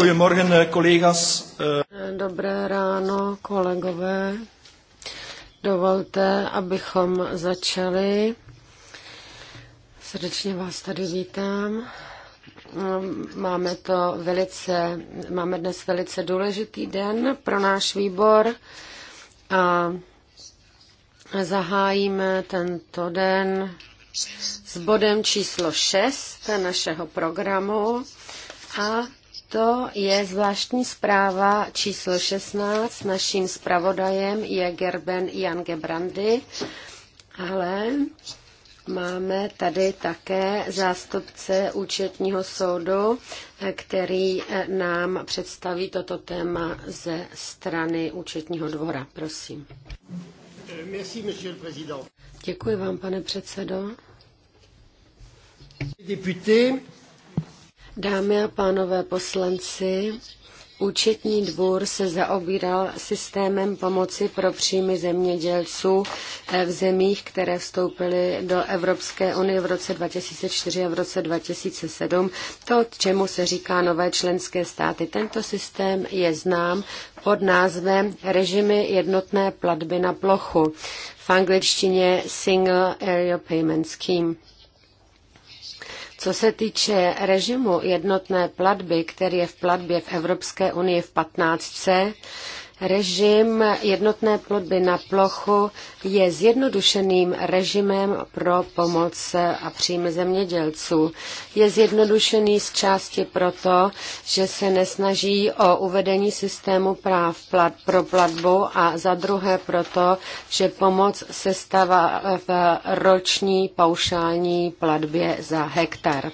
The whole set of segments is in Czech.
Eh, eh, Dobré ráno, kolegové. Dovolte, abychom začali. Srdečně vás tady vítám. Máme to velice, máme dnes velice důležitý den pro náš výbor a zahájíme tento den s bodem číslo 6 našeho programu a to je zvláštní zpráva číslo 16. Naším zpravodajem je Gerben Jan Gebrandy, ale máme tady také zástupce účetního soudu, který nám představí toto téma ze strany účetního dvora. Prosím. Merci, monsieur le président. Děkuji vám, pane předsedo. Deputé. Dámy a pánové poslanci, Účetní dvůr se zaobíral systémem pomoci pro příjmy zemědělců eh, v zemích, které vstoupily do Evropské unie v roce 2004 a v roce 2007. To, čemu se říká nové členské státy. Tento systém je znám pod názvem Režimy jednotné platby na plochu. V angličtině Single Area Payment Scheme. Co se týče režimu jednotné platby, který je v platbě v Evropské unii v 15 Režim jednotné plodby na plochu je zjednodušeným režimem pro pomoc a příjmy zemědělců. Je zjednodušený z části proto, že se nesnaží o uvedení systému práv plat, pro platbu a za druhé proto, že pomoc se stává v roční paušální platbě za hektar.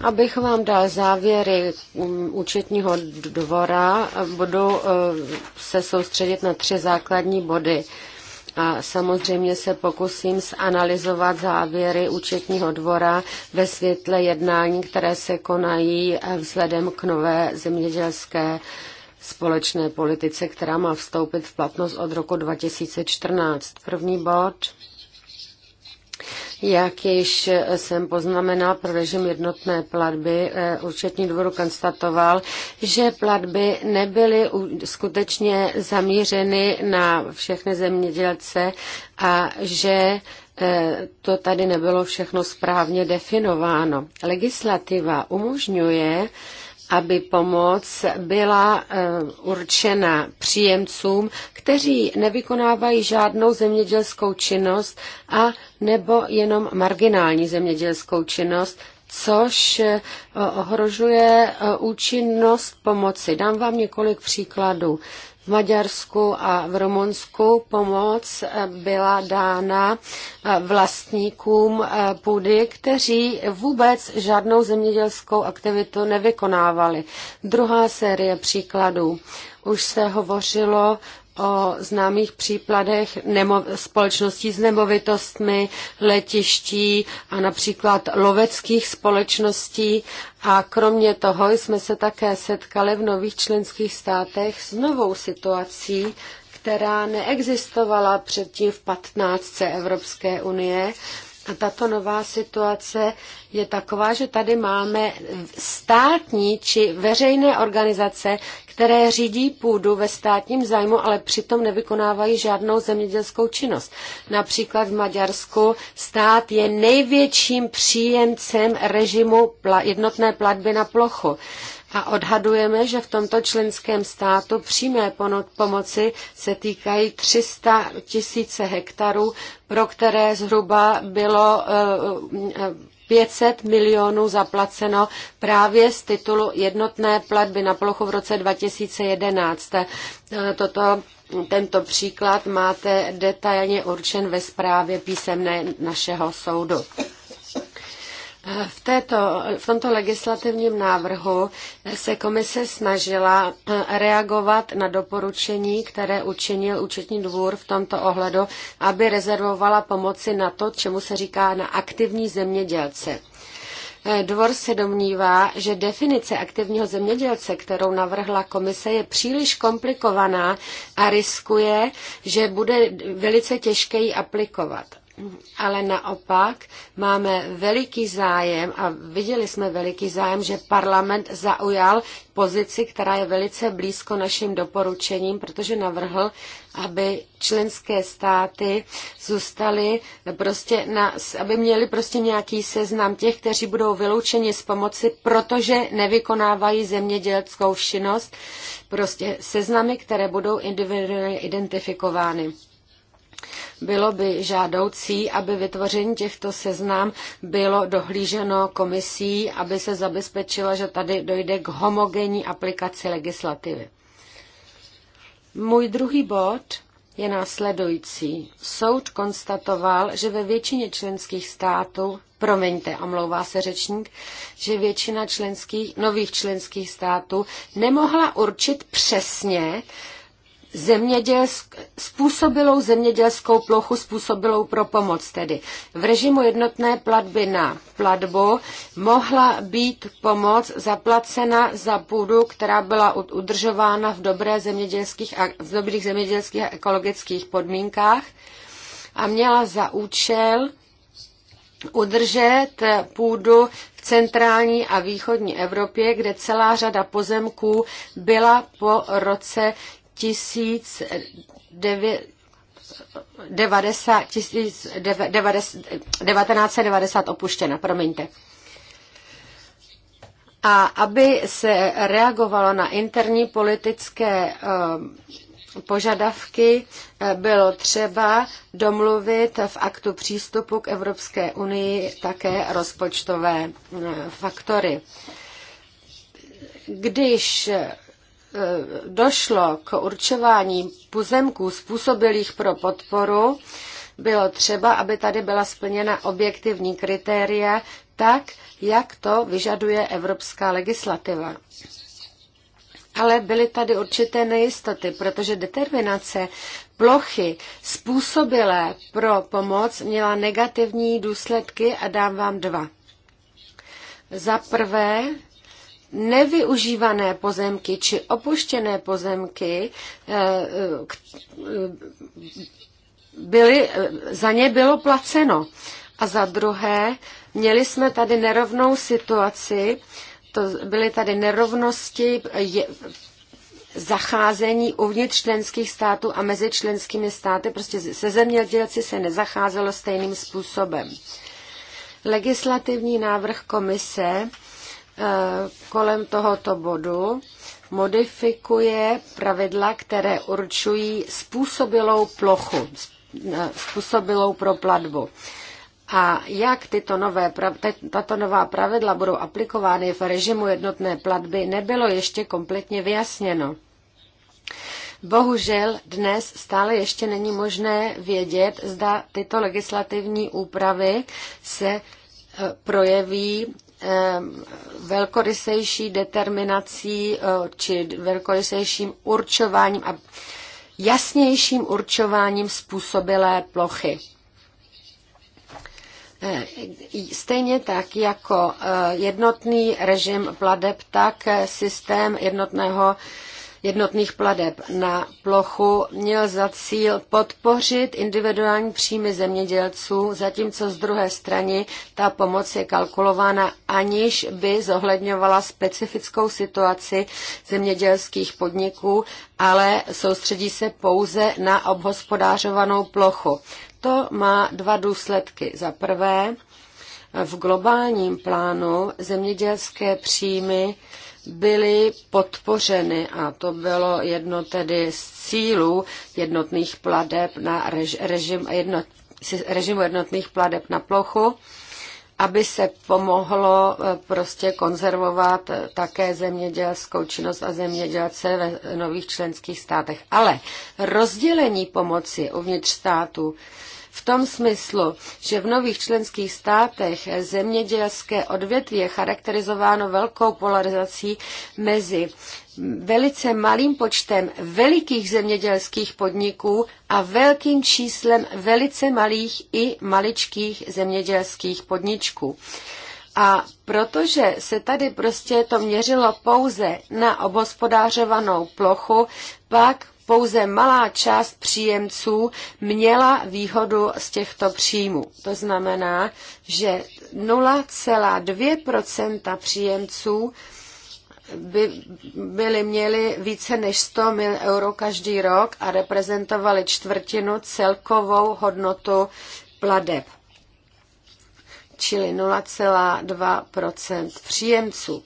Abych vám dal závěry mm, účetního dvora, budu eh, se soustředit na tři základní body. A samozřejmě se pokusím zanalizovat závěry účetního dvora ve světle jednání, které se konají eh, vzhledem k nové zemědělské společné politice, která má vstoupit v platnost od roku 2014. První bod jak již jsem poznamenal pro režim jednotné platby, eh, účetní dvoru konstatoval, že platby nebyly skutečně zamířeny na všechny zemědělce a že eh, to tady nebylo všechno správně definováno. Legislativa umožňuje, aby pomoc byla eh, určena příjemcům, kteří nevykonávají žádnou zemědělskou činnost a nebo jenom marginální zemědělskou činnost, což eh, ohrožuje eh, účinnost pomoci. Dám vám několik příkladů. Maďarsku a v Rumunsku pomoc eh, byla dána eh, vlastníkům eh, půdy, kteří vůbec žádnou zemědělskou aktivitu nevykonávali. Druhá série příkladů. Už se hovořilo o známých příkladech nemo- společností s nemovitostmi, letiští a například loveckých společností. A kromě toho jsme se také setkali v nových členských státech s novou situací, která neexistovala předtím v 15. Evropské unie. A tato nová situace je taková, že tady máme státní či veřejné organizace, které řídí půdu ve státním zájmu, ale přitom nevykonávají žádnou zemědělskou činnost. Například v Maďarsku stát je největším příjemcem režimu jednotné platby na plochu. A odhadujeme, že v tomto členském státu přímé pomoci se týkají 300 tisíce hektarů, pro které zhruba bylo eh, eh, 500 milionů zaplaceno právě z titulu jednotné platby na plochu v roce 2011. E, toto tento příklad máte detailně určen ve zprávě písemné našeho soudu. V, této, v tomto legislativním návrhu se komise snažila eh, reagovat na doporučení, které učinil účetní dvůr v tomto ohledu, aby rezervovala pomoci na to, čemu se říká na aktivní zemědělce. Eh, dvor se domnívá, že definice aktivního zemědělce, kterou navrhla komise, je příliš komplikovaná a riskuje, že bude velice těžké ji aplikovat ale naopak máme veliký zájem a viděli jsme veliký zájem, že parlament zaujal pozici, která je velice blízko našim doporučením, protože navrhl, aby členské státy zůstaly prostě na, aby měli prostě nějaký seznam těch, kteří budou vyloučeni z pomoci, protože nevykonávají zemědělskou všinnost, prostě seznamy, které budou individuálně identifikovány. Bylo by žádoucí, aby vytvoření těchto seznam bylo dohlíženo komisí, aby se zabezpečilo, že tady dojde k homogenní aplikaci legislativy. Můj druhý bod je následující. Soud konstatoval, že ve většině členských států, promiňte, omlouvá se řečník, že většina členských, nových členských států nemohla určit přesně, zemědělsk, způsobilou zemědělskou plochu, způsobilou pro pomoc tedy. V režimu jednotné platby na platbu mohla být pomoc zaplacena za půdu, která byla udržována v, dobré zemědělských a, v dobrých zemědělských a ekologických podmínkách a měla za účel udržet půdu v centrální a východní Evropě, kde celá řada pozemků byla po roce 1990, opuštěna, promiňte. A aby se reagovalo na interní politické ehm, požadavky, eh, bylo třeba domluvit v aktu přístupu k Evropské unii také rozpočtové eh, faktory. Když Eh, došlo k určování pozemků způsobilých pro podporu, bylo třeba, aby tady byla splněna objektivní kritéria tak, jak to vyžaduje evropská legislativa. Ale byly tady určité nejistoty, protože determinace plochy způsobilé pro pomoc měla negativní důsledky a dám vám dva. Za prvé, nevyužívané pozemky či opuštěné pozemky eh, eh, byly, eh, za ně bylo placeno. A za druhé, měli jsme tady nerovnou situaci, to byly tady nerovnosti je, zacházení uvnitř členských států a mezi členskými státy. Prostě se zemědělci se nezacházelo stejným způsobem. Legislativní návrh komise Eh, kolem tohoto bodu modifikuje pravidla, které určují způsobilou plochu, eh, způsobilou pro platbu. A jak tyto nové, tato nová pravidla budou aplikovány v režimu jednotné platby, nebylo ještě kompletně vyjasněno. Bohužel dnes stále ještě není možné vědět, zda tyto legislativní úpravy se eh, projeví velkorysejší determinací eh, či velkorysejším určováním a jasnějším určováním způsobilé plochy. Eh, stejně tak jako eh, jednotný režim pladeb, tak systém jednotného jednotných pladeb na plochu měl za cíl podpořit individuální příjmy zemědělců, zatímco z druhé strany ta pomoc je kalkulována aniž by zohledňovala specifickou situaci zemědělských podniků, ale soustředí se pouze na obhospodářovanou plochu. To má dva důsledky. Za prvé, v globálním plánu zemědělské příjmy byly podpořeny a to bylo jedno tedy z cílů jednotných pladeb na režim, jednot, režimu jednotných pladeb na plochu, aby se pomohlo eh, prostě konzervovat eh, také zemědělskou činnost a zemědělce ve nových členských státech. Ale rozdělení pomoci uvnitř státu v tom smyslu, že v nových členských státech zemědělské odvětví je charakterizováno velkou polarizací mezi velice malým počtem velikých zemědělských podniků a velkým číslem velice malých i maličkých zemědělských podničků. A protože se tady prostě to měřilo pouze na obospodářovanou plochu, pak pouze malá část příjemců měla výhodu z těchto příjmů. To znamená, že 0,2 příjemců by byli měli více než 100 mil euro každý rok a reprezentovali čtvrtinu celkovou hodnotu pladeb, čili 0,2 příjemců.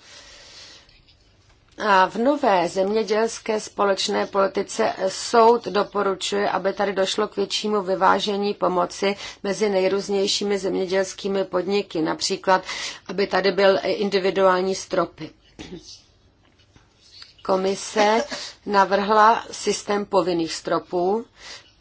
A v nové zemědělské společné politice soud doporučuje, aby tady došlo k většímu vyvážení pomoci mezi nejrůznějšími zemědělskými podniky, například, aby tady byl individuální stropy. Komise navrhla systém povinných stropů,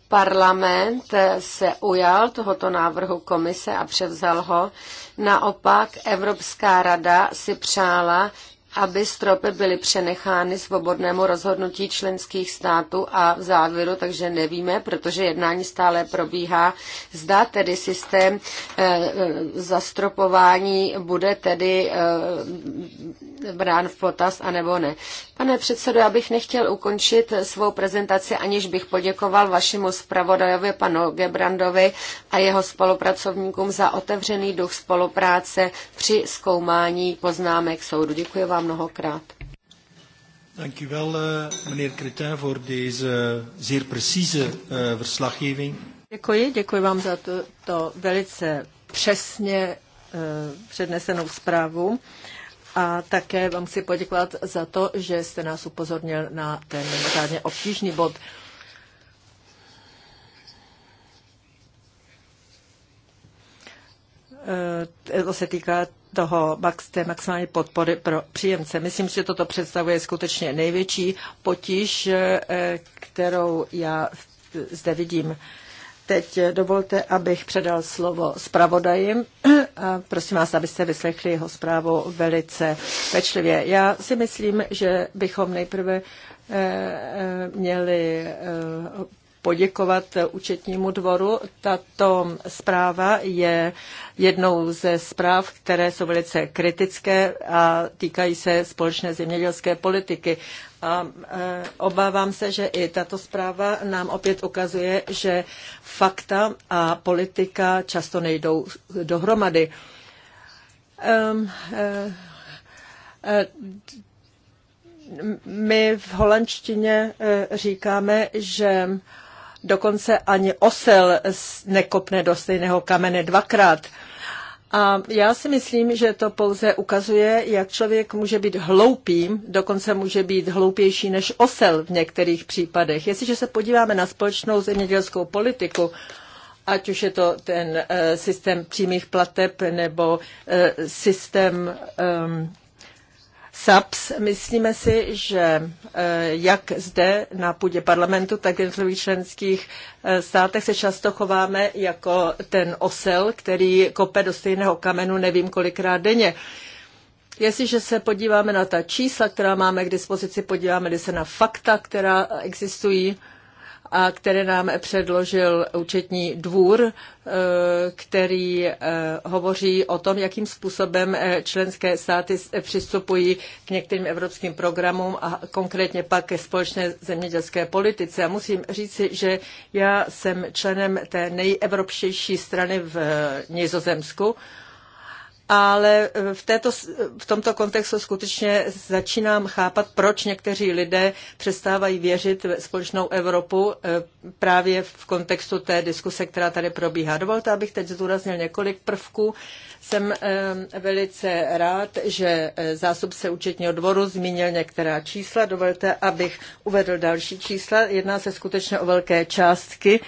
Parlament se ujal tohoto návrhu komise a převzal ho. Naopak Evropská rada si přála aby stropy byly přenechány svobodnému rozhodnutí členských států a v závěru, takže nevíme, protože jednání stále probíhá. Zda tedy systém eh, eh, zastropování bude tedy eh, brán v potaz, anebo ne. Pane předsedo, já bych nechtěl ukončit svou prezentaci, aniž bych poděkoval vašemu zpravodajovi, panu Gebrandovi a jeho spolupracovníkům za otevřený duch spolupráce při zkoumání poznámek soudu. Děkuji vám mnohokrát. Dank u wel, eh, meneer Cretin, voor deze eh, zeer precieze eh, verslaggeving. Děkuji, děkuji vám za to, to velice přesně uh, přednesenou zprávu a také vám chci poděkovat za to, že jste nás upozornil na ten mimořádně obtížný bod. Uh, To se týká toho max, té maximální podpory pro příjemce. Myslím si, že toto představuje skutečně největší potíž, eh, kterou já zde vidím. Teď dovolte, abych předal slovo zpravodajím a prosím vás, abyste vyslechli jeho zprávu velice pečlivě. Já si myslím, že bychom nejprve eh, eh, měli poděkovat účetnímu dvoru. Tato zpráva je jednou ze zpráv, které jsou velice kritické a týkají se společné zemědělské politiky. A e, obávám se, že i tato zpráva nám opět ukazuje, že fakta a politika často nejdou dohromady. Um, my v holandštině říkáme, že Dokonce ani osel nekopne do stejného kamene dvakrát. A já si myslím, že to pouze ukazuje, jak člověk může být hloupým, dokonce může být hloupější než osel v některých případech. Jestliže se podíváme na společnou zemědělskou politiku, ať už je to ten eh, systém přímých plateb nebo eh, systém um, SAPS. Myslíme si, že eh, jak zde na půdě parlamentu, tak v jednotlivých členských eh, státech se často chováme jako ten osel, který kope do stejného kamenu nevím kolikrát denně. Jestliže se podíváme na ta čísla, která máme k dispozici, podíváme se na fakta, která existují, a které nám předložil účetní dvůr, e, který e, hovoří o tom, jakým způsobem e, členské státy přistupují k některým evropským programům a konkrétně pak ke společné zemědělské politice. A musím říci, že já jsem členem té nejevropštější strany v Nizozemsku, ale eh, v, této, v tomto kontextu skutečně začínám chápat, proč někteří lidé přestávají věřit ve společnou Evropu eh, právě v kontextu té diskuse, která tady probíhá. Dovolte, abych teď zdůraznil několik prvků. Jsem eh, velice rád, že zástupce účetního dvoru zmínil některá čísla. Dovolte, abych uvedl další čísla. Jedná se skutečně o velké částky.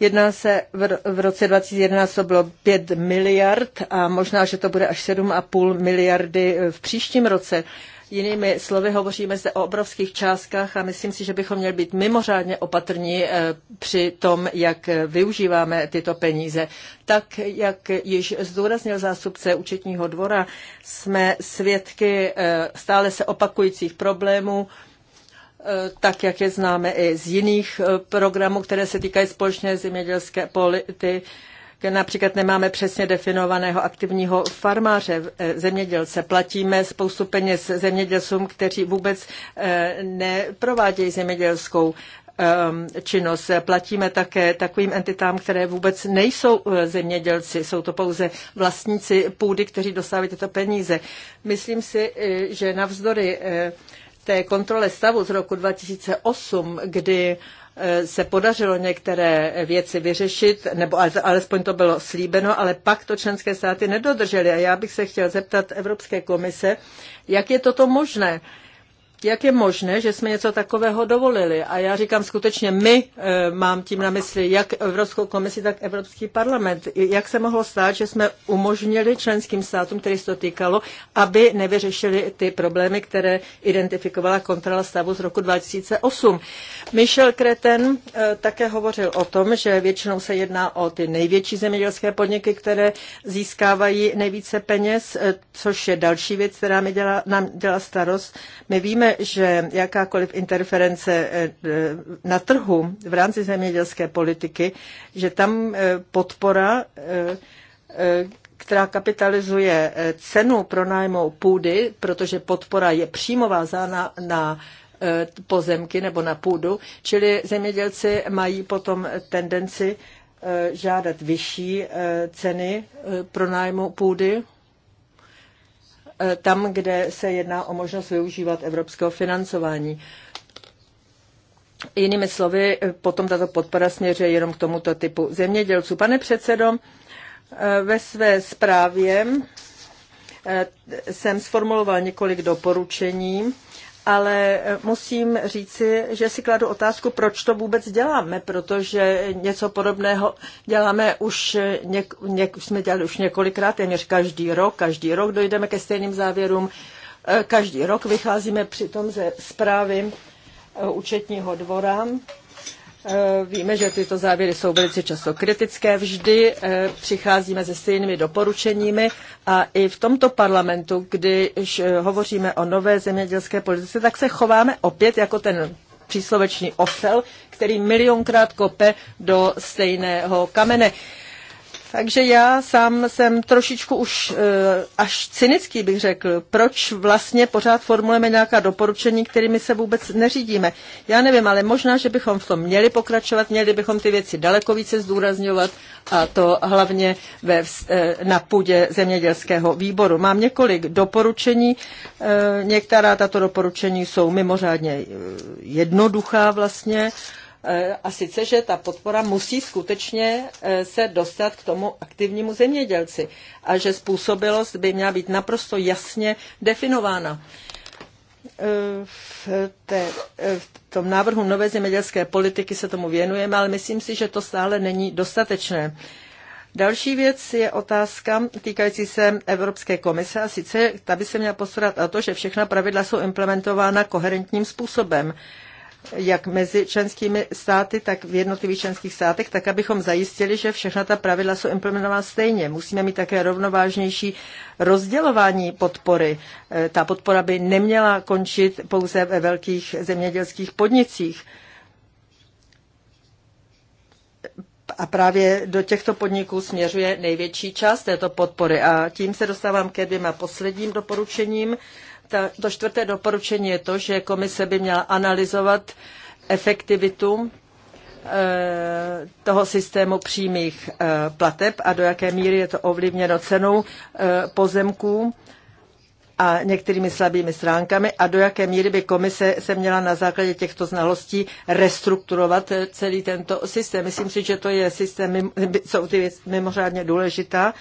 Jedná se v, v roce 2011 to bylo 5 miliard a možná, že to bude až 7,5 miliardy eh, v příštím roce. Jinými slovy, hovoříme zde o obrovských částkách a myslím si, že bychom měli být mimořádně opatrní eh, při tom, jak eh, využíváme tyto peníze. Tak, jak již zdůraznil zástupce účetního dvora, jsme svědky stále se opakujících problémů, Eh, tak jak je známe i z jiných eh, programů, které se týkají společné zemědělské politiky. Například nemáme přesně definovaného aktivního farmáře, eh, zemědělce. Platíme spoustu peněz zemědělcům, kteří vůbec neprovádějí zemědělskou ehm, činnost. Platíme také takovým entitám, které vůbec nejsou zemědělci, jsou to pouze vlastníci půdy, kteří dostávají tyto peníze. Myslím si, že navzdory té kontrole stavu z roku 2008, kdy e, se podařilo některé věci vyřešit, nebo alespoň to bylo slíbeno, ale pak to členské státy nedodržely. A já bych se chtěl zeptat Evropské komise, jak je toto možné? jak je možné, že jsme něco takového dovolili? A já říkám skutečně my, eh, mám tím na mysli jak Evropskou komisi, tak Evropský parlament. Jak se mohlo stát, že jsme umožnili členským státům, který se to týkalo, aby nevyřešili ty problémy, které identifikovala kontrola stavu z roku 2008. Michel Kreten eh, také hovořil o tom, že většinou se jedná o ty největší zemědělské podniky, které získávají nejvíce peněz, eh, což je další věc, která mi dělá, nám dělá starost. My víme, že jakákoliv interference eh, na trhu v rámci zemědělské politiky, že tam eh, podpora, eh, která kapitalizuje cenu pronájmu půdy, protože podpora je přímo vázána na pozemky nebo na půdu, čili zemědělci mají potom tendenci žádat vyšší ceny pronájmu půdy Eh, tam, kde se jedná o možnost využívat evropského financování. Jinými slovy, eh, potom tato podpora směřuje jenom k tomuto typu zemědělců. Pane předsedo, eh, ve své zprávě jsem sformuloval několik doporučení ale eh, musím říci, že si kladu otázku, proč to vůbec děláme, protože něco podobného děláme už, eh, něk, něk, jsme dělali už několikrát, téměř každý rok, každý rok dojdeme ke stejným závěrům, eh, každý rok vycházíme přitom ze zprávy účetního dvora Eh, víme, že tyto závěry jsou velice často kritické. Vždy eh, přicházíme se stejnými doporučeními a i v tomto parlamentu, když eh, hovoříme o nové zemědělské politice, tak se chováme opět jako ten příslovečný osel, který milionkrát kope do stejného kamene. Uh, takže já sám jsem trošičku už eh, až cynický, bych řekl. Proč vlastně pořád formulujeme nějaká doporučení, kterými se vůbec neřídíme? Já nevím, ale možná, že bychom v tom měli pokračovat, měli bychom ty věci daleko více zdůrazňovat a to hlavně ve, eh, na půdě zemědělského výboru. Mám několik doporučení. Eh, některá tato doporučení jsou mimořádně jednoduchá vlastně E, a sice, že ta podpora musí skutečně e, se dostat k tomu aktivnímu zemědělci a že způsobilost by měla být naprosto jasně definována. E, v, té, v tom návrhu nové zemědělské politiky se tomu věnujeme, ale myslím si, že to stále není dostatečné. Další věc je otázka týkající se Evropské komise a sice ta by se měla postarat o to, že všechna pravidla jsou implementována koherentním způsobem. Uh, jak mezi členskými státy, tak v jednotlivých členských státech, tak abychom zajistili, že všechna ta pravidla jsou implementována stejně. Musíme mít také rovnovážnější rozdělování podpory. Eh, ta podpora by neměla končit pouze ve velkých zemědělských podnicích. A právě do těchto podniků směřuje největší část této podpory. A tím se dostávám ke dvěma posledním doporučením ta, to čtvrté doporučení je to, že komise by měla analyzovat efektivitu eh, toho systému přímých eh, plateb a do jaké míry je to ovlivněno cenou eh, pozemků a některými slabými stránkami a do jaké míry by komise se měla na základě těchto znalostí restrukturovat celý tento systém. Myslím si, že to je systém, jsou ty věci mimořádně důležitá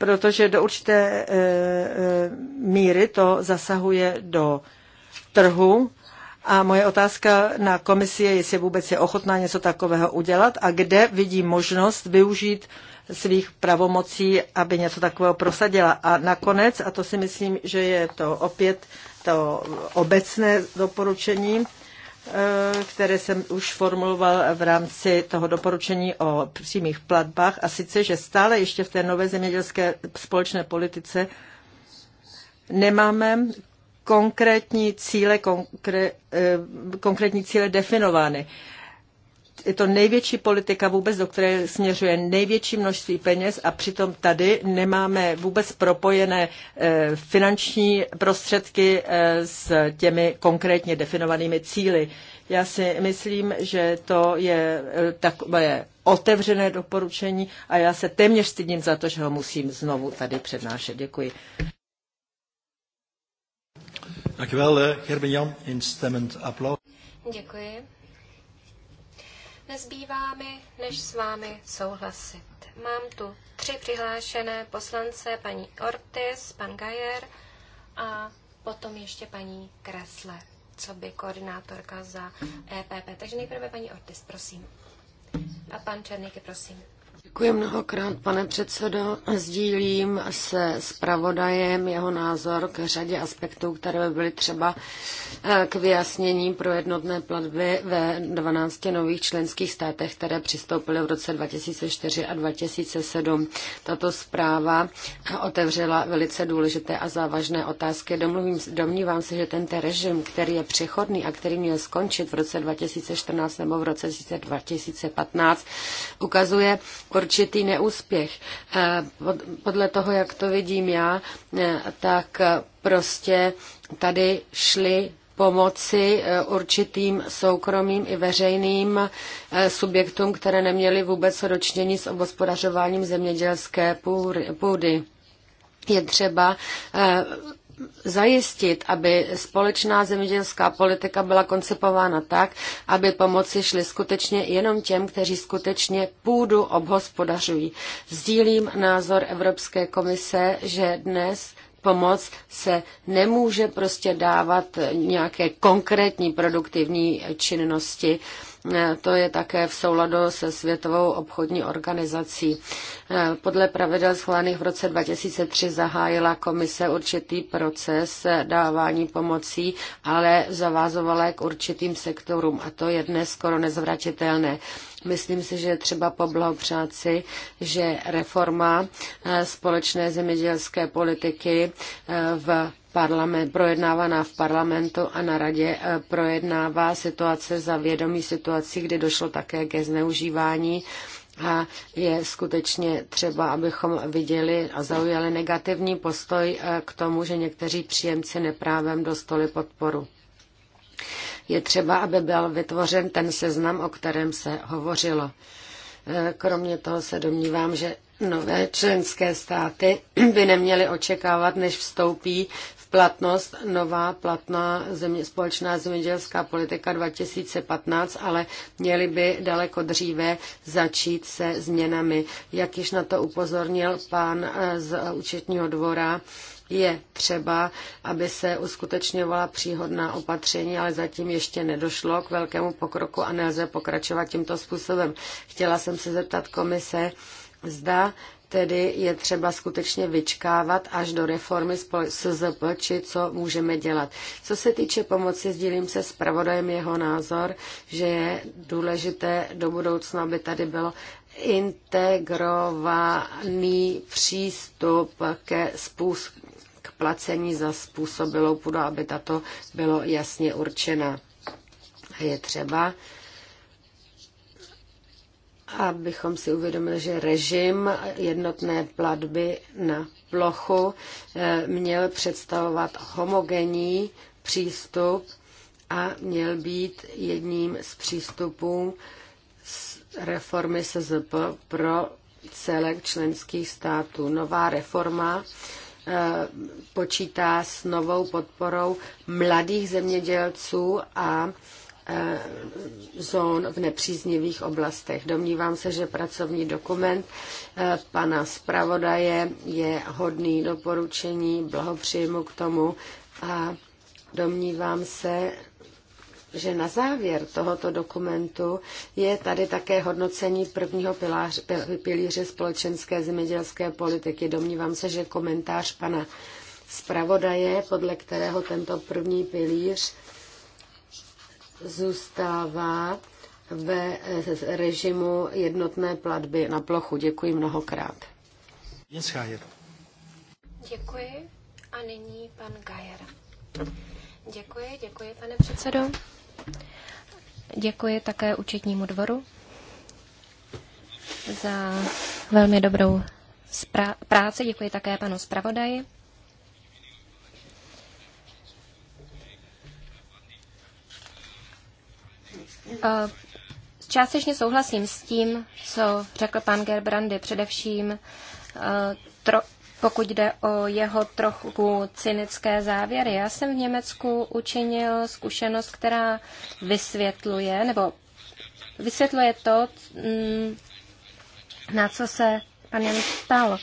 protože do určité e, e, míry to zasahuje do trhu. A moje otázka na komisi je, jestli vůbec je ochotná něco takového udělat a kde vidí možnost využít svých pravomocí, aby něco takového prosadila. A nakonec, a to si myslím, že je to opět to obecné doporučení, Eh, které jsem už formuloval v rámci toho doporučení o přímých platbách, a sice, že stále ještě v té nové zemědělské společné politice nemáme konkrétní cíle, konkré, eh, konkrétní cíle definovány je to největší politika vůbec, do které směřuje největší množství peněz a přitom tady nemáme vůbec propojené eh, finanční prostředky eh, s těmi konkrétně definovanými cíly. Já si myslím, že to je eh, takové otevřené doporučení a já se téměř stydím za to, že ho musím znovu tady přednášet. Děkuji. Gerben Jan. Děkuji. Nezbývá mi, než s vámi souhlasit. Mám tu tři přihlášené poslance, paní Ortiz, pan Gajer a potom ještě paní Kresle, co by koordinátorka za EPP. Takže nejprve paní Ortiz, prosím. A pan Černýky, prosím. Děkuji mnohokrát, pane předsedo. Sdílím se zpravodajem jeho názor k řadě aspektů, které by byly třeba eh, k vyjasnění pro jednotné platby ve 12 nových členských státech, které přistoupily v roce 2004 a 2007. Tato zpráva eh, otevřela velice důležité a závažné otázky. Domluvím, domnívám se, že tento režim, který je přechodný a který měl skončit v roce 2014 nebo v roce 2015, ukazuje, určitý neúspěch. Eh, podle toho, jak to vidím já, eh, tak prostě tady šly pomoci eh, určitým soukromým i veřejným subjektům, které neměly vůbec dočnění s obospodařováním zemědělské půdy. Je třeba zajistit, aby společná zemědělská politika byla koncipována tak, aby pomoci šly skutečně jenom těm, kteří skutečně půdu obhospodařují. Sdílím názor Evropské komise, že dnes pomoc se nemůže prostě dávat nějaké konkrétní produktivní činnosti. Eh, to je také v souladu se Světovou obchodní organizací. Eh, podle pravidel schválených v roce 2003 zahájila komise určitý proces dávání pomocí, ale zavázovala k určitým sektorům a to je dnes skoro nezvratitelné. Myslím si, že třeba poblahopřát si, že reforma eh, společné zemědělské politiky eh, v parlament, projednávaná v parlamentu a na radě eh, projednává situace za vědomí situací, kdy došlo také ke zneužívání a je skutečně třeba, abychom viděli a zaujali negativní postoj k tomu, že někteří příjemci neprávem dostali podporu je třeba, aby byl vytvořen ten seznam, o kterém se hovořilo. E, kromě toho se domnívám, že nové členské státy by neměly očekávat, než vstoupí v platnost nová platná země, společná zemědělská politika 2015, ale měly by daleko dříve začít se změnami. Jak již na to upozornil pán e, z účetního dvora, je třeba, aby se uskutečňovala příhodná opatření, ale zatím ještě nedošlo k velkému pokroku a nelze pokračovat tímto způsobem. Chtěla jsem se zeptat komise, zda tedy je třeba skutečně vyčkávat až do reformy SZP, či co můžeme dělat. Co se týče pomoci, sdílím se s pravodajem jeho názor, že je důležité do budoucna, aby tady bylo integrovaný přístup ke, způsob, placení za způsobilou půdu, aby tato bylo jasně určena. Je třeba, abychom si uvědomili, že režim jednotné platby na plochu eh, měl představovat homogenní přístup a měl být jedním z přístupů reformy SZP pro celek členských států. Nová reforma Eh, počítá s novou podporou mladých zemědělců a eh, zón v nepříznivých oblastech. Domnívám se, že pracovní dokument eh, pana zpravodaje je hodný doporučení, blahopřeji k tomu a domnívám se, že na závěr tohoto dokumentu je tady také hodnocení prvního pilář, pilíře společenské zemědělské politiky. Domnívám se, že komentář pana zpravodaje, podle kterého tento první pilíř zůstává ve režimu jednotné platby na plochu. Děkuji mnohokrát. Děkuji. A nyní pan Gajer. Děkuji, děkuji, pane předsedo. Děkuji také účetnímu dvoru za velmi dobrou práci. Děkuji také panu zpravodaji. Částečně souhlasím s tím, co řekl pan Gerbrandy, především eh, pokud jde o jeho trochu cynické závěry. Já jsem v Německu učinil zkušenost, která vysvětluje, nebo vysvětluje to, mm, na co se pan Jan ptal.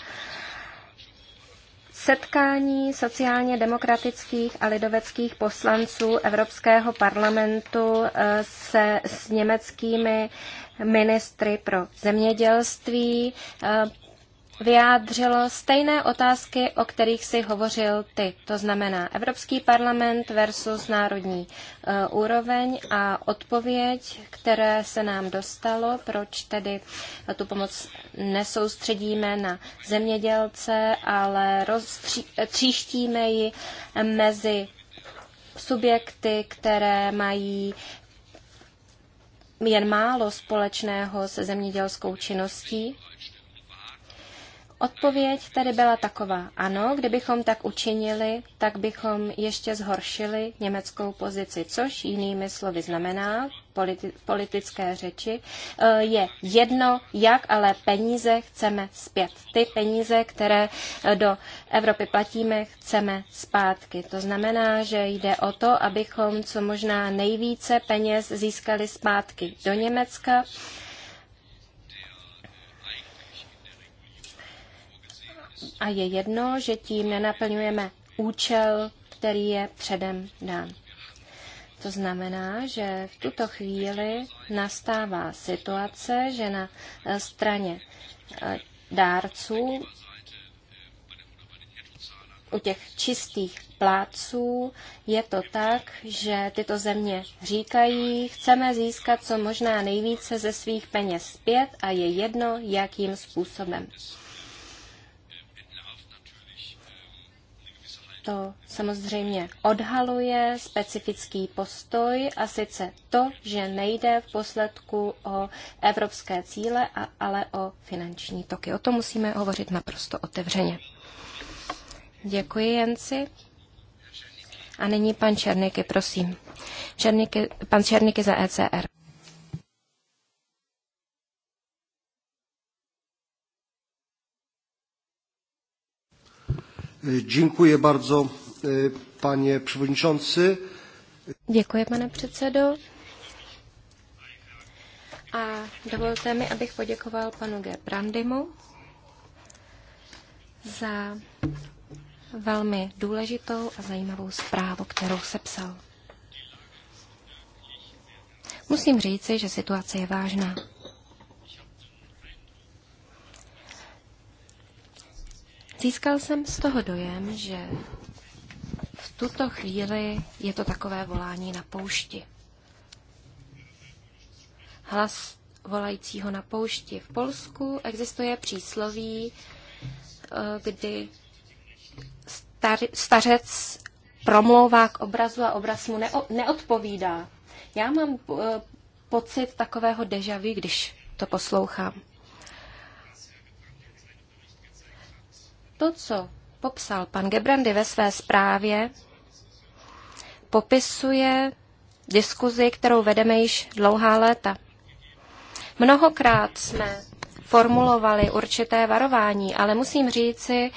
Setkání sociálně demokratických a lidoveckých poslanců Evropského parlamentu eh, se s německými ministry pro zemědělství eh, vyjádřilo stejné otázky, o kterých si hovořil ty. To znamená Evropský parlament versus národní e, úroveň a odpověď, které se nám dostalo, proč tedy tu pomoc nesoustředíme na zemědělce, ale roztříštíme ji mezi subjekty, které mají jen málo společného se zemědělskou činností Odpověď tady byla taková. Ano, kdybychom tak učinili, tak bychom ještě zhoršili německou pozici, což jinými slovy znamená politi- politické řeči, eh, je jedno jak, ale peníze chceme zpět. Ty peníze, které eh, do Evropy platíme, chceme zpátky. To znamená, že jde o to, abychom co možná nejvíce peněz získali zpátky do Německa a je jedno, že tím nenaplňujeme účel, který je předem dán. To znamená, že v tuto chvíli nastává situace, že na eh, straně eh, dárců u těch čistých pláců, je to tak, že tyto země říkají, chceme získat co možná nejvíce ze svých peněz zpět a je jedno, jakým způsobem. to samozřejmě odhaluje specifický postoj a sice to, že nejde v posledku o evropské cíle, a, ale o finanční toky. O tom musíme hovořit naprosto otevřeně. Děkuji, Jenci. A nyní pan Černiky, prosím. Černiky, pan Černiky za ECR. Děkuji bardzo, e, pane předsedající. Děkuji, pane předsedo. A dovolte mi, abych poděkoval panu Brandimu za velmi důležitou a zajímavou zprávu, kterou sepsal. Musím říci, že situace je vážná. Získal jsem z toho dojem, že v tuto chvíli je to takové volání na poušti. Hlas volajícího na poušti. V Polsku existuje přísloví, eh, kdy stařec promlouvá k obrazu a obraz mu neodpovídá. Já mám eh, pocit takového dejaví, když to poslouchám. To, co popsal pan Gebrandy ve své zprávě, popisuje diskuzi, kterou vedeme již dlouhá léta. Mnohokrát jsme formulovali určité varování, ale musím říci,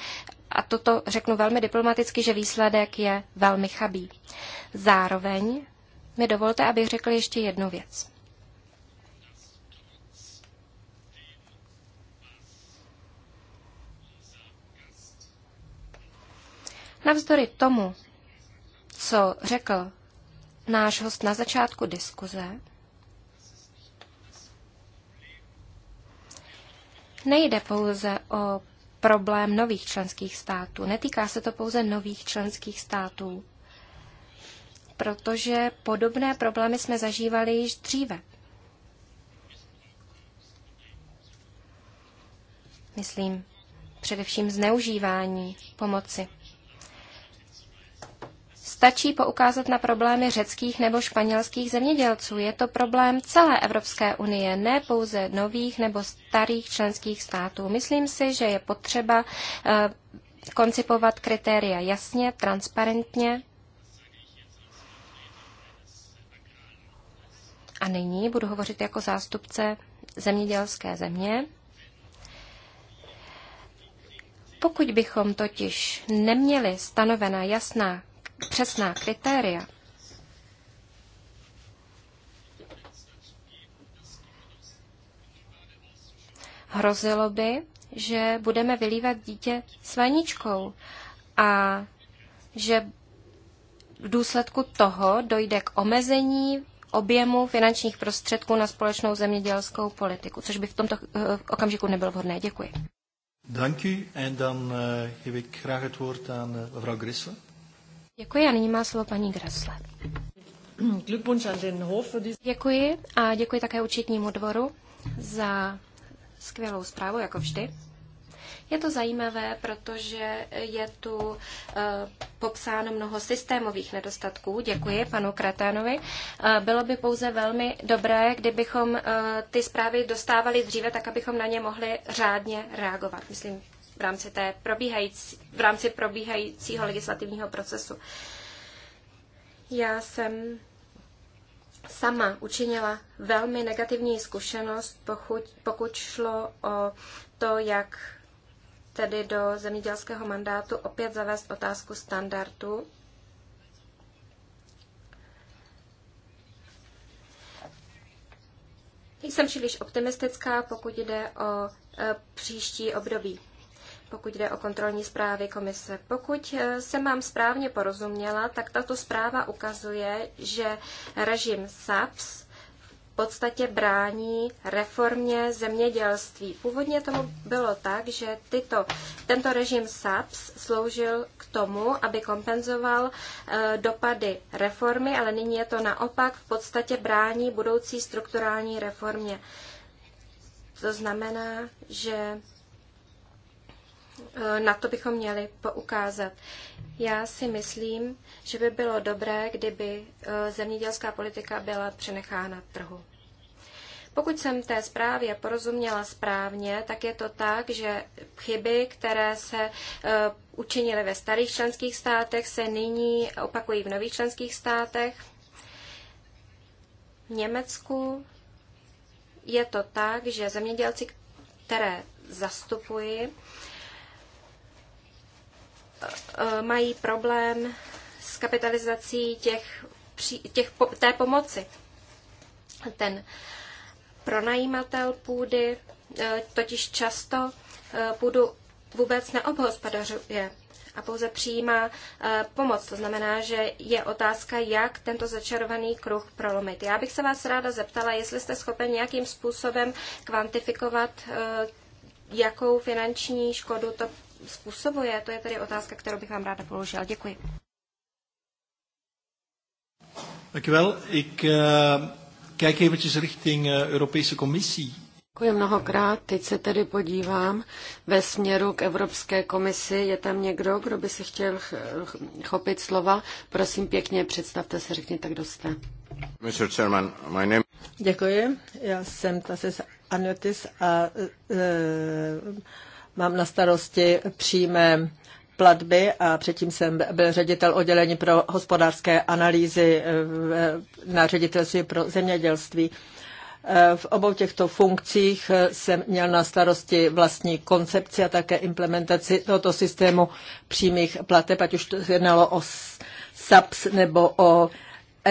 a toto řeknu velmi diplomaticky, že výsledek je velmi chabý. Zároveň mi dovolte, abych řekl ještě jednu věc. Navzdory tomu, co řekl náš host na začátku diskuze, nejde pouze o problém nových členských států. Netýká se to pouze nových členských států, protože podobné problémy jsme zažívali již dříve. Myslím, především zneužívání pomoci. Stačí poukázat na problémy řeckých nebo španělských zemědělců. Je to problém celé Evropské unie, ne pouze nových nebo starých členských států. Myslím si, že je potřeba eh, koncipovat kritéria jasně, transparentně. A nyní budu hovořit jako zástupce zemědělské země. Pokud bychom totiž neměli stanovena jasná přesná kritéria, hrozilo by, že budeme vylívat dítě s vaničkou a že v důsledku toho dojde k omezení objemu finančních prostředků na společnou zemědělskou politiku, což by v tomto eh, okamžiku nebylo vhodné. Děkuji. Děkuji. u dan uh, Děkuji a nyní má slovo paní Grasle. Děkuji a děkuji také účetnímu dvoru za skvělou zprávu, jako vždy. Je to zajímavé, protože je tu eh, popsáno mnoho systémových nedostatků. Děkuji panu Kratánovi. Eh, bylo by pouze velmi dobré, kdybychom eh, ty zprávy dostávali dříve, tak abychom na ně mohli řádně reagovat. Myslím v rámci, té probíhající, v rámci probíhajícího legislativního procesu. Já jsem sama učinila velmi negativní zkušenost, pokud, pokud šlo o to, jak tedy do zemědělského mandátu opět zavést otázku standardu. Jsem příliš optimistická, pokud jde o e, příští období pokud jde o kontrolní zprávy komise. Pokud eh, se mám správně porozuměla, tak tato zpráva ukazuje, že režim SAPS v podstatě brání reformě zemědělství. Původně tomu bylo tak, že tyto, tento režim SAPS sloužil k tomu, aby kompenzoval eh, dopady reformy, ale nyní je to naopak v podstatě brání budoucí strukturální reformě. To znamená, že Eh, na to bychom měli poukázat. Já si myslím, že by bylo dobré, kdyby eh, zemědělská politika byla přenechána trhu. Pokud jsem té zprávě porozuměla správně, tak je to tak, že chyby, které se eh, učinily ve starých členských státech, se nyní opakují v nových členských státech. V Německu je to tak, že zemědělci, které zastupuji, Eh, mají problém s kapitalizací těch, těch, té pomoci. Ten pronajímatel půdy eh, totiž často eh, půdu vůbec neobhospodařuje a pouze přijímá pomoc. To znamená, že je otázka, jak tento začarovaný kruh prolomit. Já bych se vás ráda zeptala, jestli jste schopen nějakým způsobem kvantifikovat, jakou finanční škodu to způsobuje? To je tedy otázka, kterou bych vám ráda položila. Děkuji. Dank Ik uh, kijk eventjes richting uh, Europese Commissie. Děkuji mnohokrát. Teď se tedy podívám ve směru k Evropské komisi. Je tam někdo, kdo by se chtěl chopit slova? Prosím pěkně, představte se, řekněte, kdo jste. Mr. Chairman, my name... Děkuji. Já jsem Tasis Anotis a uh, Mám na starosti přímé platby a předtím jsem byl ředitel oddělení pro hospodářské analýzy eh, na ředitelství pro zemědělství. Eh, v obou těchto funkcích eh, jsem měl na starosti vlastní koncepci a také implementaci tohoto systému přímých plateb, ať už to jednalo o SAPS nebo o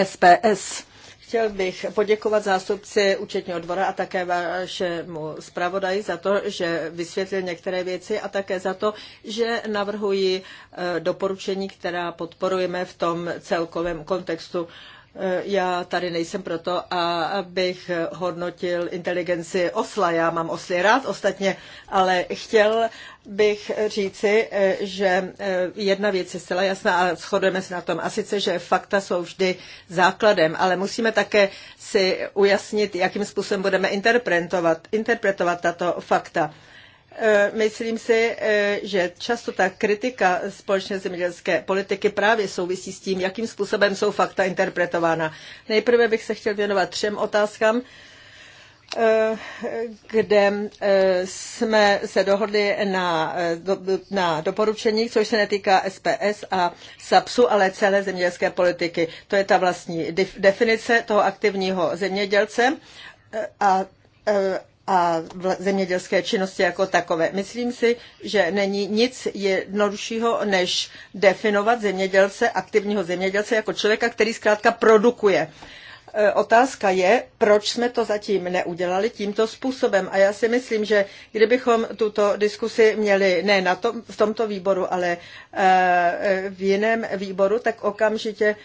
SPS. Chtěl bych poděkovat zástupci účetního dvora a také vašemu zpravodaji za to, že vysvětlil některé věci a také za to, že navrhuji eh, doporučení, která podporujeme v tom celkovém kontextu Eh, já tady nejsem proto, abych hodnotil inteligenci osla. Já mám osly rád ostatně, ale chtěl bych říci, eh, že eh, jedna věc je zcela jasná a shodujeme se na tom. A sice, že fakta jsou vždy základem, ale musíme také si ujasnit, jakým způsobem budeme interpretovat, interpretovat tato fakta. Eh, myslím si, eh, že často ta kritika společné zemědělské politiky právě souvisí s tím, jakým způsobem jsou fakta interpretována. Nejprve bych se chtěl věnovat třem otázkám, eh, kde jsme se dohodli na, na doporučení, což se netýká SPS a SAPSu, ale celé zemědělské politiky. To je ta vlastní definice toho aktivního zemědělce a a v zemědělské činnosti jako takové. Myslím si, že není nic jednoduššího, než definovat zemědělce, aktivního zemědělce jako člověka, který zkrátka produkuje. E, otázka je, proč jsme to zatím neudělali tímto způsobem. A já si myslím, že kdybychom tuto diskusi měli ne na tom, v tomto výboru, ale e, e, v jiném výboru, tak okamžitě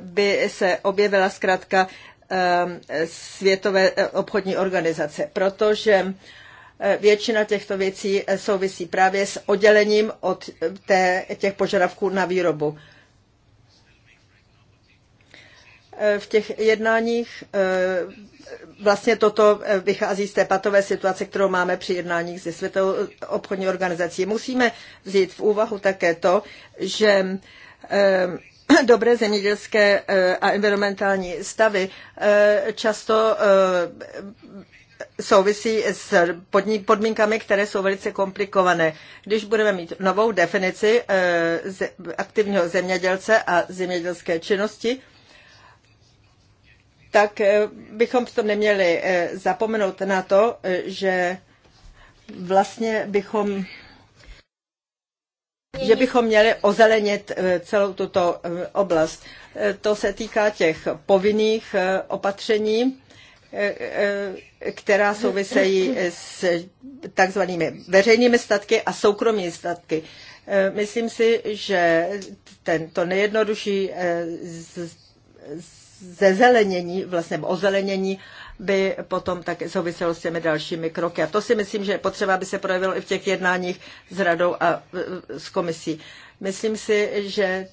by se objevila zkrátka Um, Světové eh, obchodní organizace, protože eh, většina těchto věcí eh, souvisí právě s oddělením od té, těch požadavků na výrobu. V těch jednáních vlastně toto vychází z té patové situace, kterou máme při jednáních ze Světovou obchodní organizací. Musíme vzít v úvahu také to, že dobré zemědělské eh, a environmentální stavy eh, často eh, souvisí s podmínkami, které jsou velice komplikované. Když budeme mít novou definici aktivního zemědělce a zemědělské činnosti, tak bychom v tom neměli zapomenout na to, že vlastně bychom že bychom měli ozelenit eh, celou tuto eh, oblast. Eh, to se týká těch povinných opatření, která souvisejí s takzvanými veřejnými statky a soukromými statky. Myslím si, že tento nejjednodušší zezelenění, vlastně ozelenění by potom tak souviselo s těmi dalšími kroky. A to si myslím, že je potřeba, aby se projevilo i v těch jednáních s radou a e, s komisí. Myslím si, že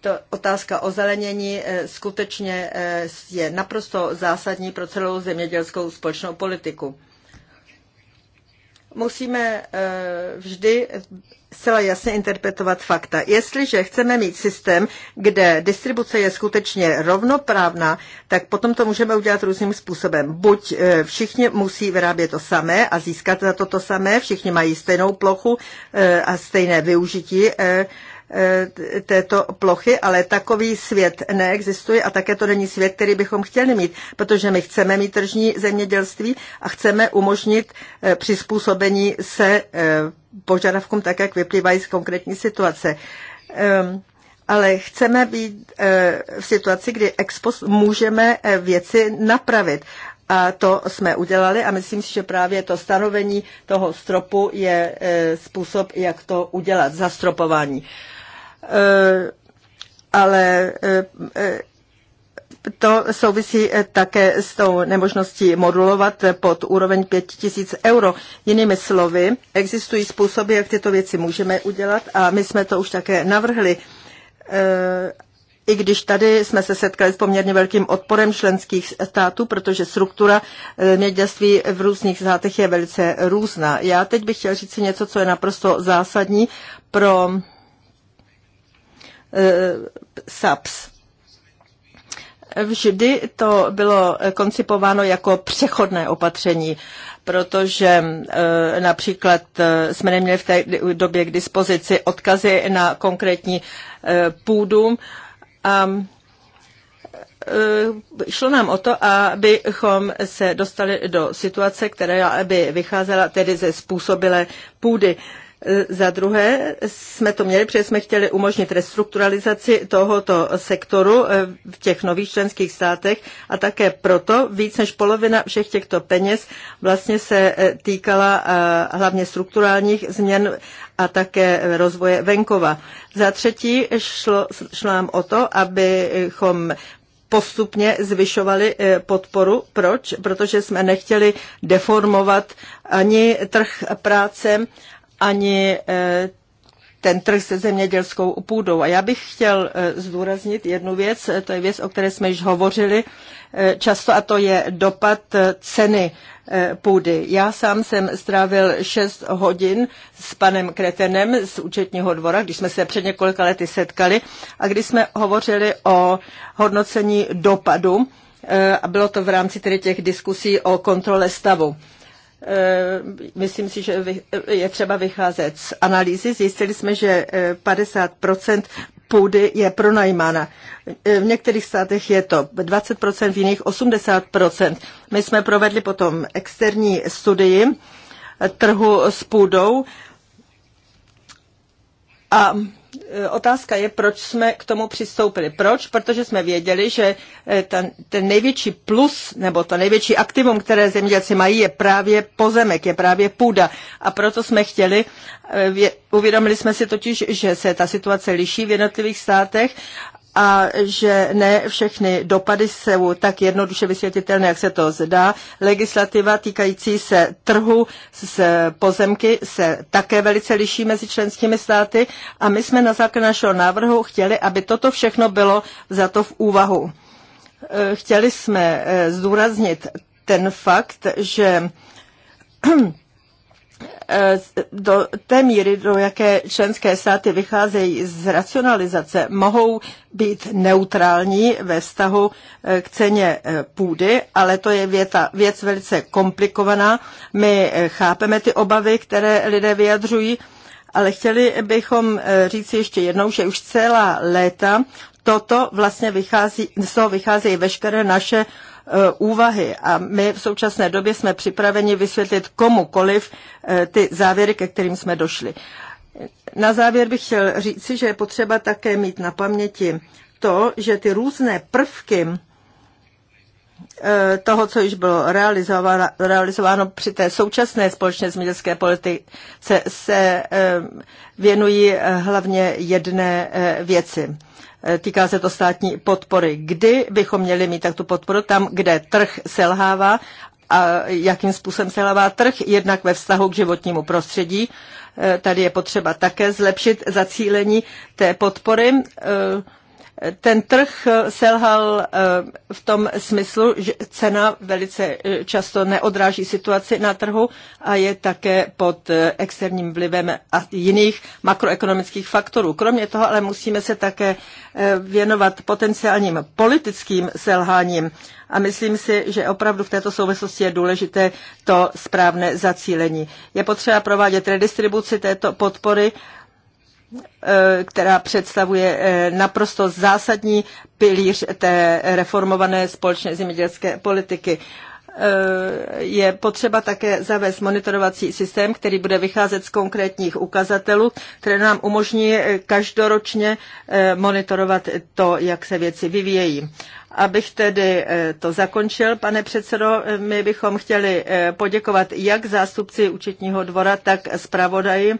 to otázka ozelenění e, skutečně e, je naprosto zásadní pro celou zemědělskou společnou politiku. Musíme vždy zcela jasně interpretovat fakta. Jestliže chceme mít systém, kde distribuce je skutečně rovnoprávná, tak potom to můžeme udělat různým způsobem. Buď e, všichni musí vyrábět to samé a získat za to to samé, všichni mají stejnou plochu e, a stejné využití e, E, této plochy, ale takový svět neexistuje a také to není svět, který bychom chtěli mít, protože my chceme mít tržní zemědělství a chceme umožnit e, přizpůsobení se e, požadavkům tak, jak vyplývají z konkrétní situace ehm, ale chceme být v situaci, kdy expos můžeme věci napravit. A to jsme udělali a myslím si, že právě to stanovení toho stropu je způsob, jak to udělat, zastropování. Eh, ale eh, to souvisí eh, také s tou nemožností modulovat pod úroveň 5000 euro. Jinými slovy, existují způsoby, jak tyto věci můžeme udělat a my jsme to už také navrhli. I když tady jsme se setkali s poměrně velkým odporem členských států, protože struktura mědělství v různých státech je velice různá. Já teď bych chtěl říct si něco, co je naprosto zásadní pro Eh, SAPS. Vždy to bylo koncipováno jako přechodné opatření, protože eh, například eh, jsme neměli v té době k dispozici odkazy na konkrétní půdu a šlo nám o to, abychom se dostali do situace, která by vycházela tedy ze způsobilé půdy. Za druhé jsme to měli, protože jsme chtěli umožnit restrukturalizaci tohoto sektoru eh, v těch nových členských státech a také proto víc než polovina všech těchto peněz vlastně se eh, týkala eh, hlavně strukturálních změn a také rozvoje venkova. Za třetí šlo, šlo nám o to, abychom postupně zvyšovali podporu. Proč? Protože jsme nechtěli deformovat ani trh práce, ani eh, ten trh se zemědělskou půdou. A já bych chtěl eh, zdůraznit jednu věc, eh, to je věc, o které jsme již hovořili často, a to je dopad ceny půdy. Já sám jsem strávil 6 hodin s panem Kretenem z účetního dvora, když jsme se před několika lety setkali a když jsme hovořili o hodnocení dopadu a bylo to v rámci tedy těch diskusí o kontrole stavu. Eh, myslím si, že eh, je třeba vycházet z analýzy. Zjistili jsme, že 50 eh, půdy je pronajímána. V některých státech je to 20%, v jiných 80%. My jsme provedli potom externí studii trhu s půdou a otázka je, proč jsme k tomu přistoupili. Proč? Protože jsme věděli, že eh, ten, ten největší plus nebo to největší aktivum, které zemědělci mají, je právě pozemek, je právě půda. A proto jsme chtěli, eh, uvědomili jsme si totiž, že se ta situace liší v jednotlivých státech a že ne všechny dopady jsou tak jednoduše vysvětlitelné, jak se to zdá. Legislativa týkající se trhu s pozemky se také velice liší mezi členskými státy a my jsme na základě našeho návrhu chtěli, aby toto všechno bylo za to v úvahu. Chtěli jsme eh, zdůraznit ten fakt, že Eh, do té míry, do jaké členské státy vycházejí z racionalizace, mohou být neutrální ve vztahu eh, k ceně eh, půdy, ale to je věta, věc velice komplikovaná. My chápeme ty obavy, které lidé vyjadřují, ale chtěli bychom říct ještě jednou, že už celá léta toto vlastně vychází, z toho vycházejí veškeré naše uh, Eh, úvahy a my v současné době jsme připraveni vysvětlit komukoliv eh, ty závěry, ke kterým jsme došli. Na závěr bych chtěl říci, že je potřeba také mít na paměti to, že ty různé prvky eh, toho, co již bylo realizováno, realizováno při té současné společné zemědělské politice, se věnují hlavně jedné věci. Týká se to státní podpory. Kdy bychom měli mít tak tu podporu tam, kde trh selhává a jakým způsobem selhává trh, jednak ve vztahu k životnímu prostředí. E, tady je potřeba také zlepšit zacílení té podpory. E, ten trh selhal eh, v tom smyslu, že cena velice eh, často neodráží situaci na trhu a je také pod eh, externím vlivem a jiných makroekonomických faktorů. Kromě toho ale musíme se také věnovat potenciálním politickým selháním a myslím si, že opravdu v této souvislosti je důležité to správné zacílení. Je potřeba provádět redistribuci této podpory Eh, která představuje eh, naprosto zásadní pilíř té reformované společné zemědělské politiky eh, je potřeba také zavést monitorovací systém, který bude vycházet z konkrétních ukazatelů, které nám umožní každoročně monitorovat to, jak se věci vyvíjejí. Abych tedy to zakončil, pane předsedo, my bychom chtěli poděkovat jak zástupci účetního dvora, tak zpravodaji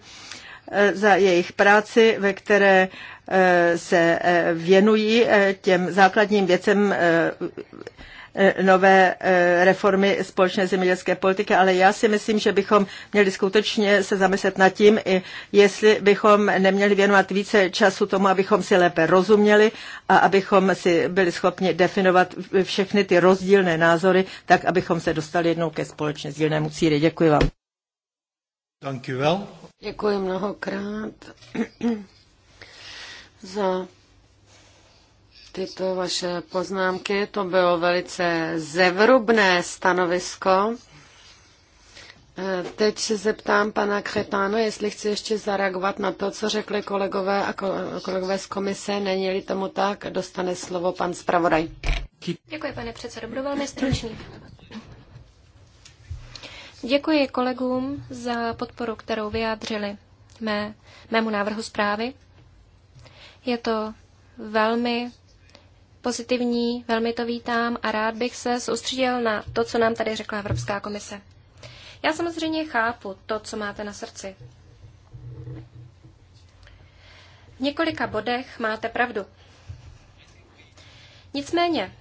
Eh, za jejich práci, ve které eh, se eh, věnují těm základním věcem nové reformy společné zemědělské politiky, ale já si myslím, že bychom měli skutečně se zamyslet nad tím, jestli bychom neměli věnovat více času tomu, abychom si lépe rozuměli a abychom si byli schopni definovat všechny ty rozdílné názory, tak abychom se dostali jednou ke společně sdílnému cíli. Děkuji vám. Dank u wel. Děkuji mnohokrát za tyto vaše poznámky. To bylo velice zevrubné stanovisko. Eh, teď se zeptám pana Kretáno, jestli chci ještě zareagovat na to, co řekli kolegové a kolegové z komise. Není-li tomu tak, dostane slovo pan zpravodaj. Děkuji, pane předsedo. Budu velmi stručný. Děkuji kolegům za podporu, kterou vyjádřili mé, mému návrhu zprávy. Je to velmi pozitivní, velmi to vítám a rád bych se soustředil na to, co nám tady řekla Evropská komise. Já samozřejmě chápu to, co máte na srdci. V několika bodech máte pravdu. Nicméně,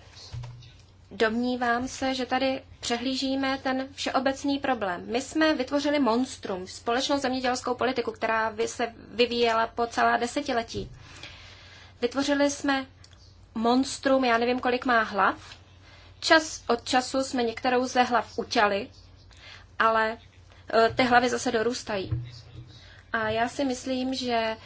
domnívám se, že tady přehlížíme ten všeobecný problém. My jsme vytvořili monstrum, společnou zemědělskou politiku, která by se vyvíjela po celá desetiletí. Vytvořili jsme monstrum, já nevím, kolik má hlav. Čas od času jsme některou ze hlav utěli, ale eh, ty hlavy zase dorůstají. A já si myslím, že e,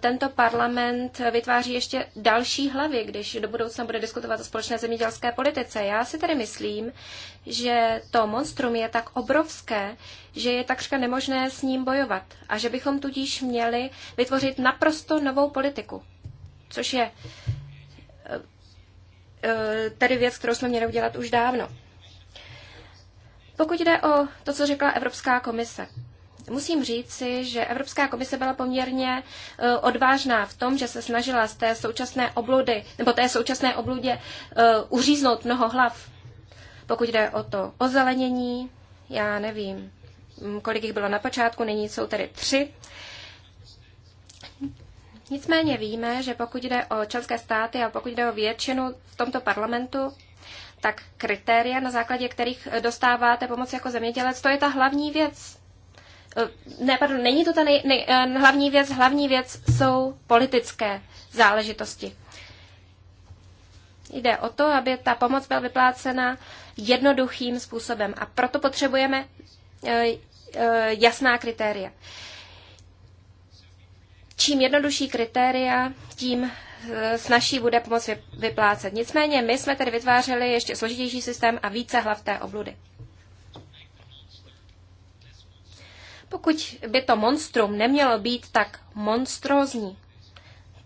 tento parlament vytváří ještě další hlavy, když do budoucna bude diskutovat o společné zemědělské politice. Já si tedy myslím, že to monstrum je tak obrovské, že je takřka nemožné s ním bojovat a že bychom tudíž měli vytvořit naprosto novou politiku, což je e, e, tedy věc, kterou jsme měli udělat už dávno. Pokud jde o to, co řekla Evropská komise, Musím říci, že Evropská komise byla poměrně e, odvážná v tom, že se snažila z té současné obludy, nebo té současné obludě e, uříznout mnoho hlav. Pokud jde o to ozelenění, já nevím, kolik jich bylo na počátku, nyní jsou tedy tři. Nicméně víme, že pokud jde o členské státy a pokud jde o většinu v tomto parlamentu, tak kritéria, na základě kterých dostáváte pomoc jako zemědělec, to je ta hlavní věc. Eh, ne, pardon, není to ta nej, nej, eh, hlavní věc, hlavní věc jsou politické záležitosti. Jde o to, aby ta pomoc byla vyplácena jednoduchým způsobem a proto potřebujeme eh, jasná kritéria. Čím jednodušší kritéria, tím snažší bude pomoc vyplácet. Nicméně my jsme tedy vytvářeli ještě složitější systém a více hlav té obludy. Pokud by to monstrum nemělo být tak monstrózní,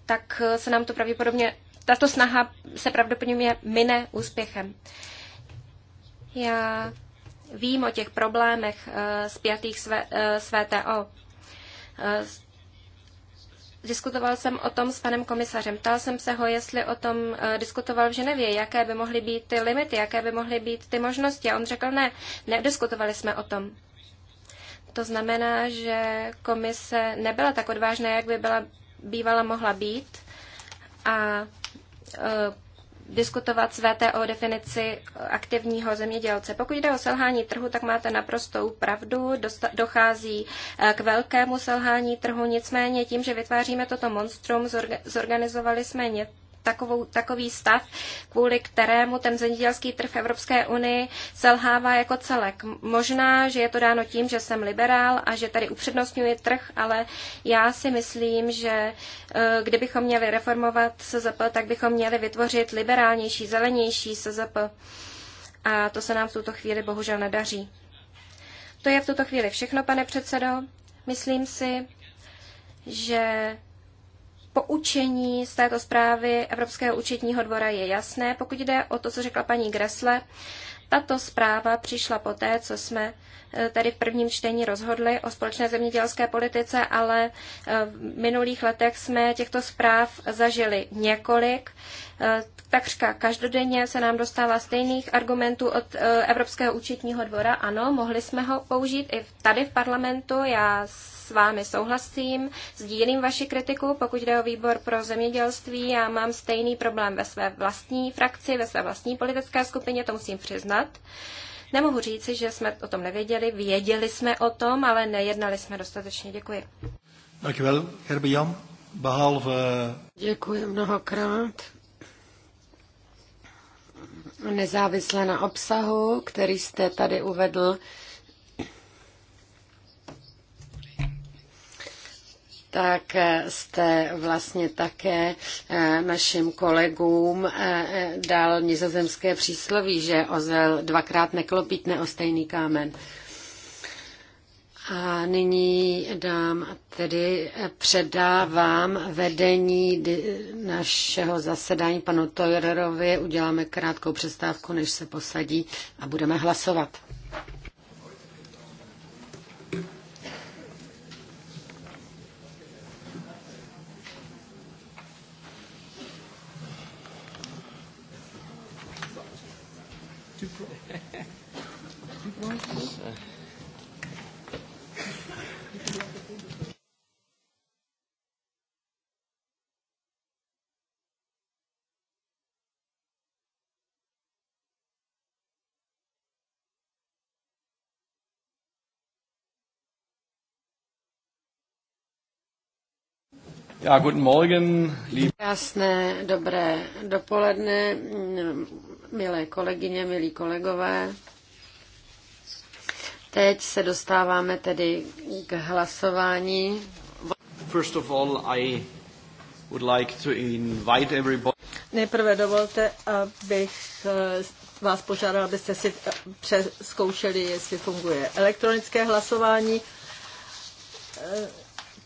tak se nám to pravděpodobně, tato snaha se pravděpodobně mine úspěchem. Já vím o těch problémech zpětých eh, s VTO. Eh, eh, diskutoval jsem o tom s panem komisařem. Ptal jsem se ho, jestli o tom diskutoval v Ženevě, jaké by mohly být ty limity, jaké by mohly být ty možnosti. A on řekl, ne, nediskutovali jsme o tom. To znamená, že komise nebyla tak odvážná, jak by byla bývala mohla být a e, diskutovat s VTO definici aktivního zemědělce. Pokud jde o selhání trhu, tak máte naprostou pravdu. Dochází e, k velkému selhání trhu, nicméně tím, že vytváříme toto monstrum, zorganizovali jsme něco takovou, takový stav, kvůli kterému ten zemědělský trh v Evropské unii selhává jako celek. Možná, že je to dáno tím, že jsem liberál a že tady upřednostňuji trh, ale já si myslím, že eh, kdybychom měli reformovat SZP, tak bychom měli vytvořit liberálnější, zelenější SZP. A to se nám v tuto chvíli bohužel nedaří. To je v tuto chvíli všechno, pane předsedo. Myslím si, že poučení z této zprávy Evropského účetního dvora je jasné. Pokud jde o to, co řekla paní Gresle, tato zpráva přišla poté, co jsme tady v prvním čtení rozhodli o společné zemědělské politice, ale eh, v minulých letech jsme těchto zpráv zažili několik. Eh, takřka každodenně se nám dostává stejných argumentů od eh, Evropského účetního dvora. Ano, mohli jsme ho použít i tady v parlamentu. Já s vámi souhlasím, sdílím vaši kritiku, pokud jde o výbor pro zemědělství, já mám stejný problém ve své vlastní frakci, ve své vlastní politické skupině, to musím přiznat. Nemohu říci, že jsme o tom nevěděli, věděli jsme o tom, ale nejednali jsme dostatečně. Děkuji. Děkuji mnohokrát. Nezávisle na obsahu, který jste tady uvedl, tak jste vlastně také eh, našim kolegům eh, dal nizozemské přísloví, že ozel dvakrát neklopítne o stejný kámen. A nyní dám tedy eh, předávám vedení našeho zasedání panu Tojerovi. Uděláme krátkou přestávku, než se posadí a budeme hlasovat. Ja, guten Morgen, lieb... Jasné, dobré dopoledne, milé kolegyně, milí kolegové. Teď se dostáváme tedy k hlasování. First of all, I would like to invite everybody. Nejprve dovolte, abych eh, vás požádal, abyste si eh, přeskoušeli, jestli funguje elektronické hlasování. Eh,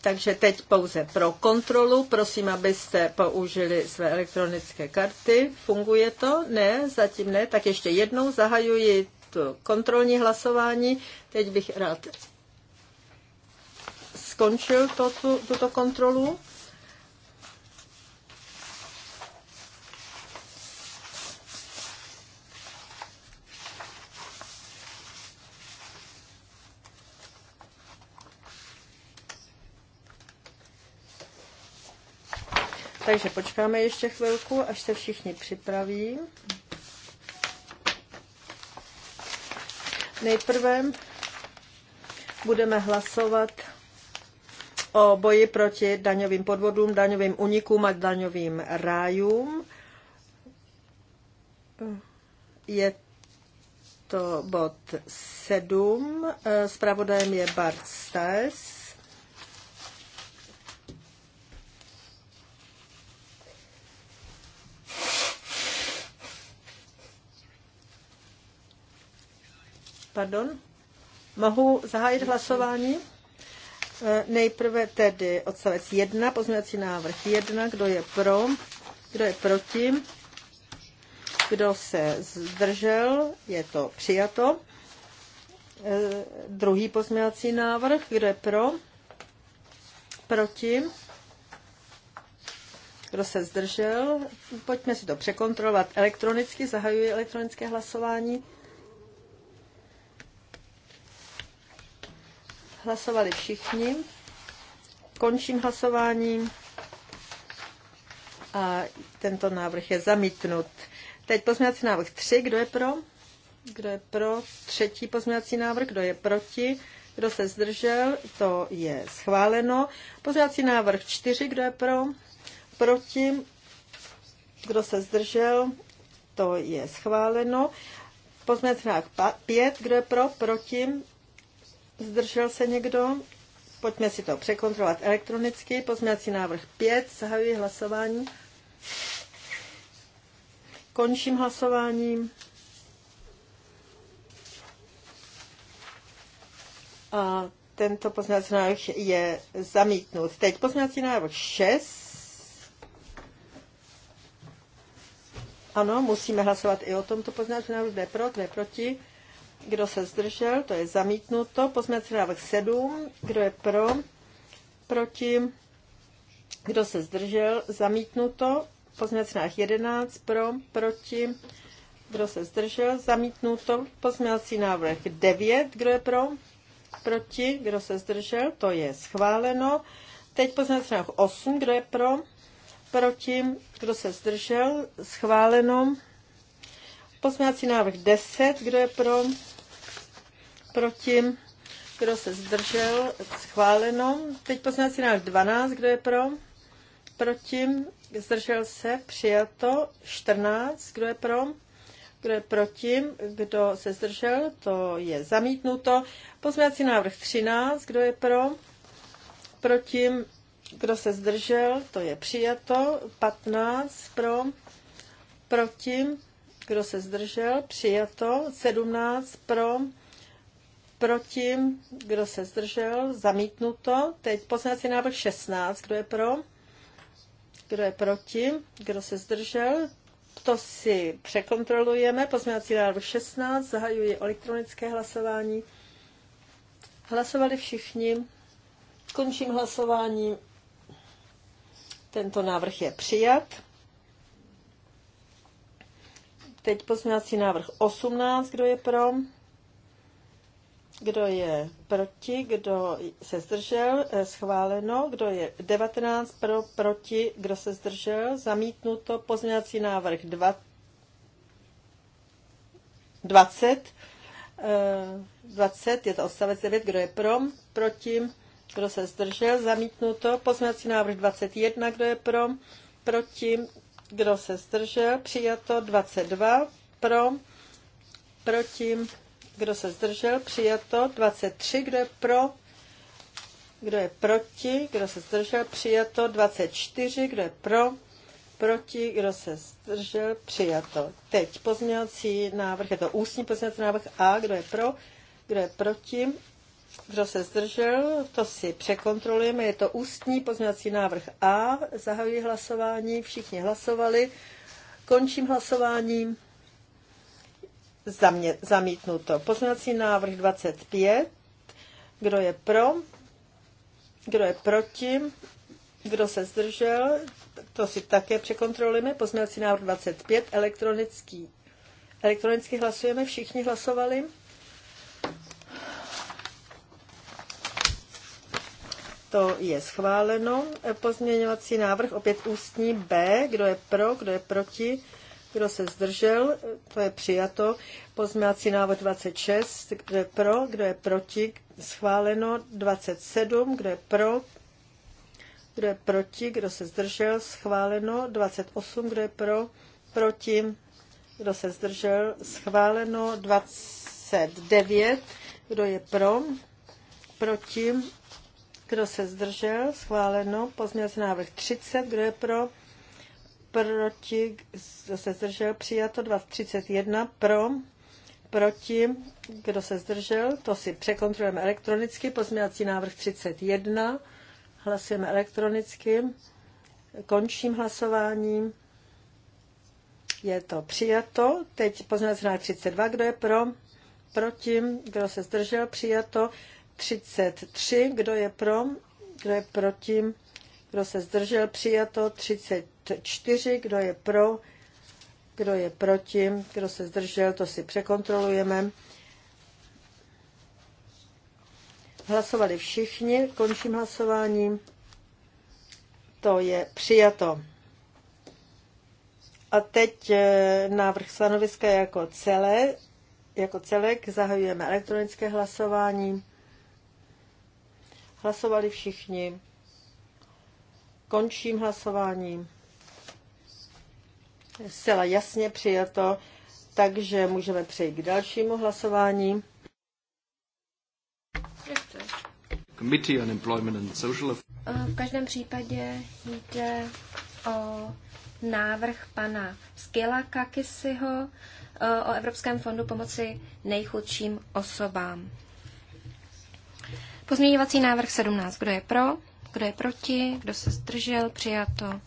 takže teď pouze pro kontrolu. Prosím, abyste použili své elektronické karty. Funguje to? Ne, zatím ne. Tak ještě jednou zahajuji to kontrolní hlasování. Teď bych rád skončil to, tu, tuto kontrolu. Takže počkáme ještě chvilku, až se všichni připraví. Nejprve budeme hlasovat o boji proti daňovým podvodům, daňovým unikům a daňovým rájům. Je to bod 7. Spravodajem je Bart Stes. Pardon? Mohu zahájit hlasování? E, nejprve tedy odstavec 1, pozměňovací návrh 1, kdo je pro, kdo je proti, kdo se zdržel, je to přijato. E, druhý pozměňovací návrh, kdo je pro, proti, kdo se zdržel, pojďme si to překontrolovat elektronicky, zahajuji elektronické hlasování. Hlasovali všichni. Končím hlasování. A tento návrh je zamítnut. Teď pozměňovací návrh 3. Kdo je pro? Kdo je pro třetí pozměňovací návrh? Kdo je proti? Kdo se zdržel? To je schváleno. Pozměňovací návrh 4. Kdo je pro? Proti? Kdo se zdržel? To je schváleno. Pozměňovací návrh 5. Kdo je pro? Proti? Zdržel se někdo? Pojďme si to překontrolovat elektronicky. Pozměňovací návrh 5. Zahajuji hlasování. Končím hlasováním. A tento pozměňovací návrh je zamítnut. Teď pozměňovací návrh 6. Ano, musíme hlasovat i o tomto pozměňovacím návrhu. Kde pro, kde proti. Kdo se zdržel, to je zamítnuto. Pozměňovací návrh 7. Kdo je pro? Proti? Kdo se zdržel? Zamítnuto. Pozměňovací návrh 11. Pro? Proti? Kdo se zdržel? Zamítnuto. Pozměňovací návrh 9. Kdo je pro? Proti? Kdo se zdržel? To je schváleno. Teď pozměňovací návrh 8. Kdo je pro? Proti? Kdo se zdržel? Schváleno. Pozměňovací návrh 10. Kdo je pro? proti, kdo se zdržel, schváleno. Teď poslanecí návrh 12, kdo je pro, proti, zdržel se, přijato. 14, kdo je pro, kdo je proti, kdo se zdržel, to je zamítnuto. Pozměňovací návrh 13, kdo je pro, proti, kdo se zdržel, to je přijato. 15 pro, proti, kdo se zdržel, přijato. 17 pro, proti, kdo se zdržel, zamítnuto. Teď poslanecí návrh 16, kdo je pro, kdo je proti, kdo se zdržel. To si překontrolujeme. Pozměňovací návrh 16, zahajuji elektronické hlasování. Hlasovali všichni. Končím hlasování. Tento návrh je přijat. Teď pozměňovací návrh 18, kdo je pro? Kdo je proti? Kdo se zdržel? Eh, schváleno. Kdo je 19 pro, proti? Kdo se zdržel? Zamítnuto. Pozměňovací návrh 20. 20 eh, je to odstavec 9. Kdo je pro? Proti? Kdo se zdržel? Zamítnuto. Pozměňovací návrh 21. Kdo je pro? Proti? Kdo se zdržel? Přijato 22 pro, proti, kdo se zdržel, přijato. 23, kdo je pro, kdo je proti, kdo se zdržel, přijato. 24, kdo je pro, proti, kdo se zdržel, přijato. Teď pozměňovací návrh, je to ústní pozměňovací návrh A, kdo je pro, kdo je proti, kdo se zdržel, to si překontrolujeme, je to ústní pozměňovací návrh A, zahajuji hlasování, všichni hlasovali, končím hlasováním zamě, zamítnuto. Poznací návrh 25. Kdo je pro? Kdo je proti? Kdo se zdržel? To si také překontrolujeme. Poznací návrh 25. Elektronický. Elektronicky hlasujeme. Všichni hlasovali. To je schváleno. Pozměňovací návrh opět ústní B. Kdo je pro? Kdo je proti? Kdo se zdržel, to je přijato. Pozměňovací návrh 26, kdo je pro, kdo je proti, schváleno. 27, kdo je pro, kdo je proti, kdo se zdržel, schváleno. 28, kdo je pro, proti, kdo se zdržel, schváleno. 29, kdo je pro, proti, kdo se zdržel, schváleno. Pozměňovací návrh 30, kdo je pro, proti, kdo se zdržel, přijato 231 pro, proti, kdo se zdržel, to si překontrolujeme elektronicky, pozměňovací návrh 31, hlasujeme elektronicky, končím hlasováním, je to přijato, teď pozměňovací návrh 32, kdo je pro, proti, kdo se zdržel, přijato 33, kdo je pro, kdo je proti, kdo se zdržel, přijato 30, 4, kdo je pro, kdo je proti, kdo se zdržel, to si překontrolujeme. Hlasovali všichni, končím hlasování. To je přijato. A teď eh, návrh stanoviska jako celé, jako celek zahajujeme elektronické hlasování. Hlasovali všichni. Končím hlasováním. Zcela jasně přijato, takže můžeme přejít k dalšímu hlasování. Eh, v každém případě jde o návrh pana Skila Kakisiho eh, o Evropském fondu pomoci nejchudším osobám. Pozměňovací návrh 17. Kdo je pro? Kdo je proti? Kdo se zdržel? Přijato.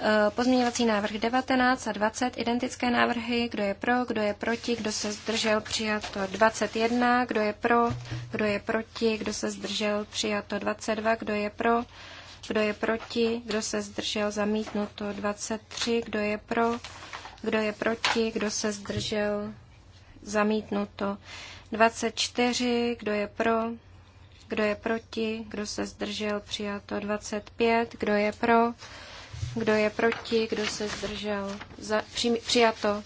Eh, pozměňovací návrh 19 a 20, identické návrhy, kdo je pro, kdo je proti, kdo se zdržel, přijato 21, kdo je pro, kdo je proti, kdo se zdržel, přijato 22, kdo je pro, kdo je proti, kdo se zdržel, zamítnuto 23, kdo je pro, kdo je proti, kdo se zdržel, zamítnuto 24, kdo je pro, kdo je proti, kdo se zdržel, přijato 25, kdo je pro, kdo je proti? Kdo se zdržel? Za, při, přijato.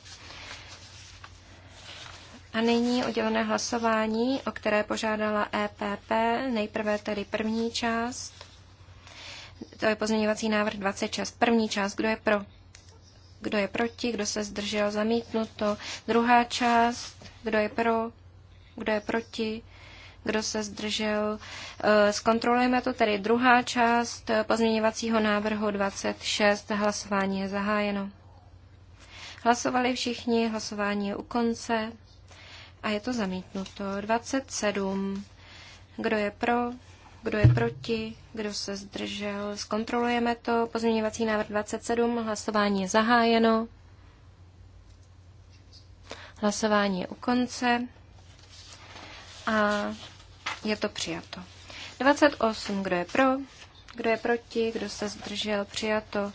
A nyní oddělené hlasování, o které požádala EPP, nejprve tedy první část. To je pozměňovací návrh 26. První část, kdo je pro? Kdo je proti? Kdo se zdržel? Zamítnuto. Druhá část, kdo je pro? Kdo je proti? kdo se zdržel. Eh, zkontrolujeme to tedy druhá část eh, pozměňovacího návrhu 26. Hlasování je zahájeno. Hlasovali všichni, hlasování je u konce a je to zamítnuto. 27. Kdo je pro? Kdo je proti? Kdo se zdržel? Zkontrolujeme to. Pozměňovací návrh 27. Hlasování je zahájeno. Hlasování je u konce. A je to přijato. 28. Kdo je pro? Kdo je proti? Kdo se zdržel? Přijato.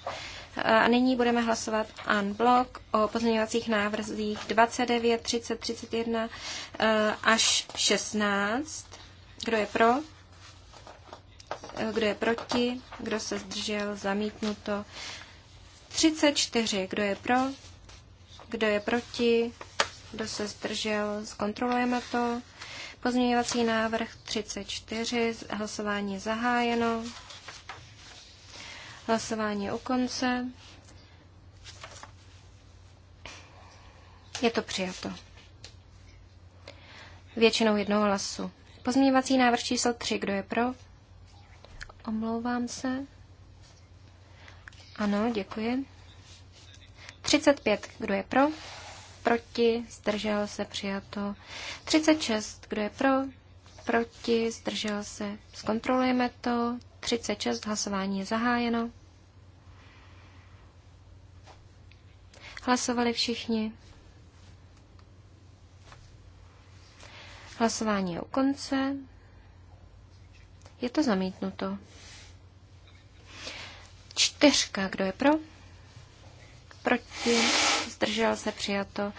A nyní budeme hlasovat unblock o pozměňovacích návrzích 29, 30, 31 až 16. Kdo je pro? Eh, kdo je proti? Kdo se zdržel? Zamítnuto. 34. Kdo je pro? Kdo je proti? Kdo se zdržel? Zkontrolujeme to. Pozměňovací návrh 34, hlasování je zahájeno. Hlasování je u konce. Je to přijato. Většinou jednoho hlasu. Pozměňovací návrh číslo 3, kdo je pro? Omlouvám se. Ano, děkuji. 35, kdo je pro? proti, zdržel se, přijato. 36, kdo je pro, proti, zdržel se, zkontrolujeme to. 36, hlasování je zahájeno. Hlasovali všichni. Hlasování je u konce. Je to zamítnuto. Čtyřka, kdo je pro? proti, zdržel se přijato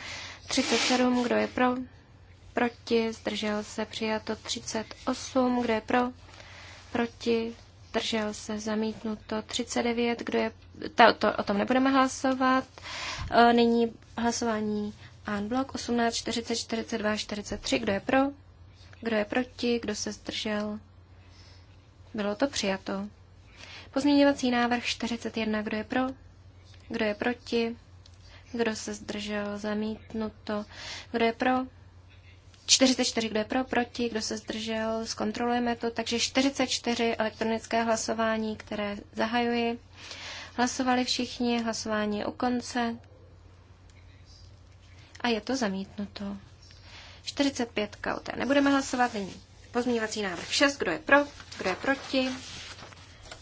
37, kdo je pro, proti, zdržel se přijato 38, kdo je pro, proti, zdržel se zamítnuto 39, kdo je, to, to, o tom nebudeme hlasovat, e, nyní hlasování Unblock 18, 40, 42, 43, kdo je pro, kdo je proti, kdo se zdržel, bylo to přijato. Pozměňovací návrh 41, kdo je pro, kdo je proti? Kdo se zdržel? Zamítnuto. Kdo je pro? 44, kdo je pro, proti, kdo se zdržel, zkontrolujeme to. Takže 44 elektronické hlasování, které zahajuji. Hlasovali všichni, hlasování je u konce. A je to zamítnuto. 45 kauté. Nebudeme hlasovat nyní. Pozměňovací návrh 6, kdo je pro, kdo je proti,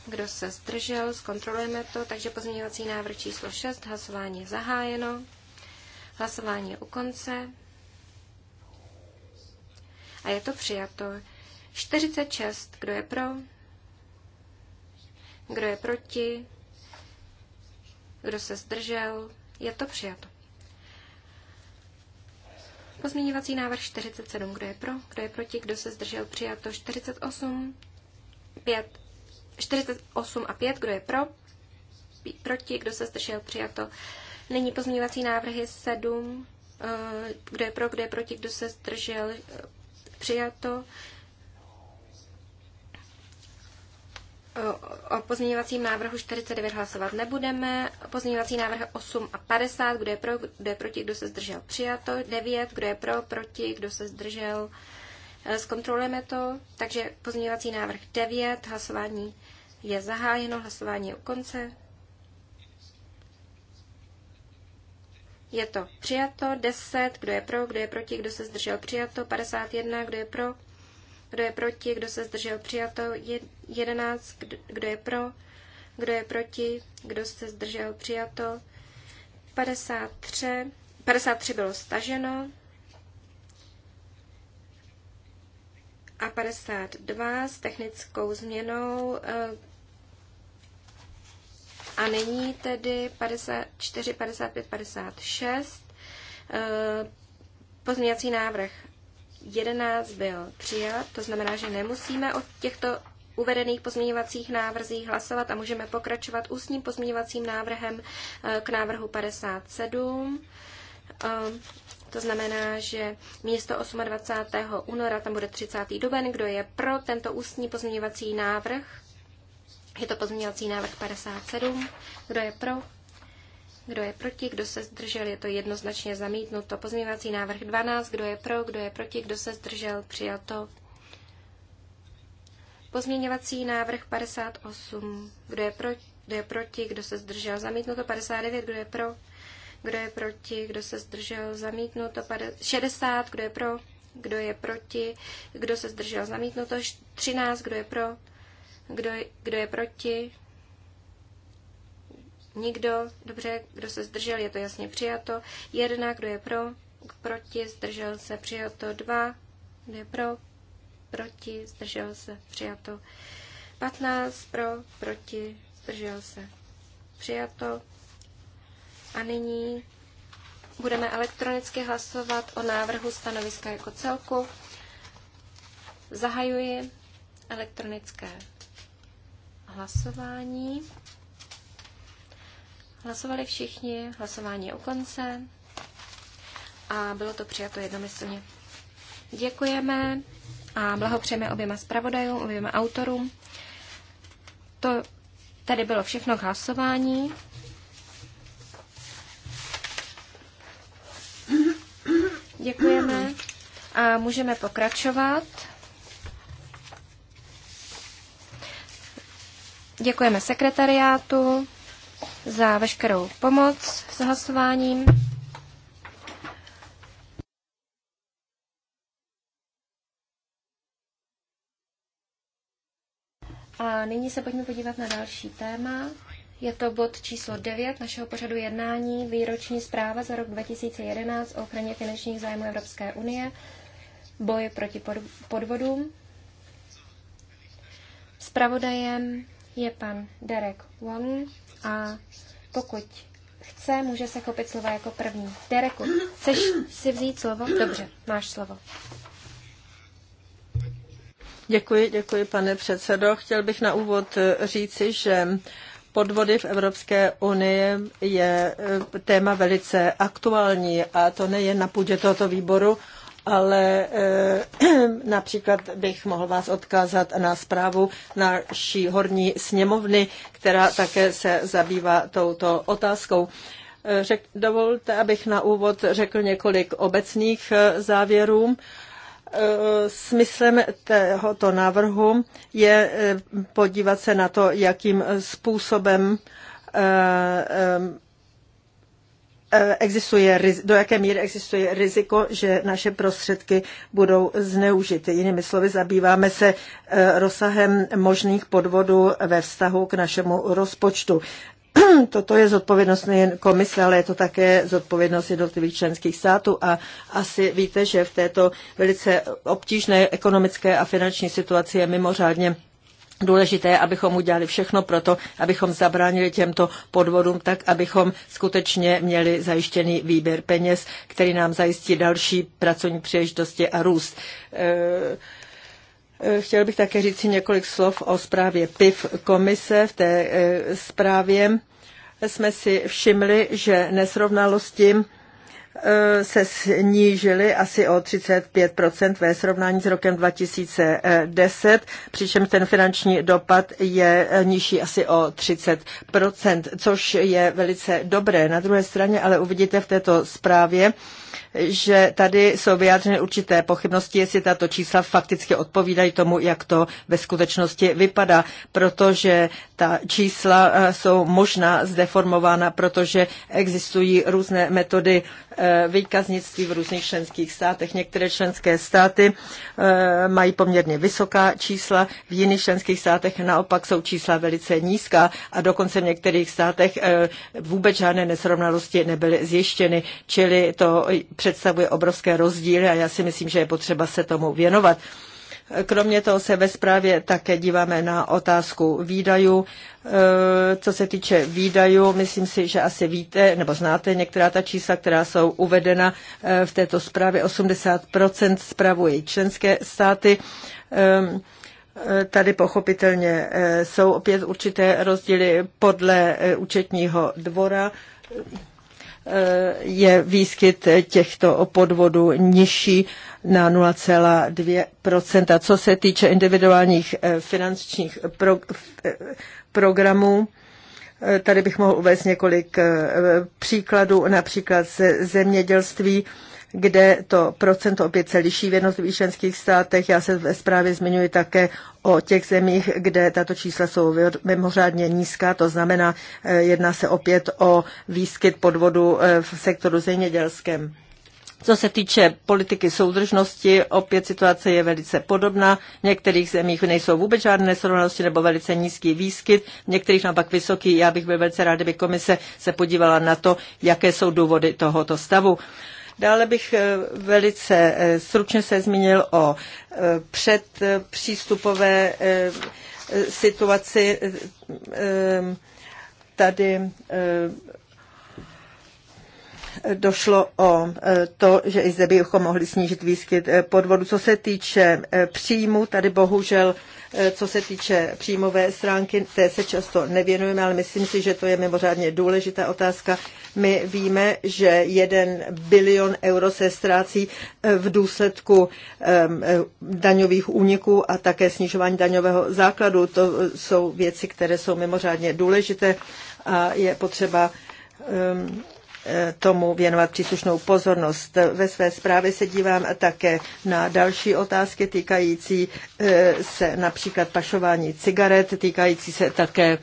kdo se zdržel, zkontrolujeme to, takže pozměňovací návrh číslo 6, hlasování je zahájeno, hlasování je u konce a je to přijato. 46, kdo je pro, kdo je proti, kdo se zdržel, je to přijato. Pozměňovací návrh 47, kdo je pro, kdo je proti, kdo se zdržel, přijato 48, 5 48 a 5, kdo je pro, proti, kdo se zdržel, přijato. Není pozměňovací návrhy 7, eh, eh, kdo je pro, kdo je proti, kdo se zdržel, přijato. O pozměňovacím návrhu 49 hlasovat nebudeme. Pozměňovací návrh 8 a 50, kdo je pro, kdo je proti, kdo se zdržel, přijato. 9, kdo je pro, proti, kdo se zdržel, eh, zkontrolujeme to. Takže pozměňovací návrh 9, hlasování je zahájeno, hlasování je u konce. Je to přijato, 10, kdo je pro, kdo je proti, kdo se zdržel přijato, 51, kdo je pro, kdo je proti, kdo se zdržel přijato, 11, kdo je pro, kdo je proti, kdo se zdržel přijato, 53, 53 bylo staženo a 52 s technickou změnou, eh, a nyní tedy 54, 55, 56. Pozměňovací návrh 11 byl přijat, to znamená, že nemusíme o těchto uvedených pozměňovacích návrzích hlasovat a můžeme pokračovat ústním pozměňovacím návrhem eh, k návrhu 57. Eh, to znamená, že místo 28. února tam bude 30. duben. Kdo je pro tento ústní pozměňovací návrh? Je to pozměňovací návrh 57. Kdo je pro? Kdo je proti? Kdo se zdržel? Je to jednoznačně zamítnuto. Pozměňovací návrh 12. Kdo je pro? Kdo je proti? Kdo se zdržel? Přijato. Pozměňovací návrh 58. Kdo je, pro, kdo je proti? Kdo se zdržel? Zamítnuto. 59. Kdo je pro? Kdo je proti? Kdo se zdržel? Zamítnuto. 60. Kdo je pro? Kdo je proti? Kdo se zdržel? Zamítnuto. 13. Kdo je pro? Kdo, kdo je proti? Nikdo. Dobře, kdo se zdržel, je to jasně přijato. Jedna, kdo je pro? Proti, zdržel se, přijato. Dva, kdo je pro? Proti, zdržel se, přijato. Patnáct. pro, proti, zdržel se. Přijato. A nyní budeme elektronicky hlasovat o návrhu stanoviska jako celku. Zahajuji elektronické hlasování. Hlasovali všichni, hlasování je u konce a bylo to přijato jednomyslně. Děkujeme a blahopřejeme oběma zpravodajům, oběma autorům. To tady bylo všechno k hlasování. Děkujeme a můžeme pokračovat. Děkujeme sekretariátu za veškerou pomoc s hlasováním. A nyní se pojďme podívat na další téma. Je to bod číslo 9 našeho pořadu jednání, výroční zpráva za rok 2011 o ochraně finančních zájmů Evropské unie, boj proti podvodům. Spravodajem je pan Derek Wong a pokud chce, může se chopit slova jako první. Dereku, chceš si vzít slovo? Dobře, máš slovo. Děkuji, děkuji, pane předsedo. Chtěl bych na úvod eh, říci, že podvody v Evropské unii je eh, téma velice aktuální a to nejen na půdě tohoto výboru, ale eh, například bych mohl vás odkázat na zprávu naší horní sněmovny, která také se zabývá touto otázkou. Eh, řek, dovolte, abych na úvod řekl několik obecných eh, závěrů. Smyslem tohoto návrhu je podívat se na to, jakým způsobem Eh, existuje, do jaké míry existuje riziko, že naše prostředky budou zneužity. Jinými slovy, zabýváme se eh, rozsahem možných podvodů ve vztahu k našemu rozpočtu. Toto je zodpovědnost nejen komise, ale je to také zodpovědnost jednotlivých členských států a asi víte, že v této velice obtížné ekonomické a finanční situaci je mimořádně důležité, abychom udělali všechno pro to, abychom zabránili těmto podvodům, tak abychom skutečně měli zajištěný výběr peněz, který nám zajistí další pracovní příležitosti a růst. Eh, eh, chtěl bych také říct několik slov o zprávě PIV komise. V té eh, zprávě jsme si všimli, že nesrovnalosti Eh, se snížily asi o 35 ve srovnání s rokem 2010, přičemž ten finanční dopad je eh, nižší asi o 30 což je velice dobré. Na druhé straně ale uvidíte v této zprávě, že tady jsou vyjádřeny určité pochybnosti, jestli tato čísla fakticky odpovídají tomu, jak to ve skutečnosti vypadá, protože ta čísla eh, jsou možná zdeformována, protože existují různé metody eh, výkaznictví v různých členských státech. Některé členské státy eh, mají poměrně vysoká čísla, v jiných členských státech naopak jsou čísla velice nízká a dokonce v některých státech vůbec žádné nesrovnalosti nebyly zjištěny, čili to představuje obrovské rozdíly a já si myslím, že je potřeba se tomu věnovat. Kromě toho se ve zprávě také díváme na otázku výdajů. E, co se týče výdajů, myslím si, že asi víte nebo znáte některá ta čísla, která jsou uvedena e, v této zprávě. 80% zpravují členské státy. E, tady pochopitelně jsou opět určité rozdíly podle účetního dvora. Eh, je výskyt těchto podvodů nižší na 0,2 Co se týče individuálních eh, finančních pro, eh, programů, tady bych mohl uvést několik příkladů, například ze zemědělství kde to procento opět se liší v jednotlivých členských státech. Já se ve zprávě zmiňuji také o těch zemích, kde tato čísla jsou mimořádně nízká, to znamená, eh, jedná se opět o výskyt podvodu eh, v sektoru zemědělském. Co se týče politiky soudržnosti, opět situace je velice podobná. V některých zemích nejsou vůbec žádné srovnalosti nebo velice nízký výskyt, v některých naopak vysoký. Já bych byl velice rád, kdyby komise se podívala na to, jaké jsou důvody tohoto stavu. Dále bych eh, velice eh, stručně se zmínil o eh, předpřístupové situaci tady došlo o to, že i zde bychom mohli snížit výskyt podvodu. Co se týče příjmu, tady bohužel Eh, co se týče příjmové stránky, té se často nevěnujeme, ale myslím si, že to je mimořádně důležitá otázka. My víme, že jeden bilion euro se ztrácí eh, v důsledku eh, daňových úniků a také snižování daňového základu. To jsou věci, které jsou mimořádně důležité a je potřeba tomu věnovat příslušnou pozornost. Ve své zprávě se dívám také na další otázky týkající e, se například pašování cigaret, týkající se také e,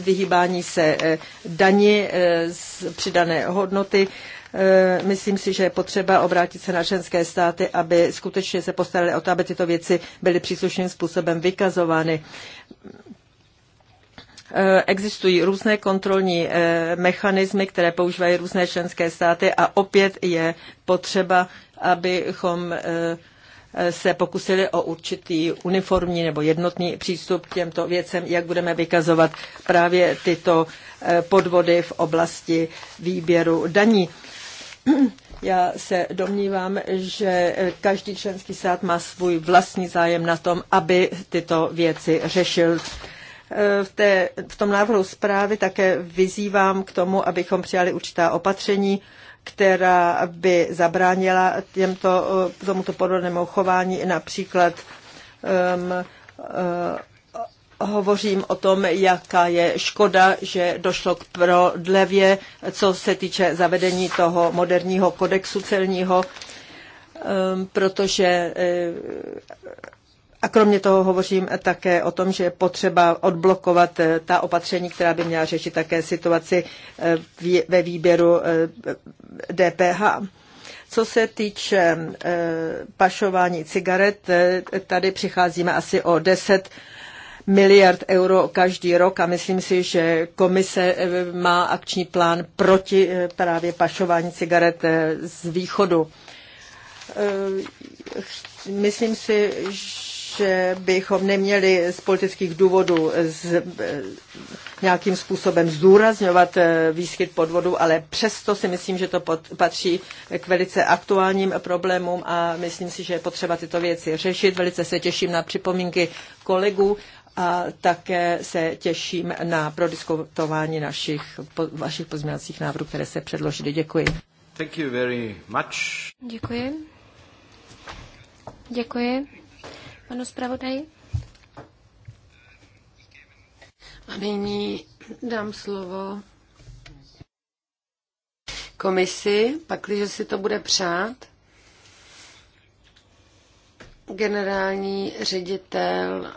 vyhýbání se e, dani z přidané hodnoty myslím si, že je potřeba obrátit se na ženské státy, aby skutečně se postarali o to, aby tyto věci byly příslušným způsobem vykazovány. Eh, existují různé kontrolní eh, mechanismy, které používají různé členské státy a opět je potřeba, abychom eh, se pokusili o určitý uniformní nebo jednotný přístup k těmto věcem, jak budeme vykazovat právě tyto podvody v oblasti výběru daní. Já se domnívám, že každý členský stát má svůj vlastní zájem na tom, aby tyto věci řešil v, té, v tom návrhu zprávy také vyzývám k tomu, abychom přijali určitá opatření, která by zabránila těmto, tomuto podobnému chování, například um, uh, hovořím o tom, jaká je škoda, že došlo k prodlevě, co se týče zavedení toho moderního kodexu celního, um, protože uh, a kromě toho hovořím také o tom, že je potřeba odblokovat eh, ta opatření, která by měla řešit také situaci eh, ve výběru DPH. Eh, Co se týče pašování cigaret, tady přicházíme asi o 10 miliard euro každý rok a myslím si, že komise má akční plán proti právě pašování cigaret z východu. Myslím si, že bychom neměli z politických důvodů z, e, nějakým způsobem zdůrazňovat e, výskyt podvodu, ale přesto si myslím, že to pod, patří k velice aktuálním problémům a myslím si, že je potřeba tyto věci řešit. Velice se těším na připomínky kolegů a také se těším na prodiskutování našich, po, vašich pozměňovacích návrhů, které se předložili. Děkuji. Thank you very much. Děkuji. Děkuji panu zpravodaji. A nyní dám slovo komisi, pakliže si to bude přát. Generální ředitel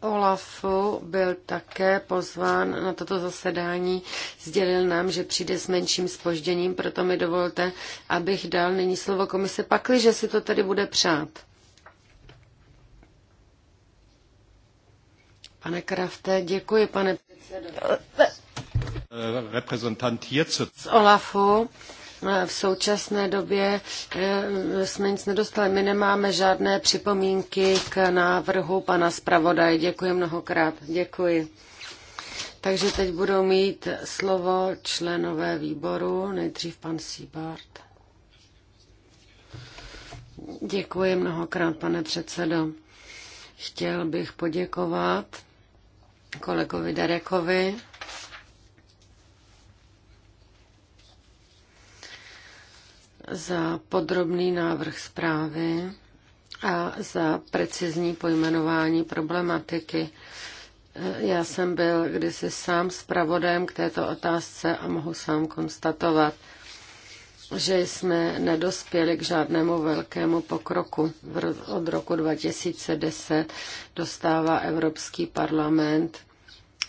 Olafu byl také pozván na toto zasedání. Sdělil nám, že přijde s menším spožděním, proto mi dovolte, abych dal nyní slovo komise, pakliže si to tedy bude přát. Pane Krafte, děkuji, pane předsedo. Z Olafu eh, v současné době eh, jsme nic nedostali. My nemáme žádné připomínky k návrhu pana zpravodaje. Děkuji mnohokrát. Děkuji. Takže teď budou mít slovo členové výboru, nejdřív pan Sýbart. Děkuji mnohokrát, pane předsedo. Chtěl bych poděkovat kolegovi Darekovi. za podrobný návrh zprávy a za precizní pojmenování problematiky. Já jsem byl kdysi sám zpravodajem k této otázce a mohu sám konstatovat, že jsme nedospěli k žádnému velkému pokroku. Od roku 2010 dostává Evropský parlament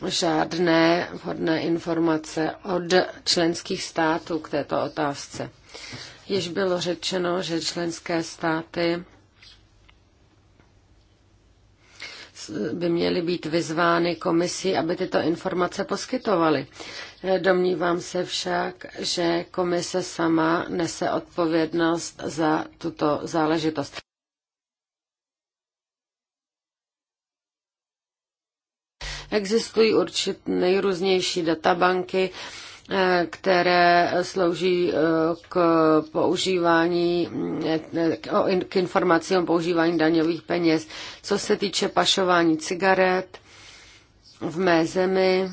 žádné vhodné informace od členských států k této otázce. Již bylo řečeno, že členské státy by měly být vyzvány komisí, aby tyto informace poskytovaly. Domnívám se však, že komise sama nese odpovědnost za tuto záležitost. Existují určit nejrůznější databanky, eh, které slouží eh, k používání, eh, k informacím o používání daňových peněz. Co se týče pašování cigaret v mé zemi,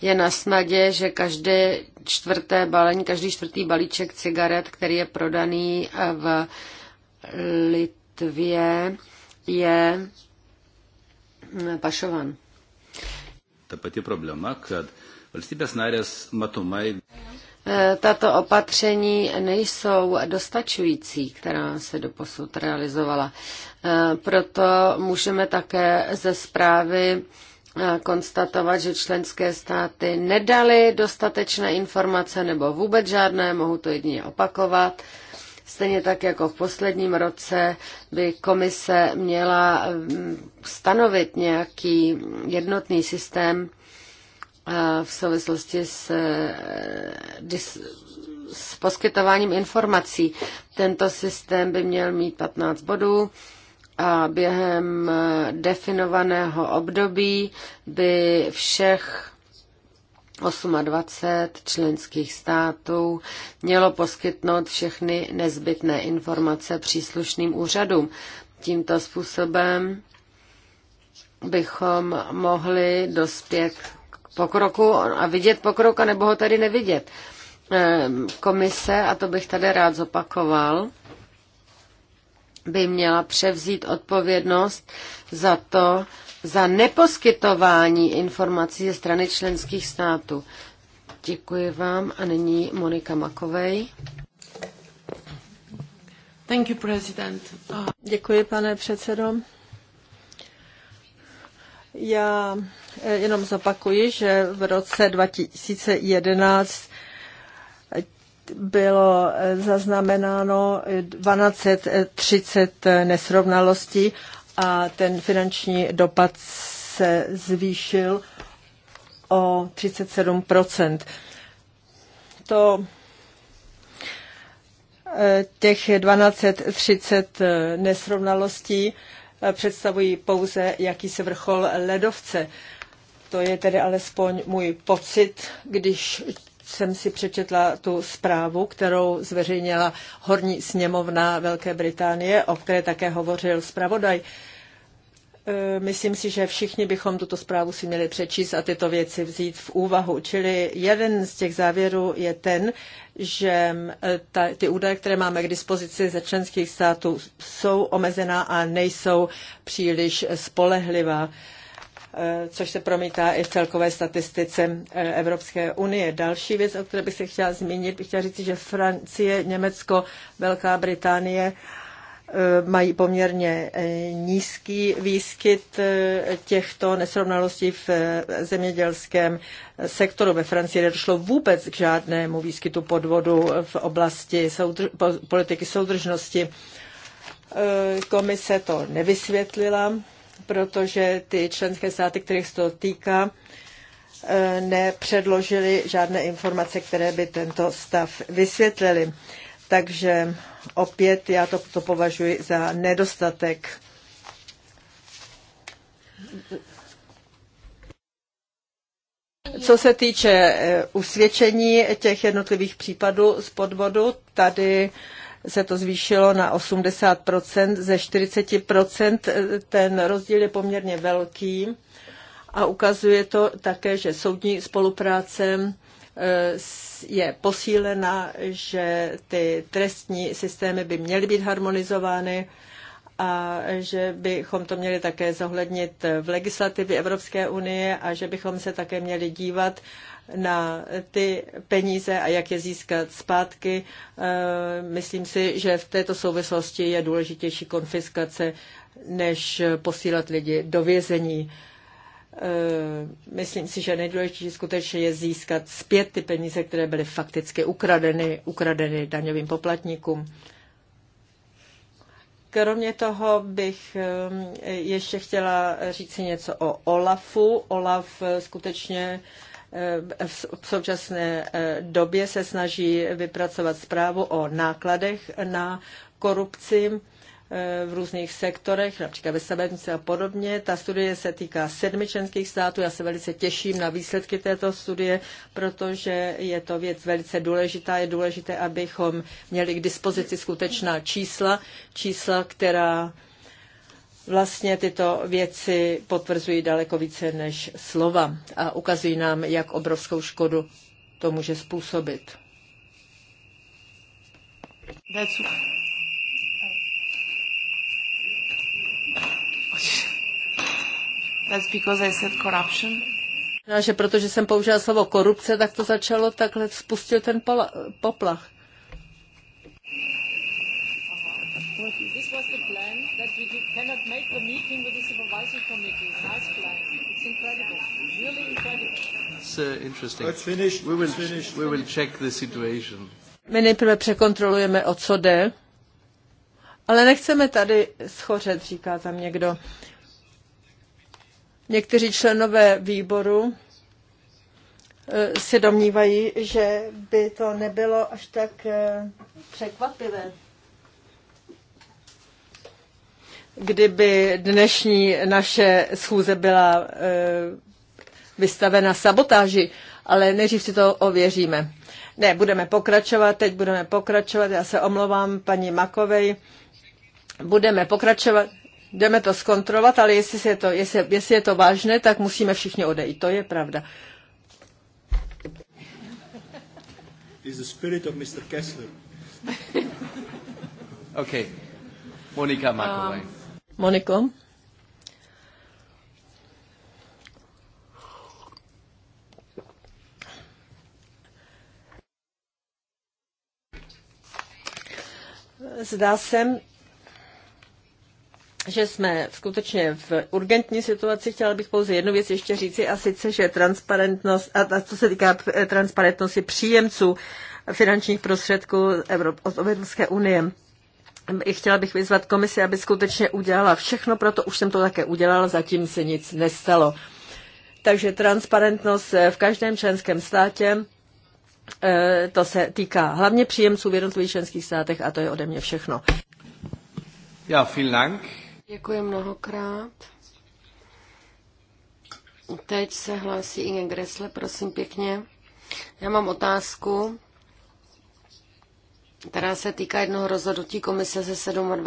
je na snadě, že každé čtvrté balení, každý čtvrtý balíček cigaret, který je prodaný v Litvě, je pašovan. Ta pati problema, kad valstybės narės matomai... E, tato opatření nejsou dostačující, která se doposud realizovala. E, proto můžeme také ze zprávy e, konstatovat, že členské státy nedaly dostatečné informace nebo vůbec žádné, mohu to jedině opakovat, Stejně tak jako v posledním roce by komise měla mm, stanovit nějaký jednotný systém eh, v souvislosti s, eh, s poskytováním informací. Tento systém by měl mít 15 bodů a během eh, definovaného období by všech 28 členských států mělo poskytnout všechny nezbytné informace příslušným úřadům. Tímto způsobem bychom mohli dospět k pokroku a vidět pokrok, nebo ho tady nevidět. Ehm, komise, a to bych tady rád zopakoval, by měla převzít odpovědnost za to, za neposkytování informací ze strany členských států. Děkuji vám a nyní Monika Makovej. Thank you, president. Uh, Děkuji, pane předsedo. Já eh, jenom zapakuji, že v roce 2011 bylo eh, zaznamenáno 1230 eh, nesrovnalostí a ten finanční dopad se zvýšil o 37 To e, těch 1230 e, nesrovnalostí e, představují pouze jakýsi vrchol ledovce. To je tedy alespoň můj pocit, když jsem si přečetla tu zprávu, kterou zveřejnila Horní sněmovna Velké Británie, o které také hovořil zpravodaj. E, myslím si, že všichni bychom tuto zprávu si měli přečíst a tyto věci vzít v úvahu. Čili jeden z těch závěrů je ten, že ta, ty údaje, které máme k dispozici ze členských států, jsou omezená a nejsou příliš spolehlivá. Eh, což se promítá i v celkové statistice eh, Evropské unie. Další věc, o které bych se chtěla zmínit, bych chtěla říct, že Francie, Německo, Velká Británie eh, mají poměrně nízký výskyt těchto nesrovnalostí v zemědělském sektoru. Ve Francii nedošlo vůbec k žádnému výskytu podvodu v oblasti soudrž- politiky soudržnosti. Komise to nevysvětlila protože ty členské státy, kterých se to týká, eh, nepředložili žádné informace, které by tento stav vysvětlili. Takže opět já to, to považuji za nedostatek. Co se týče eh, usvědčení těch jednotlivých případů z podvodu, tady se to zvýšilo na 80%, ze 40% eh, ten rozdíl je poměrně velký a ukazuje to také, že soudní spolupráce eh, je posílena, že ty trestní systémy by měly být harmonizovány a že bychom to měli také zohlednit v legislativě Evropské unie a že bychom se také měli dívat na ty peníze a jak je získat zpátky. Eh, myslím si, že v této souvislosti je důležitější konfiskace, než posílat lidi do vězení. Eh, myslím si, že nejdůležitější skutečně je získat zpět ty peníze, které byly fakticky ukradeny, ukradeny daňovým poplatníkům. Kromě toho bych eh, ještě chtěla říct si něco o Olafu. Olaf skutečně Eh, v současné eh, době se snaží vypracovat zprávu o nákladech na korupci eh, v různých sektorech, například ve stavebnici a podobně. Ta studie se týká sedmi členských států. Já se velice těším na výsledky této studie, protože je to věc velice důležitá. Je důležité, abychom měli k dispozici skutečná čísla, čísla, která vlastně tyto věci potvrzují daleko více než slova a ukazují nám, jak obrovskou škodu to může způsobit. That's... because I said corruption. No, že protože jsem použila slovo korupce, tak to začalo takhle, spustil ten pola, poplach. This was the plan cannot make the meeting with the supervisory committee. Nice plan. It's incredible. Really incredible. It's uh, interesting. It's finished. We will, finished. We will check the situation. My nejprve překontrolujeme, o co jde. Ale nechceme tady schořet, říká tam někdo. Někteří členové výboru eh, se domnívají, že by to nebylo až tak eh, překvapivé. kdyby dnešní naše schůze byla eh, vystavena sabotáži, ale nejdřív si to ověříme. Ne, budeme pokračovat, teď budeme pokračovat, já se omlouvám paní Makovej, budeme pokračovat, jdeme to zkontrolovat, ale jestli je to, jestli, jestli je to vážné, tak musíme všichni odejít, to je pravda. Is the spirit of Mr. Kessler. okay. Monika Makovej. Um. Moniko? Zdá se, že jsme skutečně v urgentní situaci. Chtěla bych pouze jednu věc ještě říci, a sice, že transparentnost, a co se týká eh, transparentnosti příjemců finančních prostředků od Evropské unie chtěla bych vyzvat komisi, aby skutečně udělala všechno, proto už jsem to také udělala, zatím se nic nestalo. Takže transparentnost v každém členském státě, eh, to se týká hlavně příjemců v jednotlivých členských státech a to je ode mě všechno. Já, vielen Dank. Děkuji mnohokrát. Teď se hlásí Inge Gressle, prosím pěkně. Já mám otázku která se týká jednoho rozhodnutí komise ze 27.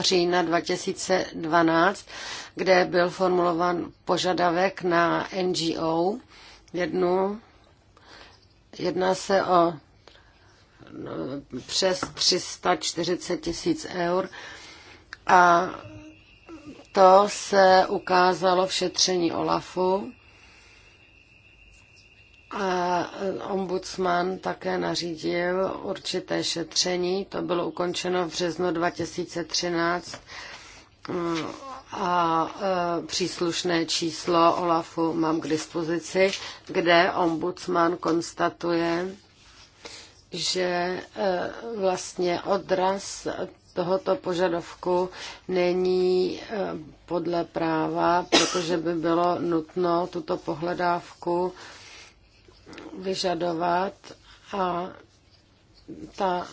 října 2012, kde byl formulovan požadavek na NGO. Jednu, jedná se o no, přes 340 tisíc eur a to se ukázalo v šetření OLAFu a ombudsman také nařídil určité šetření, to bylo ukončeno v březnu 2013 a e, příslušné číslo OLAFu mám k dispozici, kde ombudsman konstatuje, že e, vlastně odraz tohoto požadovku není e, podle práva, protože by bylo nutno tuto pohledávku vyžadovat a ta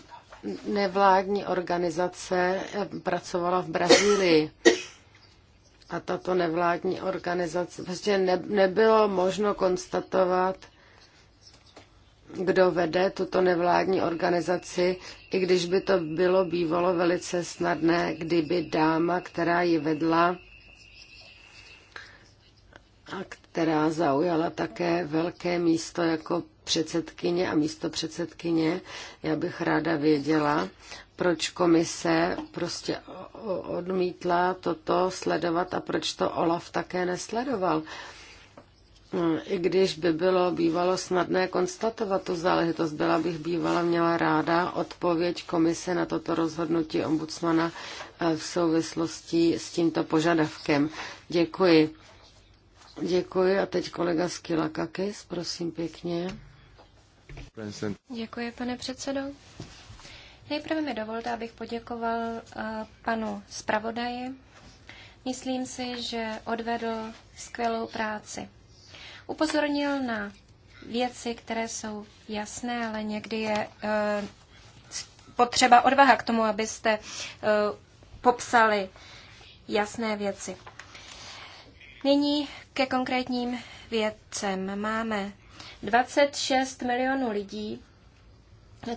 nevládní organizace eh, pracovala v Brazílii. A tato nevládní organizace, prostě ne, nebylo možno konstatovat, kdo vede tuto nevládní organizaci, i když by to bylo bývalo velice snadné, kdyby dáma, která ji vedla, a která zaujala také velké místo jako předsedkyně a místo předsedkyně. Já bych ráda věděla, proč komise prostě odmítla toto sledovat a proč to Olaf také nesledoval. I když by bylo bývalo snadné konstatovat tu záležitost, byla bych bývala měla ráda odpověď komise na toto rozhodnutí ombudsmana eh, v souvislosti s tímto požadavkem. Děkuji. Děkuji a teď kolega Skilakakis, prosím pěkně. Děkuji, pane předsedo. Nejprve mi dovolte, abych poděkoval eh, panu zpravodaji. Myslím si, že odvedl skvělou práci. Upozornil na věci, které jsou jasné, ale někdy je eh, potřeba odvaha k tomu, abyste eh, popsali jasné věci. Nyní ke konkrétním věcem Máme 26 milionů lidí,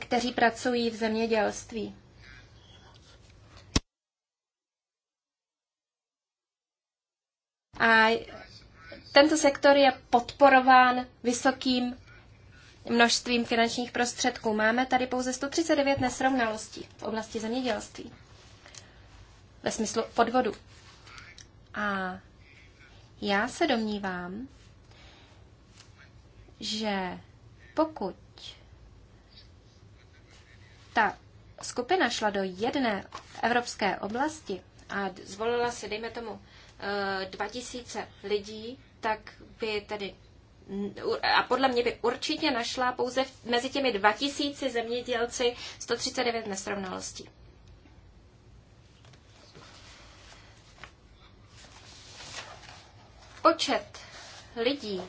kteří pracují v zemědělství. A tento sektor je podporován vysokým množstvím finančních prostředků. Máme tady pouze 139 nesrovnalostí v oblasti zemědělství ve smyslu podvodu. A já se domnívám, že pokud ta skupina šla do jedné evropské oblasti a zvolila si, dejme tomu, 2000 eh, lidí, tak by tedy a podle mě by určitě našla pouze mezi těmi 2000 zemědělci 139 nesrovnalostí. Počet lidí,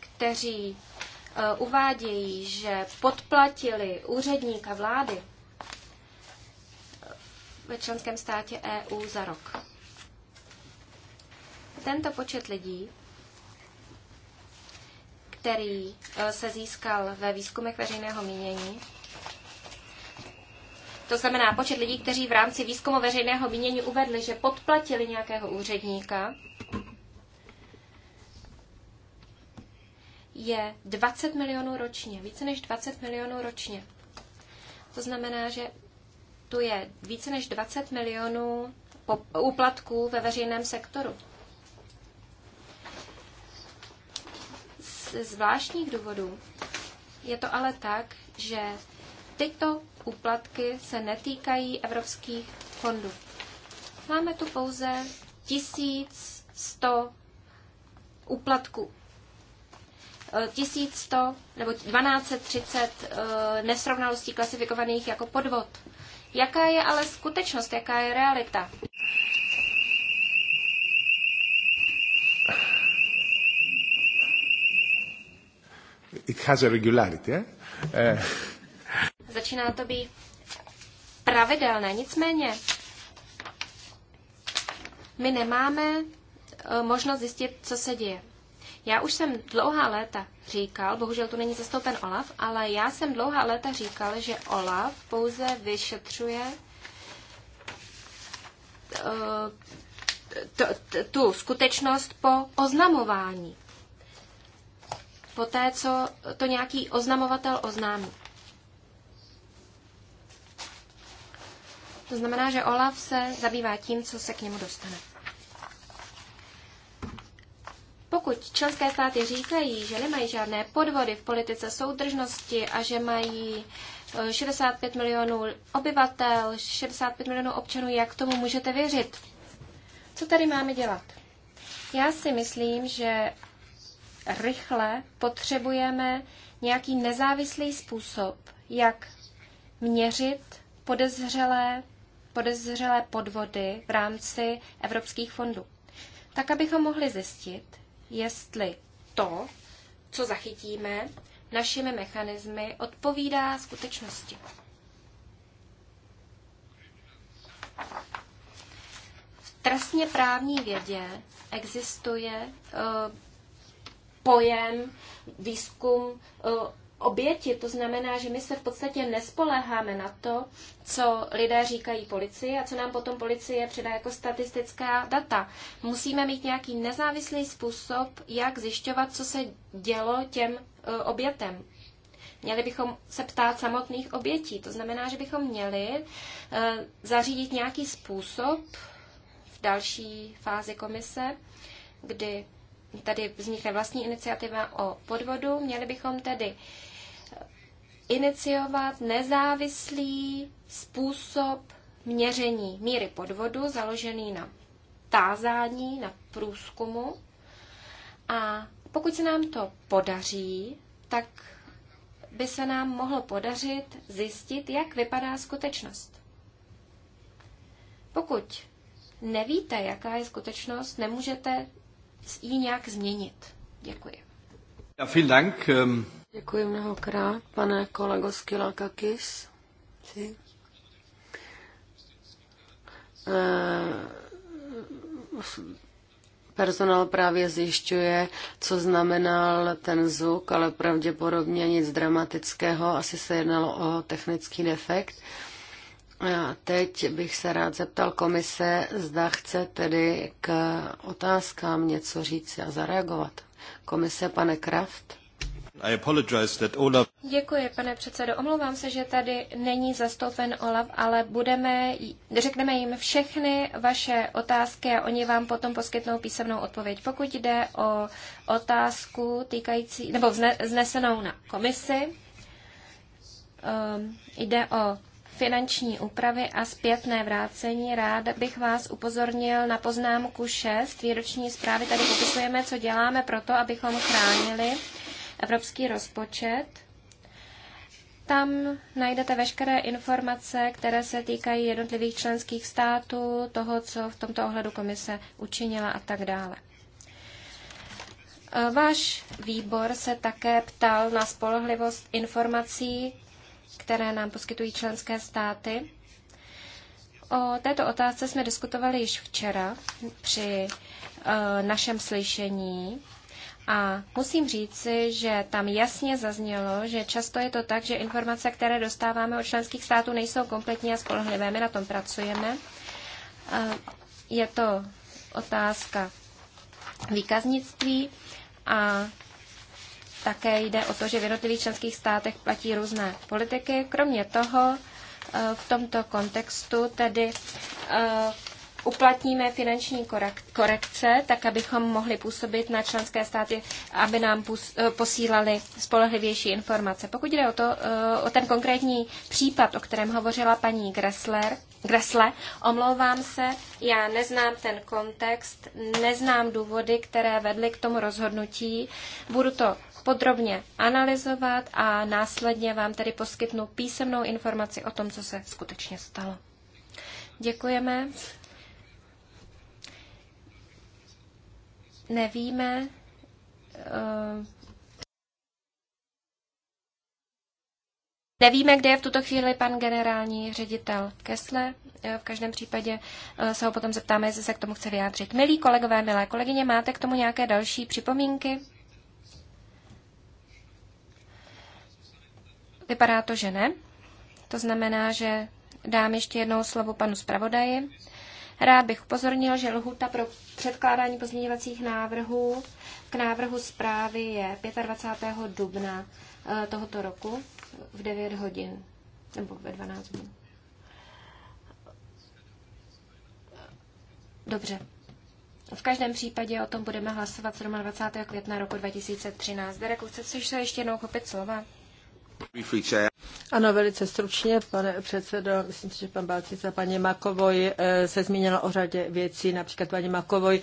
kteří eh, uvádějí, že podplatili úředníka vlády eh, ve členském státě EU za rok. Tento počet lidí, který eh, se získal ve výzkumech veřejného mínění, to znamená počet lidí, kteří v rámci výzkumu veřejného mínění uvedli, že podplatili nějakého úředníka, je 20 milionů ročně, více než 20 milionů ročně. To znamená, že tu je více než 20 milionů úplatků ve veřejném sektoru. Z zvláštních důvodů je to ale tak, že tyto úplatky se netýkají evropských fondů. Máme tu pouze 1100 úplatků 1100 eh, nebo 1230 eh, nesrovnalostí klasifikovaných jako podvod. Jaká je ale skutečnost, jaká je realita? It has a regularity, eh? eh. Začíná to být pravidelné, nicméně my nemáme možnost zjistit, co se děje. Já už jsem dlouhá léta říkal, bohužel tu není zastoupen Olaf, ale já jsem dlouhá léta říkal, že Olaf pouze vyšetřuje eh, tu skutečnost po oznamování. Po té, co to nějaký oznamovatel oznámí. To znamená, že Olaf se zabývá tím, co se k němu dostane. Pokud členské státy říkají, že nemají žádné podvody v politice soudržnosti a že mají 65 e, milionů obyvatel, 65 milionů občanů, jak tomu můžete věřit? Co tady máme dělat? Já si myslím, že rychle potřebujeme nějaký nezávislý způsob, jak měřit podezřelé, podezřelé podvody v rámci evropských fondů. Tak, abychom mohli zjistit, jestli to, co zachytíme našimi mechanismy, odpovídá skutečnosti. V trestně právní vědě existuje uh, pojem výzkum uh, oběti. To znamená, že my se v podstatě nespoléháme na to, co lidé říkají policii a co nám potom policie předá jako statistická data. Musíme mít nějaký nezávislý způsob, jak zjišťovat, co se dělo těm e, obětem. Měli bychom se ptát samotných obětí. To znamená, že bychom měli e, zařídit nějaký způsob v další fázi komise, kdy tady vznikne vlastní iniciativa o podvodu. Měli bychom tedy iniciovat nezávislý způsob měření míry podvodu založený na tázání, na průzkumu. A pokud se nám to podaří, tak by se nám mohlo podařit zjistit, jak vypadá skutečnost. Pokud nevíte, jaká je skutečnost, nemůžete ji nějak změnit. Děkuji. Ja, vielen Dank. Ähm, Děkuji mnohokrát, pane kolego Skilakakis. Eh, personál právě zjišťuje, co znamenal ten zvuk, ale pravděpodobně nic dramatického. Asi se jednalo o technický defekt. A teď bych se rád zeptal komise, zda chce tedy k otázkám něco říct a zareagovat. Komise, pane Kraft. Děkuji, pane předsedo. Omlouvám se, že tady není zastoupen Olaf, ale budeme, řekneme jim všechny vaše otázky a oni vám potom poskytnou písemnou odpověď. Pokud jde o otázku týkající, nebo vzne, znesenou na komisi, um, jde o finanční úpravy a zpětné vrácení, rád bych vás upozornil na poznámku 6 výroční zprávy. Tady popisujeme, co děláme pro to, abychom chránili evropský rozpočet. Tam najdete veškeré informace, které se týkají jednotlivých členských států, toho, co v tomto ohledu komise učinila a tak dále. Váš výbor se také ptal na spolehlivost informací, které nám poskytují členské státy. O této otázce jsme diskutovali již včera při eh, našem slyšení a musím říci, že tam jasně zaznělo, že často je to tak, že informace, které dostáváme od členských států, nejsou kompletní a spolehlivé. My na tom pracujeme. Je to otázka výkaznictví a také jde o to, že v jednotlivých členských státech platí různé politiky. Kromě toho e, v tomto kontextu tedy e, uplatníme finanční korekce, tak abychom mohli působit na členské státy, aby nám eh, posílali spolehlivější informace. Pokud jde o, to, eh, o ten konkrétní případ, o kterém hovořila paní Gressler, Gressle, omlouvám se, já neznám ten kontext, neznám důvody, které vedly k tomu rozhodnutí. Budu to podrobně analyzovat a následně vám tedy poskytnu písemnou informaci o tom, co se skutečně stalo. Děkujeme nevíme, eh, Nevíme, kde je v tuto chvíli pan generální ředitel Kesle. Eh, v každém případě eh, se ho potom zeptáme, jestli se k tomu chce vyjádřit. Milí kolegové, milé kolegyně, máte k tomu nějaké další připomínky? Vypadá to, že ne. To znamená, že dám ještě jednou slovo panu zpravodaji Rád bych upozornil, že lhuta pro předkládání pozměňovacích návrhů k návrhu zprávy je 25. dubna eh, tohoto roku v 9 hodin nebo ve 12 hodin. Dobře. V každém případě o tom budeme hlasovat 27. května roku 2013. Derek, chceš se ještě jednou chopit slova? Ano, velice stručně, pane předsedo. Myslím si, že pan Balcica, paní Makovoj eh, se zmínila o řadě věcí, například paní Makovoj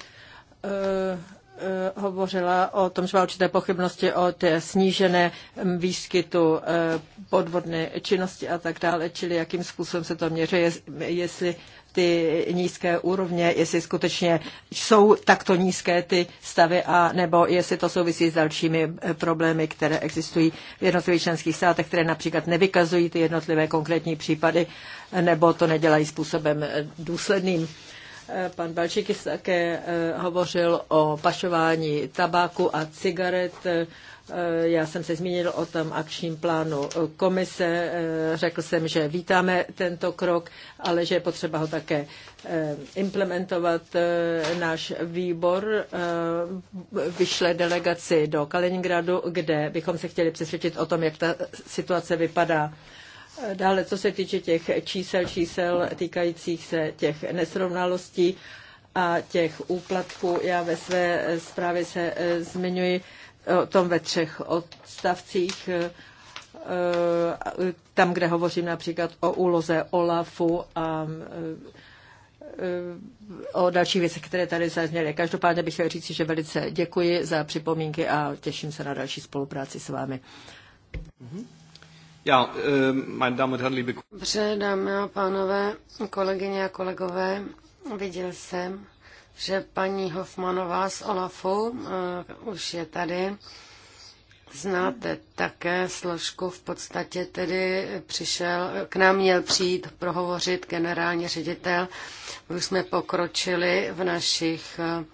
eh, Eh, hovořila o tom, že má určité pochybnosti o té snížené mm, výskytu eh, podvodné činnosti a tak dále, čili jakým způsobem se to měří, jestli ty nízké úrovně, jestli skutečně jsou takto nízké ty stavy a nebo jestli to souvisí s dalšími eh, problémy, které existují v jednotlivých členských státech, které například nevykazují ty jednotlivé konkrétní případy nebo to nedělají způsobem důsledným. Pan Balčikis také eh, hovořil o pašování tabáku a cigaret. Eh, já jsem se zmínil o tom akčním plánu komise. Eh, řekl jsem, že vítáme tento krok, ale že je potřeba ho také implementovat. Náš výbor vyšle delegaci do Kaliningradu, kde bychom se chtěli přesvědčit o tom, jak ta situace vypadá. Dále, co se týče těch čísel, čísel týkajících se těch nesrovnalostí a těch úplatků, já ve své zprávě se eh, zmiňuji o tom ve třech odstavcích, eh, eh, tam, kde hovořím například o úloze OLAFu a o další věci, které tady zazněly. Každopádně bych chtěl říct, že velice děkuji za připomínky a těším se na další spolupráci s vámi. Mm-hmm. Eh, Dobře, dámy a pánové, kolegyně a kolegové, viděl jsem, že paní Hofmanová z Olafu uh, už je tady. Znáte také složku, v podstatě tedy přišel, k nám měl přijít prohovořit generální ředitel. Už jsme pokročili v našich eh,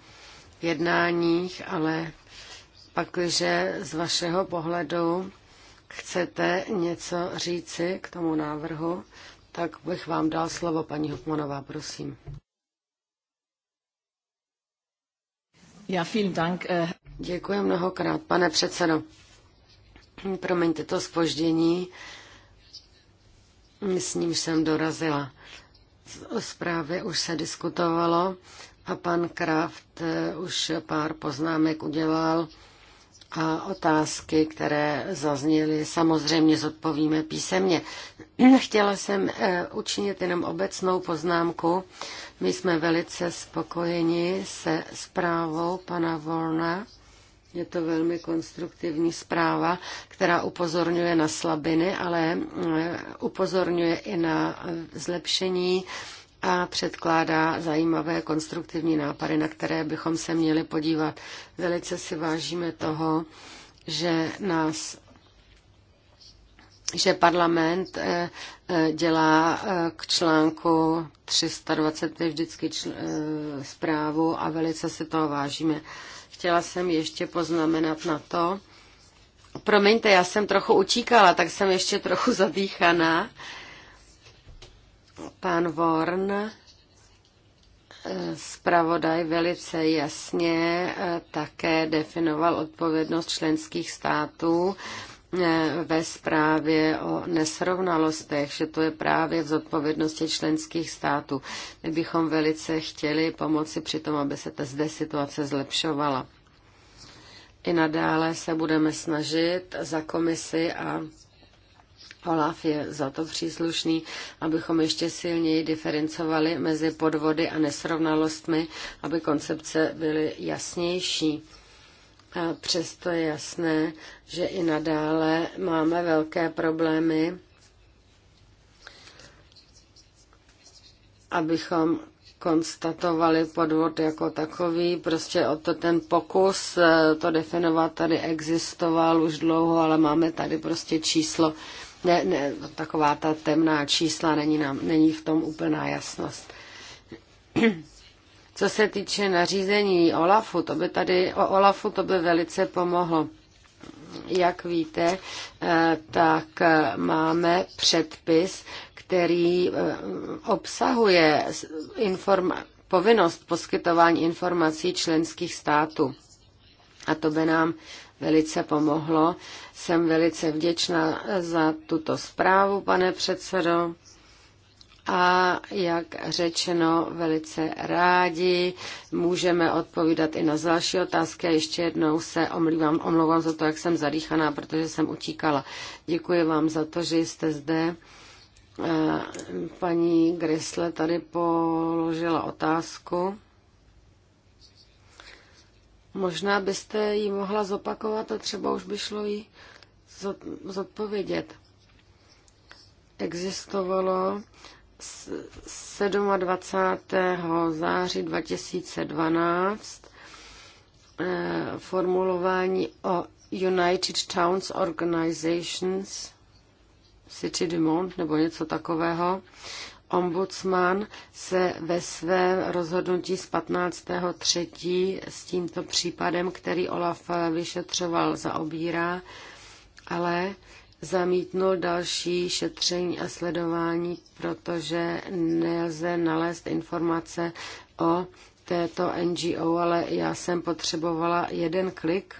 jednáních, ale pakliže z vašeho pohledu chcete něco říci k tomu návrhu, tak bych vám dal slovo, paní Hopmanová, prosím. Já vielen Dank. Eh. Děkuji mnohokrát, pane předsedo. Promiňte to spoždění, s ním jsem dorazila. O zprávě už se diskutovalo a pan Kraft eh, už pár poznámek udělal a otázky, které zazněly, samozřejmě zodpovíme písemně. Chtěla jsem eh, učinit jenom obecnou poznámku. My jsme velice spokojeni se zprávou pana Volna. Je to velmi konstruktivní zpráva, která upozorňuje na slabiny, ale eh, upozorňuje i na eh, zlepšení a předkládá zajímavé konstruktivní nápady, na které bychom se měli podívat. Velice si vážíme toho, že nás že parlament eh, eh, dělá eh, k článku 320. vždycky čl, zprávu a velice si toho vážíme. Chtěla jsem ještě poznamenat na to, promiňte, já jsem trochu učíkala, tak jsem ještě trochu zadýchaná, Pan Vorn, eh, zpravodaj, velice jasně eh, také definoval odpovědnost členských států eh, ve zprávě o nesrovnalostech, že to je právě v zodpovědnosti členských států. My bychom velice chtěli pomoci při tom, aby se ta zde situace zlepšovala. I nadále se budeme snažit za komisi a Olaf je za to příslušný, abychom ještě silněji diferencovali mezi podvody a nesrovnalostmi, aby koncepce byly jasnější. A přesto je jasné, že i nadále máme velké problémy, abychom konstatovali podvod jako takový. Prostě o to ten pokus eh, to definovat tady existoval už dlouho, ale máme tady prostě číslo, ne, ne, taková ta temná čísla, není, nám, není v tom úplná jasnost. Co se týče nařízení Olafu, to by tady o Olafu to by velice pomohlo. Jak víte, eh, tak eh, máme předpis, který eh, obsahuje informa- povinnost poskytování informací členských států. A to by nám velice pomohlo jsem velice vděčná za tuto zprávu, pane předsedo. A jak řečeno, velice rádi můžeme odpovídat i na další otázky. A ještě jednou se omlívám, omlouvám za to, jak jsem zadýchaná, protože jsem utíkala. Děkuji vám za to, že jste zde. Paní Grisle tady položila otázku. Možná byste ji mohla zopakovat a třeba už by šlo ji zodpovědět. Existovalo 27. září 2012 eh, formulování o United Towns Organizations, City du Monde nebo něco takového. Ombudsman se ve svém rozhodnutí z 15.3. s tímto případem, který Olaf vyšetřoval, zaobírá ale zamítnul další šetření a sledování, protože nelze nalézt informace o této NGO, ale já jsem potřebovala jeden klik,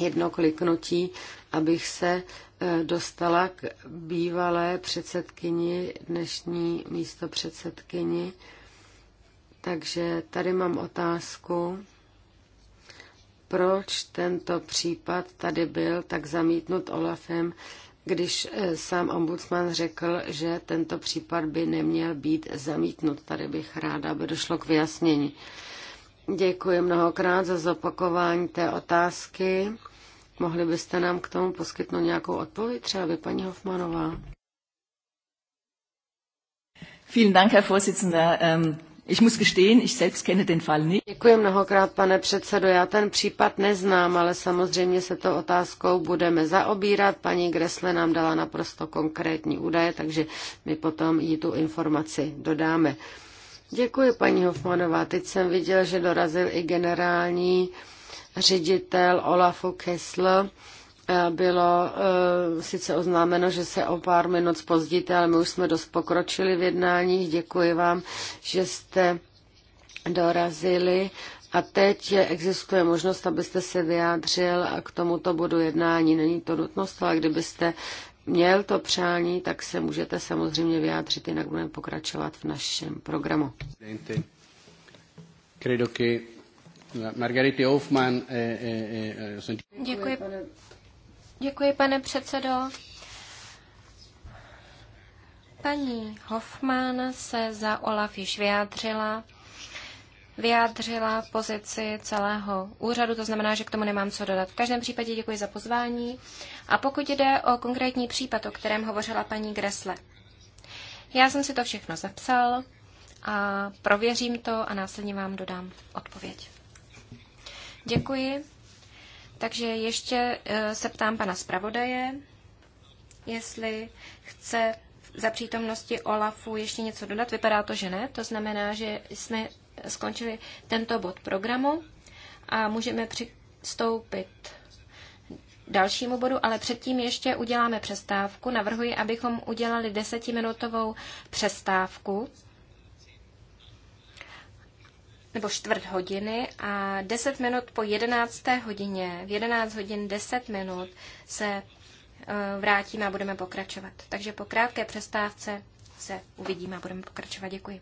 jedno kliknutí, abych se eh, dostala k bývalé předsedkyni, dnešní místo předsedkyni. Takže tady mám otázku proč tento případ tady byl tak zamítnut Olafem, když eh, sám ombudsman řekl, že tento případ by neměl být zamítnut. Tady bych ráda, aby došlo k vyjasnění. Děkuji mnohokrát za zopakování té otázky. Mohli byste nám k tomu poskytnout nějakou odpověď, třeba vy, paní Hofmanová? Vielen Dank, Herr Vorsitzender. Ähm, Ich muss gestehen, ich selbst kenne den Fall nicht. Děkuji mnohokrát, pane předsedo. Já ten případ neznám, ale samozřejmě se to otázkou budeme zaobírat. Paní Gresle nám dala naprosto konkrétní údaje, takže my potom jí tu informaci dodáme. Děkuji, paní Hofmanová. Teď jsem viděl, že dorazil i generální ředitel Olafu Kessler Eh, bylo eh, sice oznámeno, že se o pár minut pozdíte, ale my už jsme dost pokročili v jednání. Děkuji vám, že jste dorazili. A teď existuje možnost, abyste se vyjádřil a k tomuto bodu jednání. Není to nutnost, ale kdybyste měl to přání, tak se můžete samozřejmě vyjádřit, jinak budeme pokračovat v našem programu. Eh, Děkuji, Děkuji. Děkuji, pane předsedo. Paní Hoffman se za Olaf již vyjádřila. Vyjádřila pozici celého úřadu, to znamená, že k tomu nemám co dodat. V každém případě děkuji za pozvání. A pokud jde o konkrétní případ, o kterém hovořila paní Gresle, já jsem si to všechno zapsal a prověřím to a následně vám dodám odpověď. Děkuji. Takže ještě eh, se ptám pana zpravodaje, jestli chce za přítomnosti Olafu ještě něco dodat. Vypadá to, že ne. To znamená, že jsme skončili tento bod programu a můžeme přistoupit dalšímu bodu, ale předtím ještě uděláme přestávku. Navrhuji, abychom udělali desetiminutovou přestávku nebo čtvrt hodiny a 10 minut po 11. hodině, v 11 hodin 10 minut se e, vrátíme a budeme pokračovat. Takže po krátké přestávce se uvidíme a budeme pokračovat. Děkuji.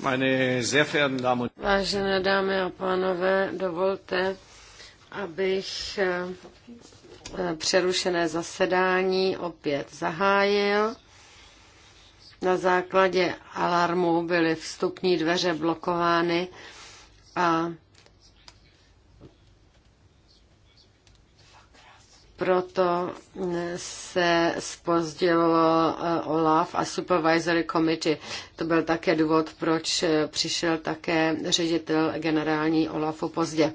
Vážené dámy a pánové, dovolte, abych eh, eh, přerušené zasedání opět zahájil. Na základě alarmu byly vstupní dveře blokovány a proto eh, se spozdilo eh, OLAF a Supervisory Committee. To byl také důvod, proč eh, přišel také ředitel generální OLAFu pozdě.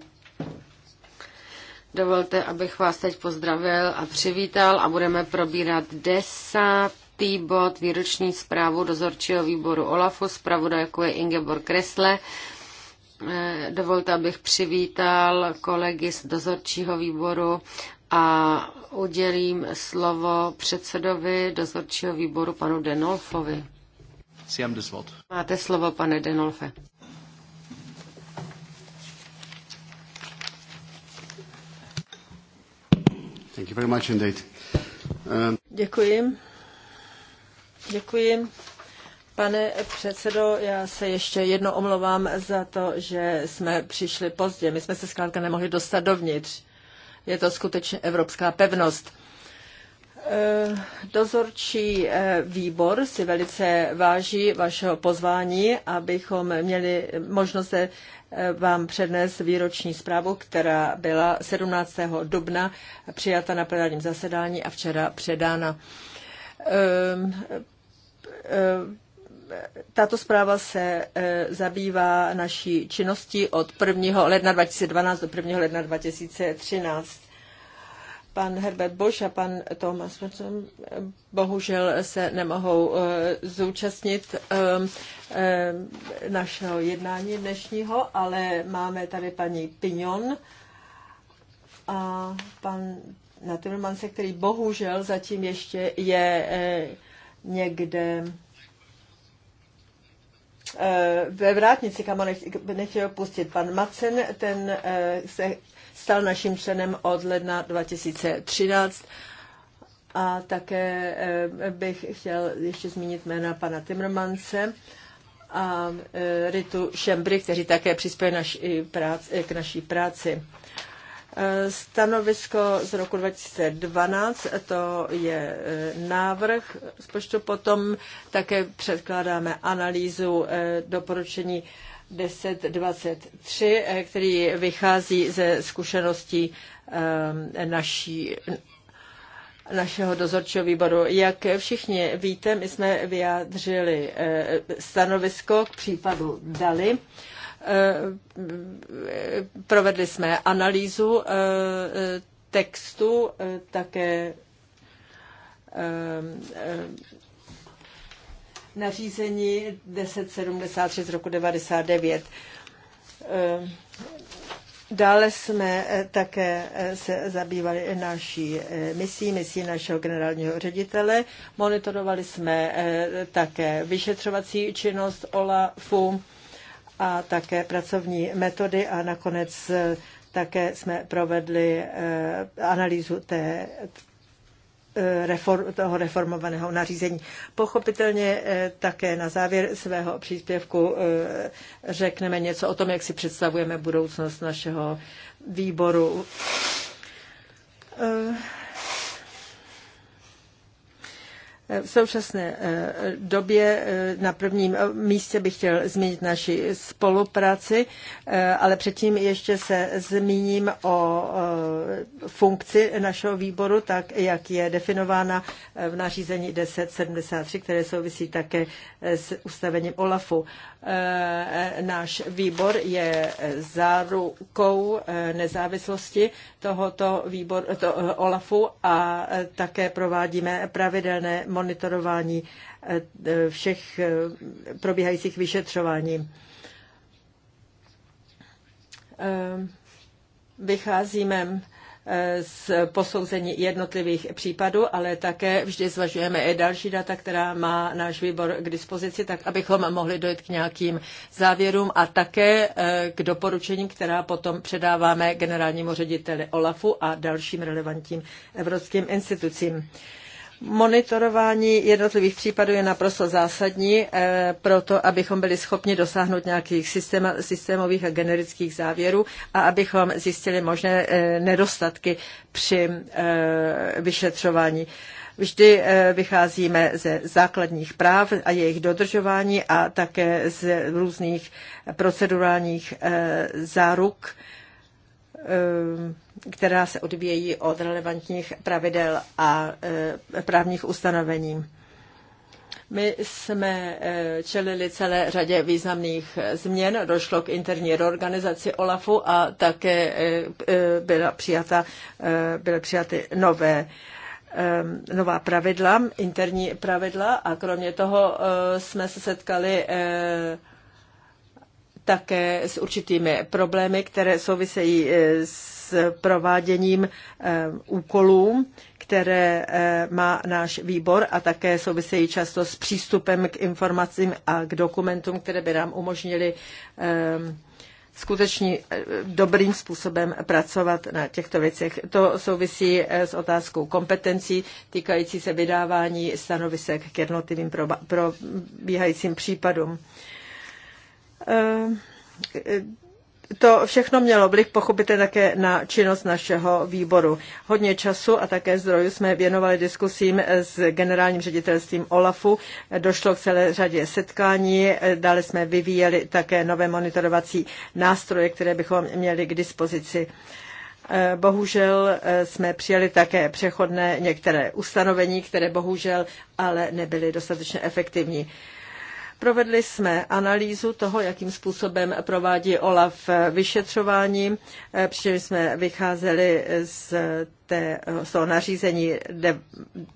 Dovolte, abych vás teď pozdravil a přivítal a budeme probírat desátý bod výroční zprávu dozorčího výboru OLAFu. Zpravodajku je Ingeborg Kresle. Dovolte, abych přivítal kolegy z dozorčího výboru a udělím slovo předsedovi dozorčího výboru panu Denolfovi. Máte slovo, pane Denolfe. Thank you very much indeed. Um... Děkuji. Děkuji. Pane předsedo, já se ještě jedno omlouvám za to, že jsme přišli pozdě. My jsme se zkrátka nemohli dostat dovnitř je to skutečně evropská pevnost. E, dozorčí e, výbor si velice váží vašeho pozvání, abychom měli možnost se e, vám přednést výroční zprávu, která byla 17. dubna přijata na plenárním zasedání a včera předána tato zpráva se e, zabývá naší činností od 1. ledna 2012 do 1. ledna 2013. Pan Herbert Bosch a pan Thomas Watson e, bohužel se nemohou e, zúčastnit našeho jednání dnešního, ale máme tady paní Pignon a pan Naturmanse, který bohužel zatím ještě je někde Eh, ve vrátnici, kam ho nechtěl pustit pan Macen, ten eh, se stal naším členem od ledna 2013. A také eh, bych chtěl ještě zmínit jména pana Timmermanse a Ritu Šembry, kteří také přispěli naši práci, k naší práci. Eh, stanovisko z roku 2012, to je eh, návrh rozpočtu, potom také předkládáme analýzu eh, doporučení 1023, který vychází ze zkušeností naší, našeho dozorčího výboru. Jak všichni víte, my jsme vyjádřili stanovisko k případu Dali. Eh, provedli jsme analýzu eh, textu, eh, také nařízení 1076 z roku 99. Dále jsme také se zabývali naší misí, misí našeho generálního ředitele. Monitorovali jsme také vyšetřovací činnost OLAFu a také pracovní metody a nakonec eh, také jsme provedli eh, analýzu té eh, reform, toho reformovaného nařízení. Pochopitelně také na závěr svého příspěvku řekneme něco o tom, jak si představujeme budoucnost našeho výboru. V současné eh, době eh, na prvním eh, místě bych chtěl zmínit naši spolupráci, ale předtím ještě se zmíním o funkci našeho výboru, tak jak je definována v nařízení 1073, které souvisí také s ustavením OLAFu. Náš výbor je zárukou nezávislosti tohoto výboru, to, OLAFu a také provádíme pravidelné monitorování eh, eh, všech eh, probíhajících vyšetřování. Vycházíme z posouzení jednotlivých případů, ale také vždy zvažujeme i další data, která má náš výbor k dispozici, tak abychom mohli dojít k nějakým závěrům a také k doporučením, která potom předáváme generálnímu řediteli OLAFu a dalším relevantním evropským institucím. Monitorování jednotlivých případů je naprosto zásadní eh, pro to, abychom byli schopni dosáhnout nějakých systéma, systémových a generických závěrů a abychom zjistili možné eh, nedostatky při eh, vyšetřování. Vždy vycházíme ze základních práv a jejich dodržování a také z různých procedurálních záruk, Eh, která se odvíjí od relevantních pravidel a eh, právních ustanovení. My jsme eh, čelili celé řadě významných změn, došlo k interní reorganizaci OLAFu a také byla přijata, byly přijaty nové nová pravidla, interní pravidla a kromě toho jsme se setkali také s určitými problémy, které souvisejí e, s prováděním e, úkolů, které e, má náš výbor a také souvisejí často s přístupem k informacím a k dokumentům, které by nám umožnili skutečně dobrým způsobem pracovat na těchto věcech. To souvisí s otázkou kompetencí týkající se vydávání stanovisek k jednotlivým probíhajícím případům. Eh, to všechno mělo vliv pochopitelně také na činnost našeho výboru. Hodně času a také zdrojů jsme věnovali diskusím s generálním ředitelstvím OLAFu. Došlo k celé řadě setkání, eh, dále jsme vyvíjeli také nové monitorovací nástroje, které bychom měli k dispozici. Eh, bohužel jsme přijali také přechodné některé ustanovení, které bohužel ale nebyly dostatečně efektivní. Provedli jsme analýzu toho, jakým způsobem provádí OLAF vyšetřování, eh, přičemž jsme vycházeli z, té, z toho nařízení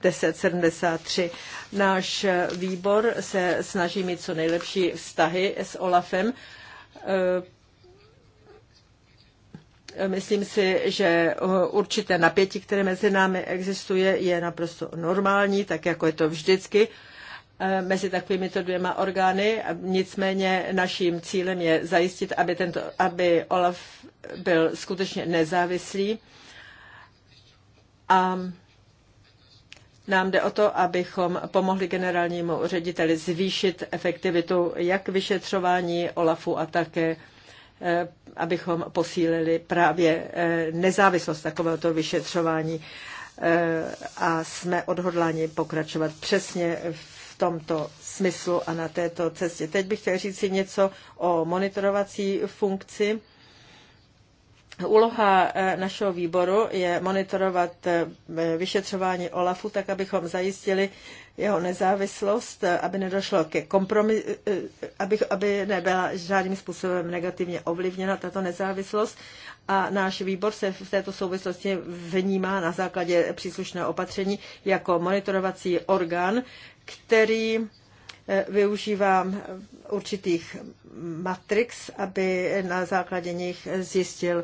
1073. Náš výbor se snaží mít co nejlepší vztahy s OLAFem. Eh, myslím si, že eh, určité napětí, které mezi námi existuje, je naprosto normální, tak jako je to vždycky. Eh, mezi takovýmito dvěma orgány. Nicméně naším cílem je zajistit, aby, tento, aby OLAF byl skutečně nezávislý. A nám jde o to, abychom pomohli generálnímu řediteli zvýšit efektivitu jak vyšetřování OLAFu a také eh, abychom posílili právě eh, nezávislost takovéhoto vyšetřování a jsme odhodláni pokračovat přesně v tomto smyslu a na této cestě. Teď bych chtěl říct si něco o monitorovací funkci. Úloha eh, našeho výboru je monitorovat eh, vyšetřování OLAFu, tak abychom zajistili, jeho nezávislost, aby nedošlo ke kompromisu, eh, aby, aby nebyla žádným způsobem negativně ovlivněna tato nezávislost. A náš výbor se v této souvislosti vnímá na základě příslušného opatření jako monitorovací orgán, který eh, využívá určitých matrix, aby na základě nich zjistil,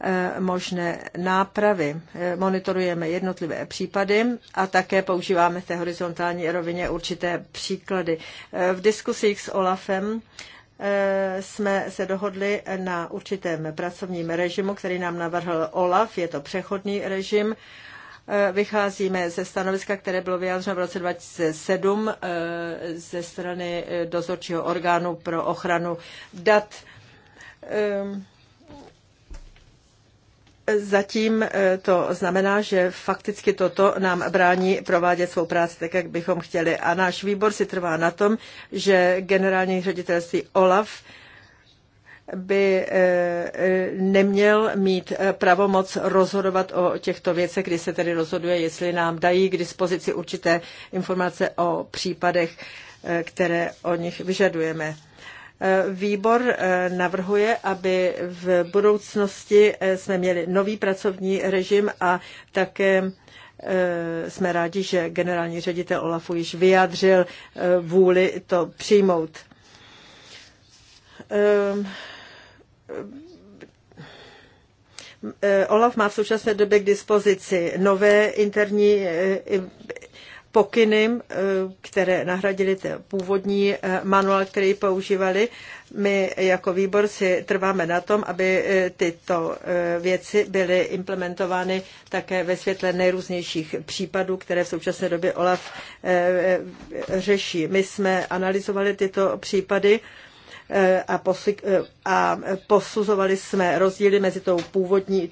Eh, možné nápravy. Eh, monitorujeme jednotlivé případy a také používáme v té horizontální rovině určité příklady. Eh, v diskusích s OLAFem jsme se dohodli na určitém pracovním režimu, který nám navrhl OLAF. Je to přechodný režim. Vycházíme ze stanoviska, které bylo vyjádřeno v roce 2007 ze strany dozorčího orgánu pro ochranu dat. Um, Zatím e, to znamená, že fakticky toto nám brání provádět svou práci tak, jak bychom chtěli. A náš výbor si trvá na tom, že generální ředitelství OLAF by e, e, neměl mít pravomoc rozhodovat o těchto věcech, kdy se tedy rozhoduje, jestli nám dají k dispozici určité informace o případech, které o nich vyžadujeme. Eh, výbor eh, navrhuje, aby v budoucnosti eh, jsme měli nový pracovní režim a také jsme rádi, že generální ředitel Olafu již vyjádřil vůli to přijmout. Olaf má v současné době k dispozici nové interní pokyny, eh, které nahradili ten původní eh, manuál, který používali. My jako výbor si trváme na tom, aby eh, tyto věci byly implementovány také ve světle nejrůznějších případů, které v současné době OLAF řeší. My jsme analyzovali tyto případy a, a posuzovali jsme rozdíly mezi tou původní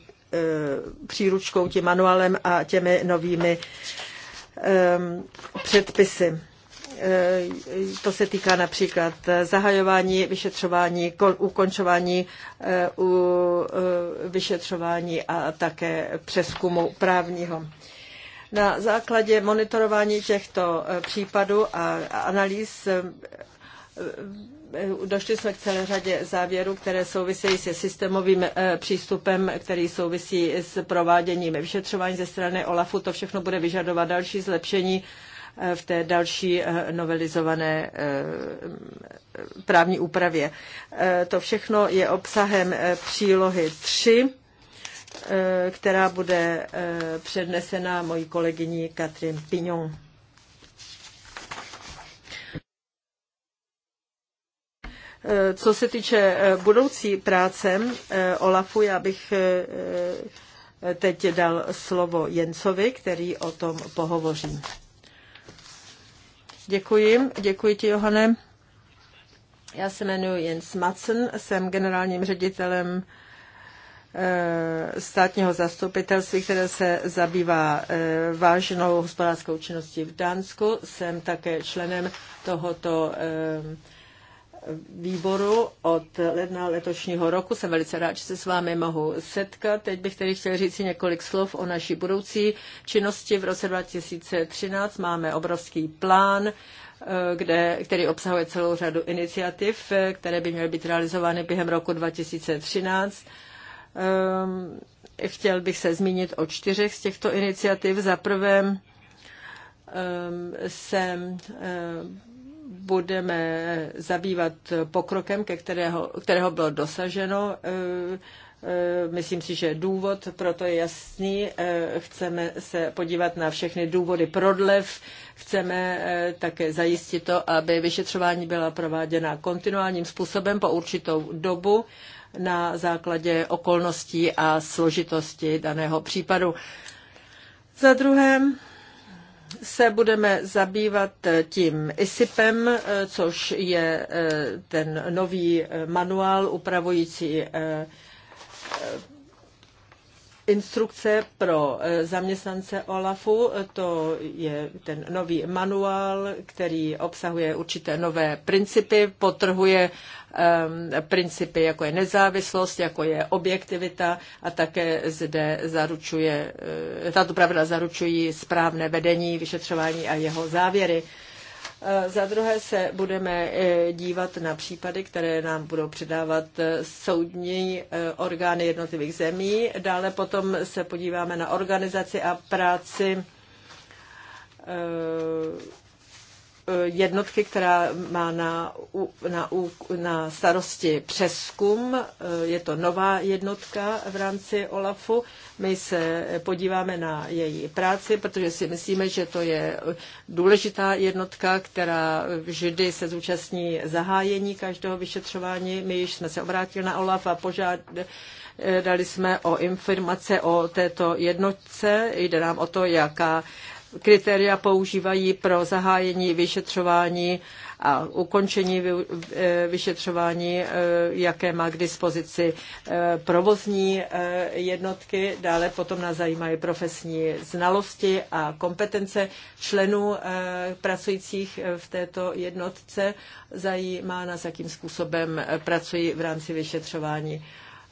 příručkou, tím manuálem a těmi novými Ehm, předpisy. Ehm, to se týká například zahajování vyšetřování, ukončování eh, u eh, vyšetřování a také přeskumu právního. Na základě monitorování těchto eh, případů a analýz Eh, došli jsme k celé řadě závěrů, které souvisejí se systémovým eh, přístupem, který souvisí s prováděním vyšetřování ze strany OLAFu. To všechno bude vyžadovat další zlepšení eh, v té další novelizované právní úpravě. To všechno je obsahem přílohy 3, která bude přednesena mojí kolegyní Katrin Pignon. Eh, co se týče eh, budoucí práce eh, Olafu, já bych teď dal slovo Jencovi, který o tom pohovoří. Děkuji, děkuji ti, Johane. Já se jmenuji Jens Madsen, jsem generálním ředitelem státního zastupitelství, které se zabývá vážnou hospodářskou činností v Dánsku. Jsem také členem tohoto výboru od ledna letošního roku. Jsem velice rád, že se s vámi mohu setkat. Teď bych tedy chtěl říct několik slov o naší budoucí činnosti. V roce 2013 máme obrovský plán, eh, kde, který obsahuje celou řadu iniciativ, eh, které by měly být realizovány během roku 2013. Ehm, chtěl bych se zmínit o čtyřech z těchto iniciativ. Za prvé ehm, jsem eh, budeme zabývat pokrokem, ke kterého, kterého bylo dosaženo. Eh, eh, myslím si, že důvod proto je jasný. Eh, chceme se podívat na všechny důvody prodlev. Chceme také zajistit to, aby vyšetřování byla prováděna kontinuálním způsobem po určitou dobu na základě okolností a složitosti daného případu. Za druhé, se budeme zabývat eh, tím ISIPem, eh, což je eh, ten nový manuál upravující instrukce pro eh, zaměstnance OLAFu, eh, to je ten nový manuál, který obsahuje určité nové principy, potrhuje um, principy, jako je nezávislost, jako je objektivita a také zde zaručuje, eh, tato pravidla zaručují správné vedení, vyšetřování a jeho závěry. Uh, za druhé se budeme e, dívat na případy, které nám budou předávat e, soudní e, orgány jednotlivých zemí. Dále potom se podíváme na organizaci a práci Eh, jednotky, která má na, na, na starosti přeskum. Eh, je to nová jednotka v rámci OLAFu. My se podíváme na její práci, protože si myslíme, že to je důležitá jednotka, která vždy se zúčastní zahájení každého vyšetřování. My již jsme se obrátili na OLAF a požádali dali jsme o informace o této jednotce. Jde nám o to, jaká kritéria používají pro zahájení vyšetřování a ukončení eh, vyšetřování, eh, jaké má k dispozici eh, provozní jednotky. Dále potom nás zajímají profesní znalosti a kompetence členů pracujících v této jednotce. Zajímá nás, jakým způsobem pracují v rámci vyšetřování.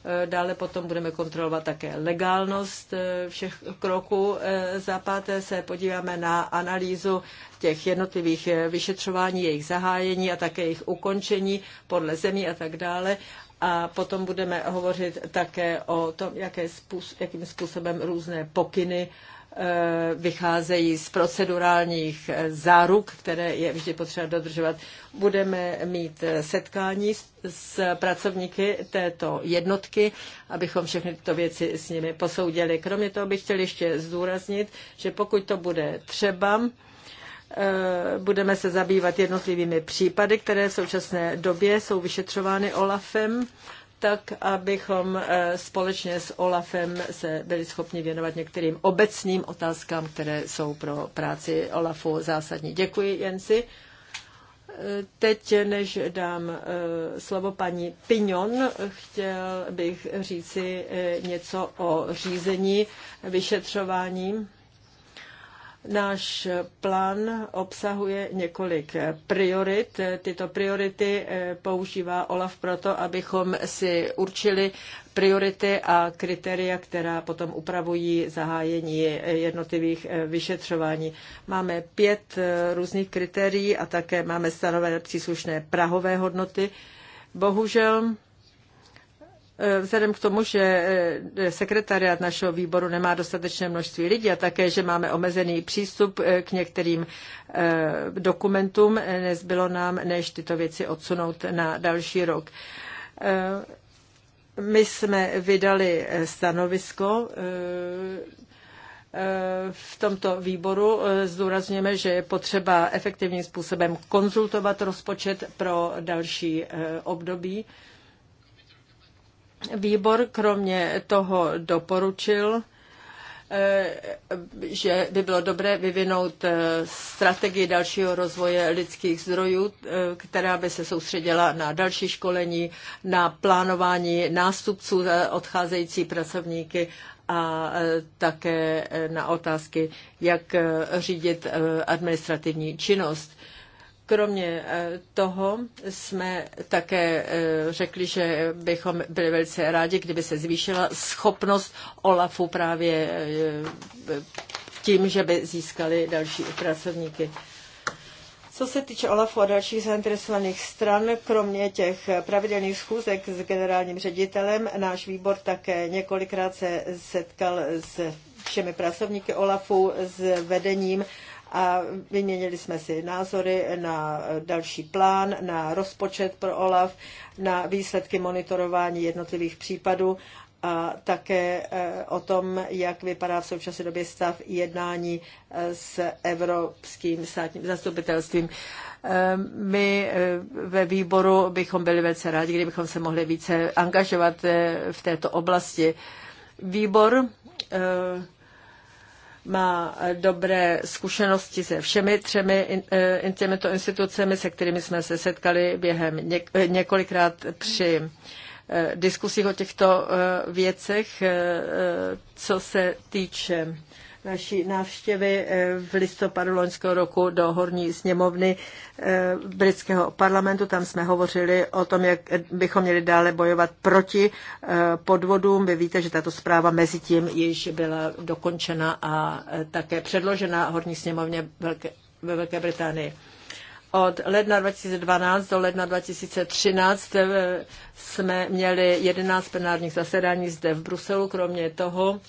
Eh, dále potom budeme kontrolovat také legálnost eh, všech kroků. Eh, za páté se podíváme na analýzu těch jednotlivých vyšetřování, jejich zahájení a také jejich ukončení podle zemí a tak dále. A potom budeme hovořit také o tom, jaké způsob, jakým způsobem různé pokyny uh, Eh, vycházejí z procedurálních eh, záruk, které je vždy potřeba dodržovat. Budeme mít eh, setkání s pracovníky této jednotky, abychom všechny tyto věci s nimi posoudili. Kromě toho bych chtěl ještě zdůraznit, že pokud to bude třeba, budeme se zabývat jednotlivými případy, které v současné době jsou vyšetřovány OLAFem tak abychom eh, společně s Olafem se byli schopni věnovat některým obecným otázkám, které jsou pro práci Olafu zásadní. Děkuji, Jensi. Eh, teď, než dám eh, slovo paní Pignon, chtěl bych říci něco o řízení, vyšetřování Náš plán obsahuje několik priorit. Tyto priority eh, používá OLAF proto, abychom si určili priority a kritéria, která potom upravují zahájení jednotlivých eh, vyšetřování. Máme pět eh, různých kritérií a také máme stanovené příslušné prahové hodnoty. Bohužel Eh, vzhledem k tomu, že eh, sekretariat našeho výboru nemá dostatečné množství lidí a také, že máme omezený přístup eh, k některým dokumentům, nezbylo nám, než tyto věci odsunout na další rok. My jsme vydali stanovisko v tomto výboru zdůrazněme, že je potřeba efektivním způsobem konzultovat rozpočet pro další období. Výbor kromě toho doporučil, eh, že by bylo dobré vyvinout eh, strategii dalšího rozvoje lidských zdrojů, eh, která by se soustředila na další školení, na plánování nástupců odcházející pracovníky a také na otázky, jak řídit administrativní činnost. Kromě eh, toho jsme také eh, řekli, že bychom byli velice rádi, kdyby se zvýšila schopnost OLAFu právě eh, tím, že by získali další pracovníky. Co se týče OLAFu a dalších zainteresovaných stran, kromě těch pravidelných schůzek s generálním ředitelem, náš výbor také několikrát se setkal s všemi pracovníky OLAFu, s vedením a vyměnili jsme si názory na další plán, na rozpočet pro OLAF, na výsledky monitorování jednotlivých případů a také eh, o tom, jak vypadá v současné době stav jednání eh, s Evropským státním zastupitelstvím. Eh, my ve výboru bychom byli velice rádi, kdybychom se mohli více angažovat v této oblasti. Výbor má dobré zkušenosti se všemi třemi eh, těmito institucemi, se kterými jsme se setkali během něk- eh, několikrát při eh, diskusích o těchto věcech, co se týče naší návštěvy eh, v listopadu loňského roku do horní sněmovny eh, britského parlamentu. Tam jsme hovořili o tom, jak bychom měli dále bojovat proti eh, podvodům. Vy víte, že tato zpráva mezi tím již byla dokončena a také předložena horní sněmovně ve Velké Británii od ledna 2012 do ledna 2013 jsme měli 11 plenárních zasedání zde v Bruselu. Kromě toho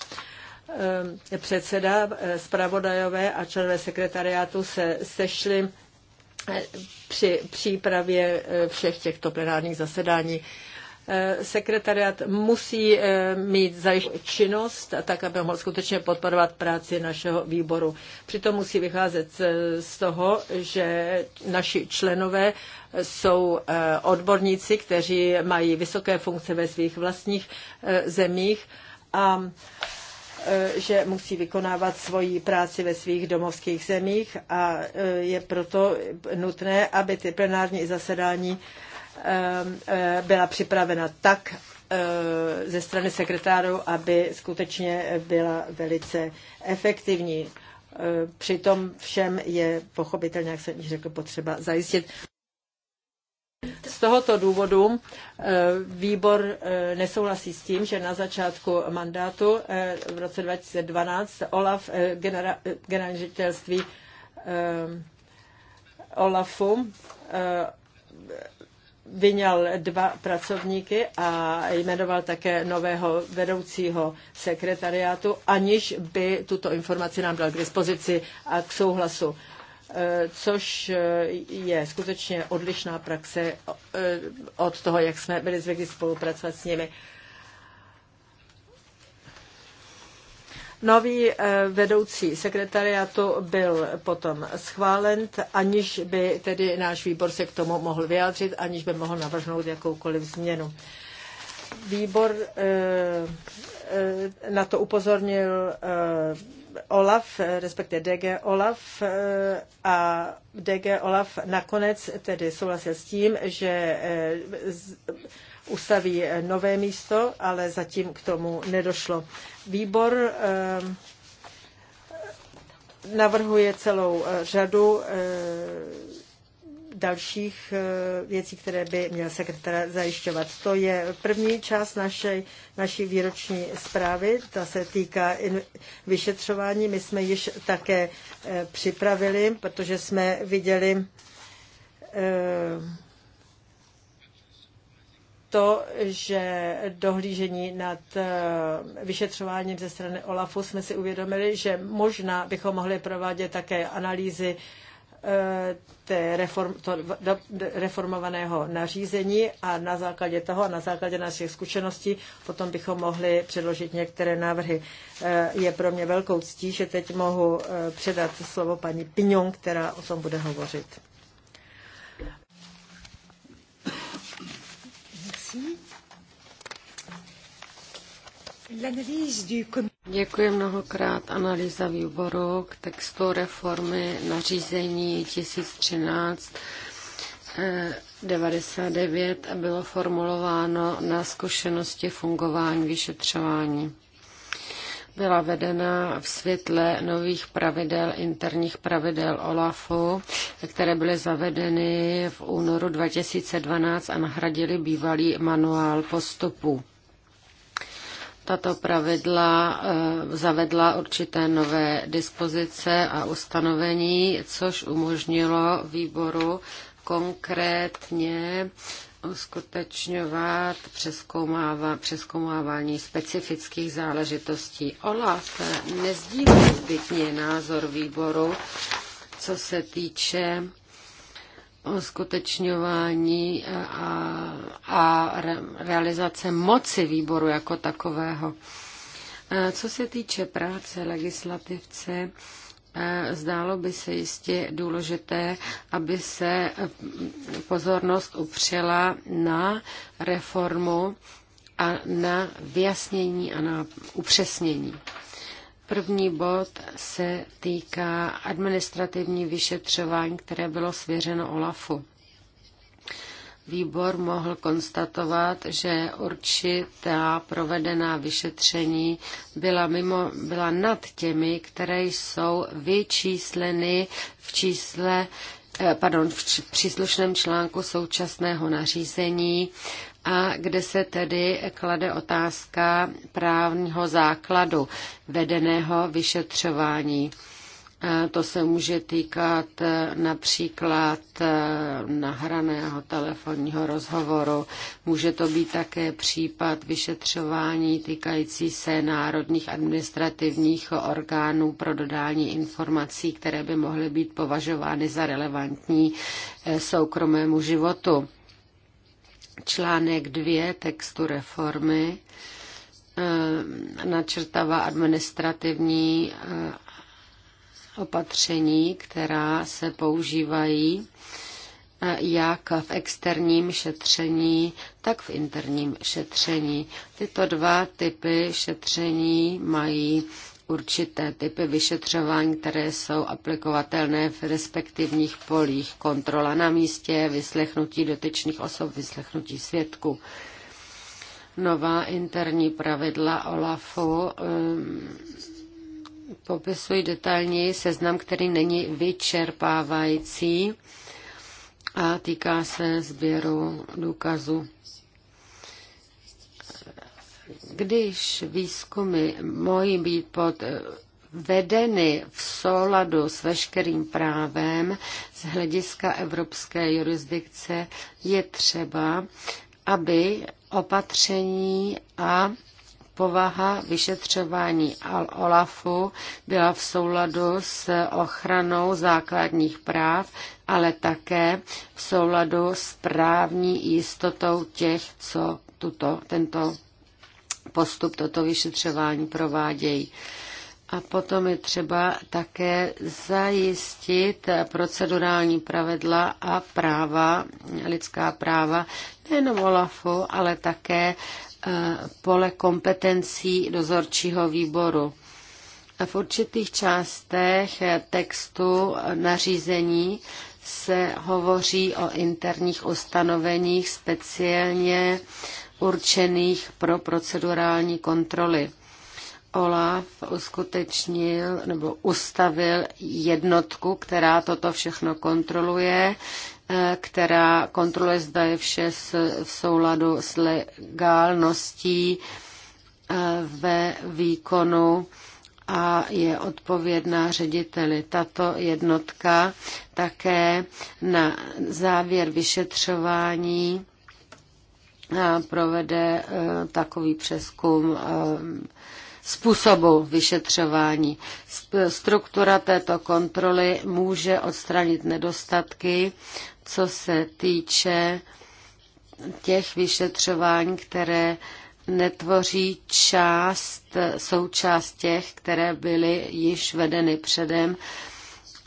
Ehm, předseda, eh, zpravodajové a členové sekretariátu se sešli eh, při přípravě eh, všech těchto plenárních zasedání. Sekretariat musí mít zajištěnou činnost, tak aby mohl skutečně podporovat práci našeho výboru. Přitom musí vycházet z toho, že naši členové jsou odborníci, kteří mají vysoké funkce ve svých vlastních zemích a Eh, že musí vykonávat svoji práci ve svých domovských zemích a eh, je proto nutné, aby ty plenární zasedání eh, byla připravena tak ze strany sekretáru, aby skutečně byla velice efektivní. Přitom všem je pochopitelně, jak jsem již řekl, potřeba zajistit z tohoto důvodu eh, výbor eh, nesouhlasí s tím, že na začátku mandátu eh, v roce 2012 OLAF, generální ředitelství OLAFu, vyňal dva pracovníky a jmenoval také nového vedoucího sekretariátu, aniž by tuto informaci nám dal k dispozici a k souhlasu. Eh, což eh, je skutečně odlišná praxe eh, od toho, jak jsme byli zvyklí spolupracovat s nimi. Nový vedoucí sekretariátu byl potom schválen, aniž by tedy náš výbor se k tomu mohl vyjádřit, aniž by mohl navrhnout jakoukoliv změnu výbor eh, eh, na to upozornil eh, Olaf, respektive DG Olaf a DG Olaf nakonec tedy souhlasil s tím, že ustaví nové místo, ale zatím k tomu nedošlo. Výbor navrhuje celou řadu dalších eh, věcí, které by měl sekretář zajišťovat. To je první část naší, naší výroční zprávy, ta se týká vyšetřování. My jsme již také eh, připravili, protože jsme viděli eh, to, že dohlížení nad vyšetřováním ze strany OLAFu jsme si uvědomili, že možná bychom mohli provádět také analýzy Eh, té reform, to, do, reformovaného nařízení a na základě toho a na základě našich zkušeností potom bychom mohli předložit některé návrhy. Eh, je pro mě velkou ctí, že teď mohu eh, předat slovo paní Pignon, která o tom bude hovořit. L'analyse du Děkuji mnohokrát analýza výboru k textu reformy nařízení 1013 99 eh, bylo formulováno na zkušenosti fungování vyšetřování. Byla vedena v světle nových pravidel, interních pravidel OLAFu, které byly zavedeny v únoru 2012 a nahradily bývalý manuál postupů tato pravidla eh, zavedla určité nové dispozice a ustanovení, což umožnilo výboru konkrétně uskutečňovat přeskoumávání specifických záležitostí. Olaf nezdílí zbytně názor výboru, co se týče uskutečňování eh, a, a re, realizace moci výboru jako takového. Eh, co se týče práce legislativce, eh, zdálo by se jistě důležité, aby se pozornost upřela na reformu a na vyjasnění a na upřesnění. První bod se týká administrativní vyšetřování, které bylo svěřeno OLAFu. Výbor mohl konstatovat, že určitá provedená vyšetření byla, mimo, byla nad těmi, které jsou vyčísleny v čísle eh, pardon, v příslušném článku současného nařízení a kde se tedy klade otázka právního základu vedeného vyšetřování. To se může týkat e, například e, nahraného telefonního rozhovoru. Může to být také případ vyšetřování týkající se národních administrativních orgánů pro dodání informací, které by mohly být považovány za relevantní e, soukromému životu. Článek 2 textu reformy eh, načrtává administrativní eh, opatření, která se používají eh, jak v externím šetření, tak v interním šetření. Tyto dva typy šetření mají určité typy vyšetřování, které jsou aplikovatelné v respektivních polích. Kontrola na místě, vyslechnutí dotyčných osob, vyslechnutí svědků. Nová interní pravidla OLAFu um, popisují detailněji seznam, který není vyčerpávající a týká se sběru důkazu když výzkumy mohou být pod eh, vedeny v souladu s veškerým právem z hlediska evropské jurisdikce, je třeba, aby opatření a povaha vyšetřování Al Olafu byla v souladu s ochranou základních práv, ale také v souladu s právní jistotou těch, co tuto, tento postup toto vyšetřování provádějí. A potom je třeba také zajistit procedurální pravidla a práva, lidská práva, nejen OLAFu, ale také eh, pole kompetencí dozorčího výboru. V určitých částech eh, textu nařízení se hovoří o interních ustanoveních, speciálně určených pro procedurální kontroly. Olaf uskutečnil nebo ustavil jednotku, která toto všechno kontroluje, eh, která kontroluje, zda je vše v souladu s legálností eh, ve výkonu a je odpovědná řediteli. Tato jednotka také na závěr vyšetřování provede e, takový přeskum e, způsobu vyšetřování. Struktura této kontroly může odstranit nedostatky, co se týče těch vyšetřování, které netvoří část, součást těch, které byly již vedeny předem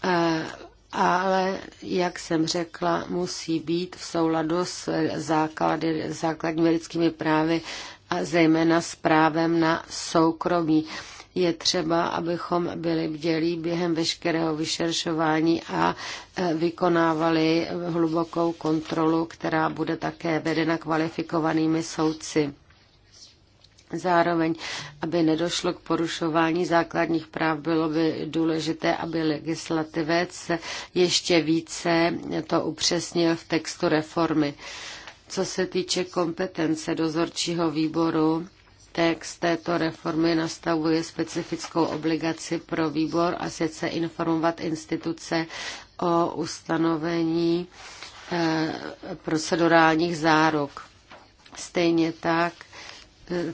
e, ale, jak jsem řekla, musí být v souladu s základy, základními lidskými právy a zejména s právem na soukromí. Je třeba, abychom byli bdělí během veškerého vyšeršování a e, vykonávali hlubokou kontrolu, která bude také vedena kvalifikovanými soudci. Zároveň, aby nedošlo k porušování základních práv, bylo by důležité, aby legislativec ještě více to upřesnil v textu reformy. Co se týče kompetence dozorčího výboru, text této reformy nastavuje specifickou obligaci pro výbor a sice informovat instituce o ustanovení eh, procedurálních záruk. Stejně tak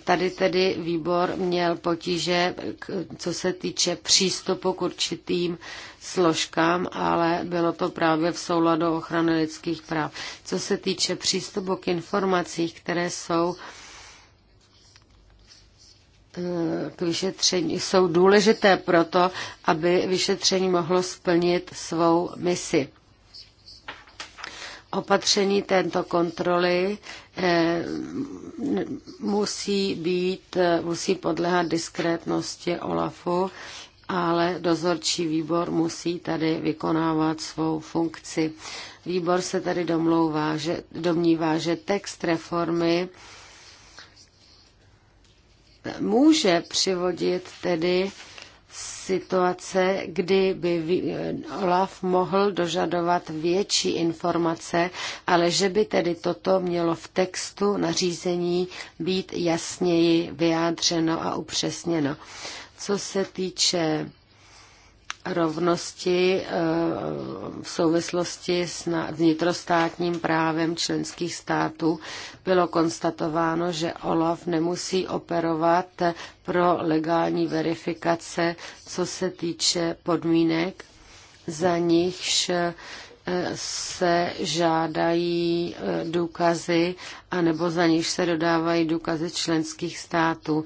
Tady tedy výbor měl potíže, co se týče přístupu k určitým složkám, ale bylo to právě v souladu ochrany lidských práv. Co se týče přístupu k informacím, které jsou eh, k vyšetření, jsou důležité proto, aby vyšetření mohlo splnit svou misi opatření této kontroly eh, musí být, eh, musí podléhat diskrétnosti OLAFu, ale dozorčí výbor musí tady vykonávat svou funkci. Výbor se tady domlouvá, že, domnívá, že text reformy může přivodit tedy situace, kdy by Olaf mohl dožadovat větší informace, ale že by tedy toto mělo v textu nařízení být jasněji vyjádřeno a upřesněno. Co se týče rovnosti eh, v souvislosti s vnitrostátním právem členských států bylo konstatováno, že OLAF nemusí operovat pro legální verifikace, co se týče podmínek, za nichž eh, se žádají eh, důkazy, anebo za nichž se dodávají důkazy členských států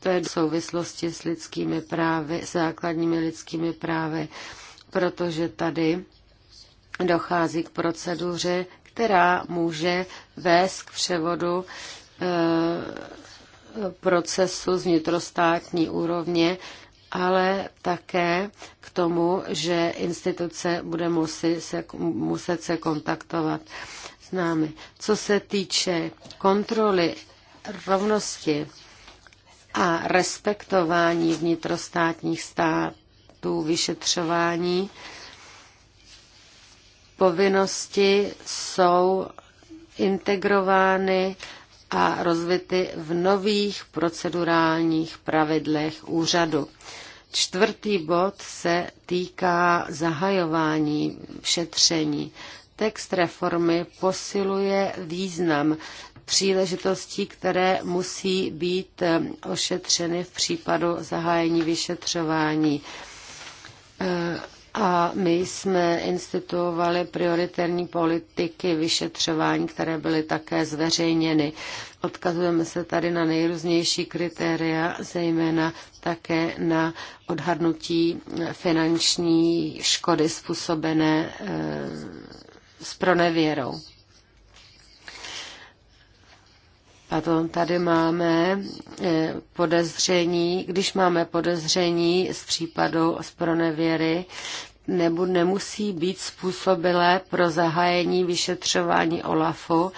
to souvislosti s lidskými právy, základními lidskými právy, protože tady dochází k proceduře, která může vést k převodu eh, procesu z vnitrostátní úrovně, ale také k tomu, že instituce bude muset se, muset se kontaktovat s námi. Co se týče kontroly rovnosti, a respektování vnitrostátních států vyšetřování povinnosti jsou integrovány a rozvity v nových procedurálních pravidlech úřadu. Čtvrtý bod se týká zahajování šetření. Text reformy posiluje význam příležitostí, které musí být eh, ošetřeny v případu zahájení vyšetřování. Eh, a my jsme instituovali prioritární politiky vyšetřování, které byly také zveřejněny. Odkazujeme se tady na nejrůznější kritéria, zejména také na odhadnutí finanční škody způsobené eh, s pronevěrou. Potom tady máme eh, podezření, když máme podezření z případu z pronevěry, nebo nemusí být způsobilé pro zahájení vyšetřování OLAFu,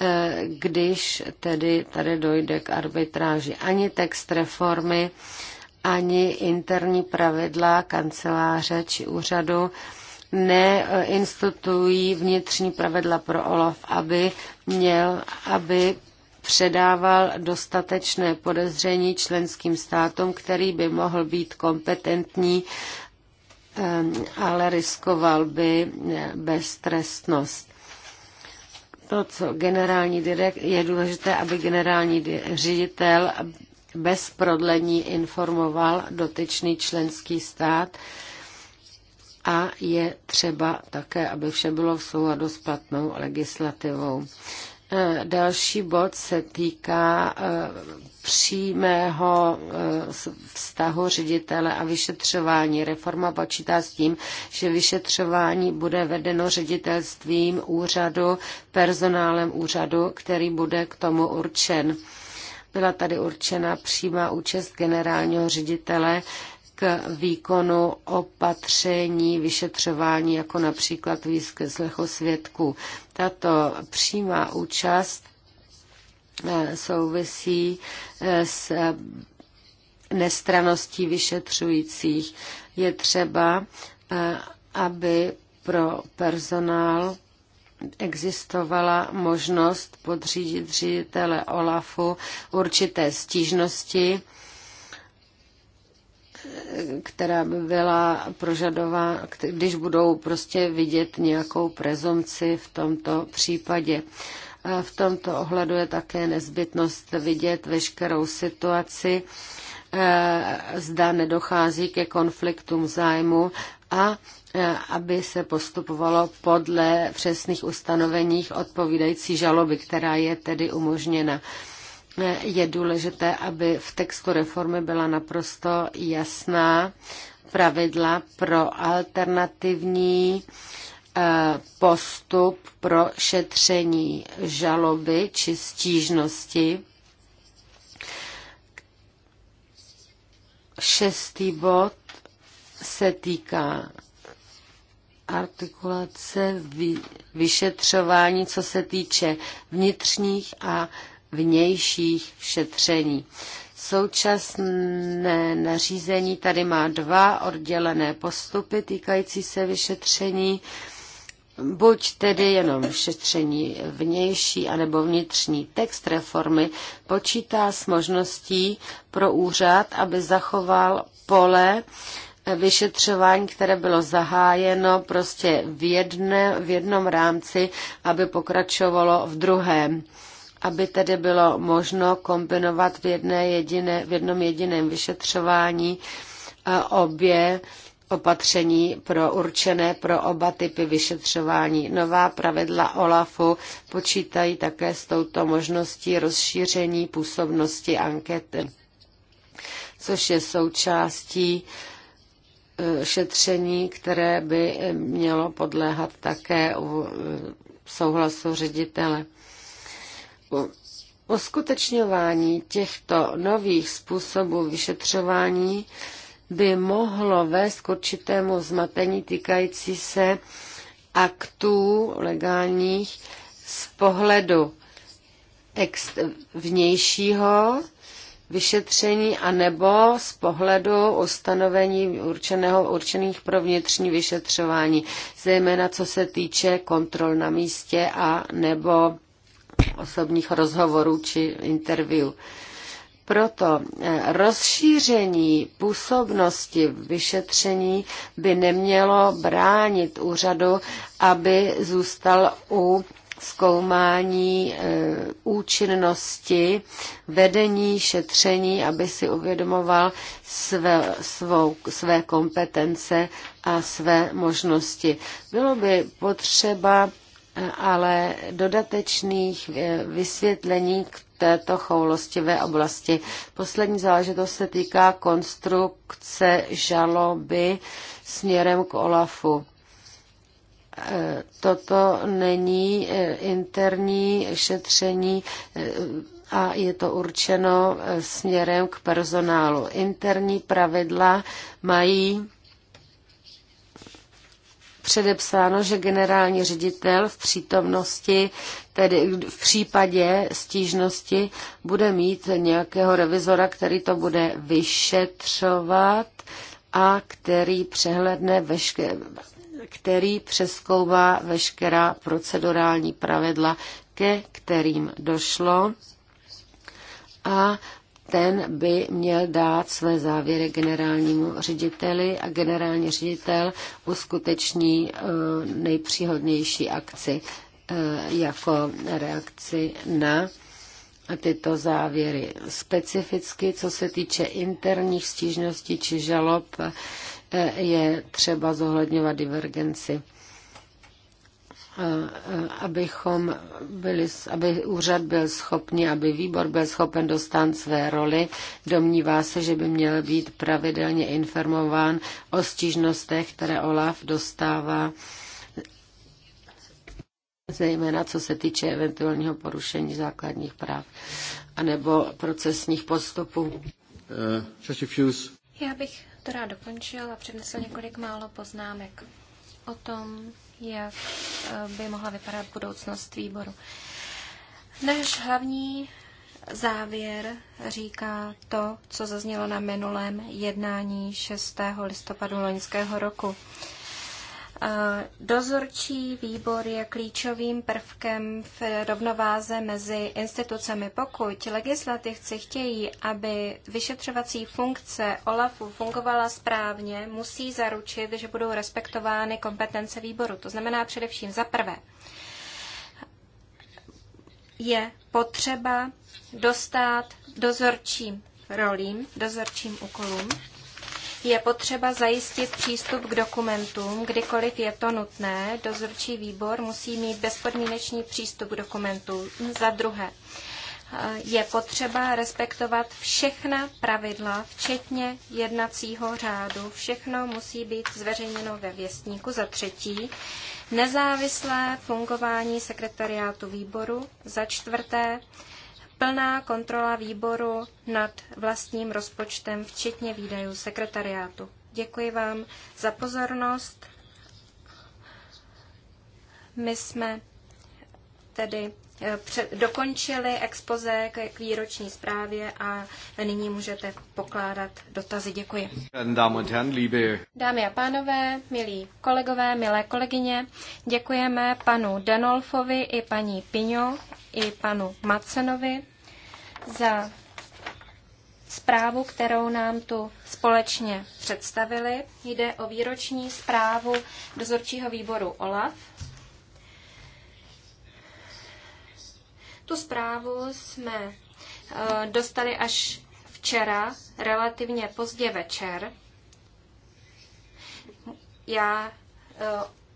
eh, když tedy tady dojde k arbitráži. Ani text reformy, ani interní pravidla kanceláře či úřadu neinstituují vnitřní pravidla pro OLAF, aby měl, aby předával dostatečné podezření členským státům, který by mohl být kompetentní, ale riskoval by eh, beztrestnost to, co generální direkt, je důležité, aby generální ředitel bez prodlení informoval dotyčný členský stát a je třeba také, aby vše bylo v souladu s platnou legislativou. E, další bod se týká e, přímého e, vztahu ředitele a vyšetřování. Reforma počítá s tím, že vyšetřování bude vedeno ředitelstvím úřadu, personálem úřadu, který bude k tomu určen. Byla tady určena přímá účast generálního ředitele k výkonu opatření vyšetřování, jako například zlechu svědků. Tato přímá účast eh, souvisí eh, s eh, nestraností vyšetřujících. Je třeba, aby pro personál existovala možnost podřídit ředitele OLAFu určité stížnosti, která by byla prožadována, když budou prostě vidět nějakou prezumci v tomto případě. A v tomto ohledu je také nezbytnost vidět veškerou situaci, e, zda nedochází ke konfliktům zájmu a e, aby se postupovalo podle přesných ustanoveních odpovídající žaloby, která je tedy umožněna je důležité, aby v textu reformy byla naprosto jasná pravidla pro alternativní eh, postup pro šetření žaloby či stížnosti. Šestý bod se týká artikulace vyšetřování, co se týče vnitřních a vnějších šetření. Současné nařízení tady má dva oddělené postupy týkající se vyšetření, buď tedy jenom šetření vnější anebo vnitřní. Text reformy počítá s možností pro úřad, aby zachoval pole vyšetřování, které bylo zahájeno prostě v, jedne, v jednom rámci, aby pokračovalo v druhém aby tedy bylo možno kombinovat v, jedné jediné, v jednom jediném vyšetřování eh, obě opatření pro určené pro oba typy vyšetřování. Nová pravidla OLAFu počítají také s touto možností rozšíření působnosti ankety, což je součástí eh, šetření, které by mělo podléhat také eh, souhlasu ředitele. Uskutečňování těchto nových způsobů vyšetřování by mohlo vést k určitému zmatení týkající se aktů legálních z pohledu ex- vnějšího vyšetření anebo z pohledu ustanovení určeného, určených pro vnitřní vyšetřování, zejména co se týče kontrol na místě a nebo osobních rozhovorů či interview. Proto eh, rozšíření působnosti vyšetření by nemělo bránit úřadu, aby zůstal u zkoumání e, účinnosti, vedení, šetření, aby si uvědomoval své, svou, své kompetence a své možnosti. Bylo by potřeba ale dodatečných eh, vysvětlení k této choulostivé oblasti. Poslední záležitost se týká konstrukce žaloby směrem k OLAFu. Eh, toto není eh, interní šetření a je to určeno směrem k personálu. Interní pravidla mají předepsáno, že generální ředitel v přítomnosti, tedy v případě stížnosti, bude mít nějakého revizora, který to bude vyšetřovat a který přehledne veškeré který přeskouvá veškerá procedurální pravidla, ke kterým došlo a ten by měl dát své závěry generálnímu řediteli a generální ředitel uskuteční eh, nejpříhodnější akci eh, jako reakci na tyto závěry. Specificky, co se týče interních stížností či žalob, eh, je třeba zohledňovat divergenci abychom byli, aby úřad byl schopný, aby výbor byl schopen dostat své roli. Domnívá se, že by měl být pravidelně informován o stížnostech, které OLAF dostává, zejména co se týče eventuálního porušení základních práv anebo procesních postupů. Eh, Já bych to rád dokončil a přednesl několik málo poznámek o tom, jak eh, by mohla vypadat budoucnost výboru. Náš hlavní závěr říká to, co zaznělo na minulém jednání 6. listopadu loňského roku. Dozorčí výbor je klíčovým prvkem v rovnováze mezi institucemi. Pokud legislativci chtějí, aby vyšetřovací funkce OLAFu fungovala správně, musí zaručit, že budou respektovány kompetence výboru. To znamená především za prvé je potřeba dostat dozorčím rolím, dozorčím úkolům je potřeba zajistit přístup k dokumentům, kdykoliv je to nutné. Dozorčí výbor musí mít bezpodmínečný přístup k dokumentům. Za druhé, je potřeba respektovat všechna pravidla, včetně jednacího řádu. Všechno musí být zveřejněno ve věstníku. Za třetí, nezávislé fungování sekretariátu výboru. Za čtvrté, plná kontrola výboru nad vlastním rozpočtem, včetně výdajů sekretariátu. Děkuji vám za pozornost. My jsme tedy eh, dokončili expoze k výroční zprávě a nyní můžete pokládat dotazy. Děkuji. Dámy a pánové, milí kolegové, milé kolegyně, děkujeme panu Denolfovi, i paní Piňo i panu Macenovi za zprávu, kterou nám tu společně představili. Jde o výroční zprávu dozorčího výboru OLAF. Tu zprávu jsme eh, dostali až včera, relativně pozdě večer. Já eh,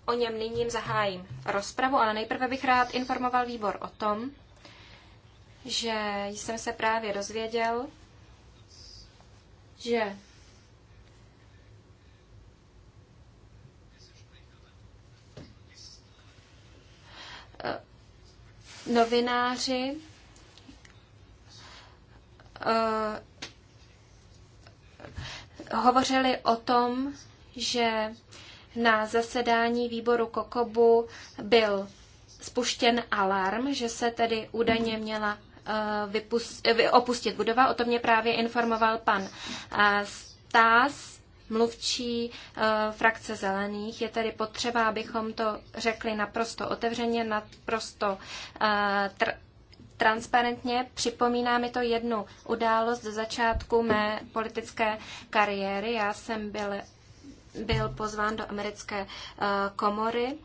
o něm nyní zahájím rozpravu, ale nejprve bych rád informoval výbor o tom, že jsem se právě dozvěděl, že eh, novináři eh, hovořili o tom, že na zasedání výboru Kokobu byl spuštěn alarm, že se tedy údajně měla Eh, vypust, eh, opustit budova. O tom mě právě informoval pan eh, Stás, mluvčí frakce zelených. Je tedy potřeba, abychom to řekli naprosto otevřeně, naprosto tr- transparentně. Připomíná mi to jednu událost ze začátku mé politické kariéry. Já jsem byl, byl pozván do americké komory. Uh,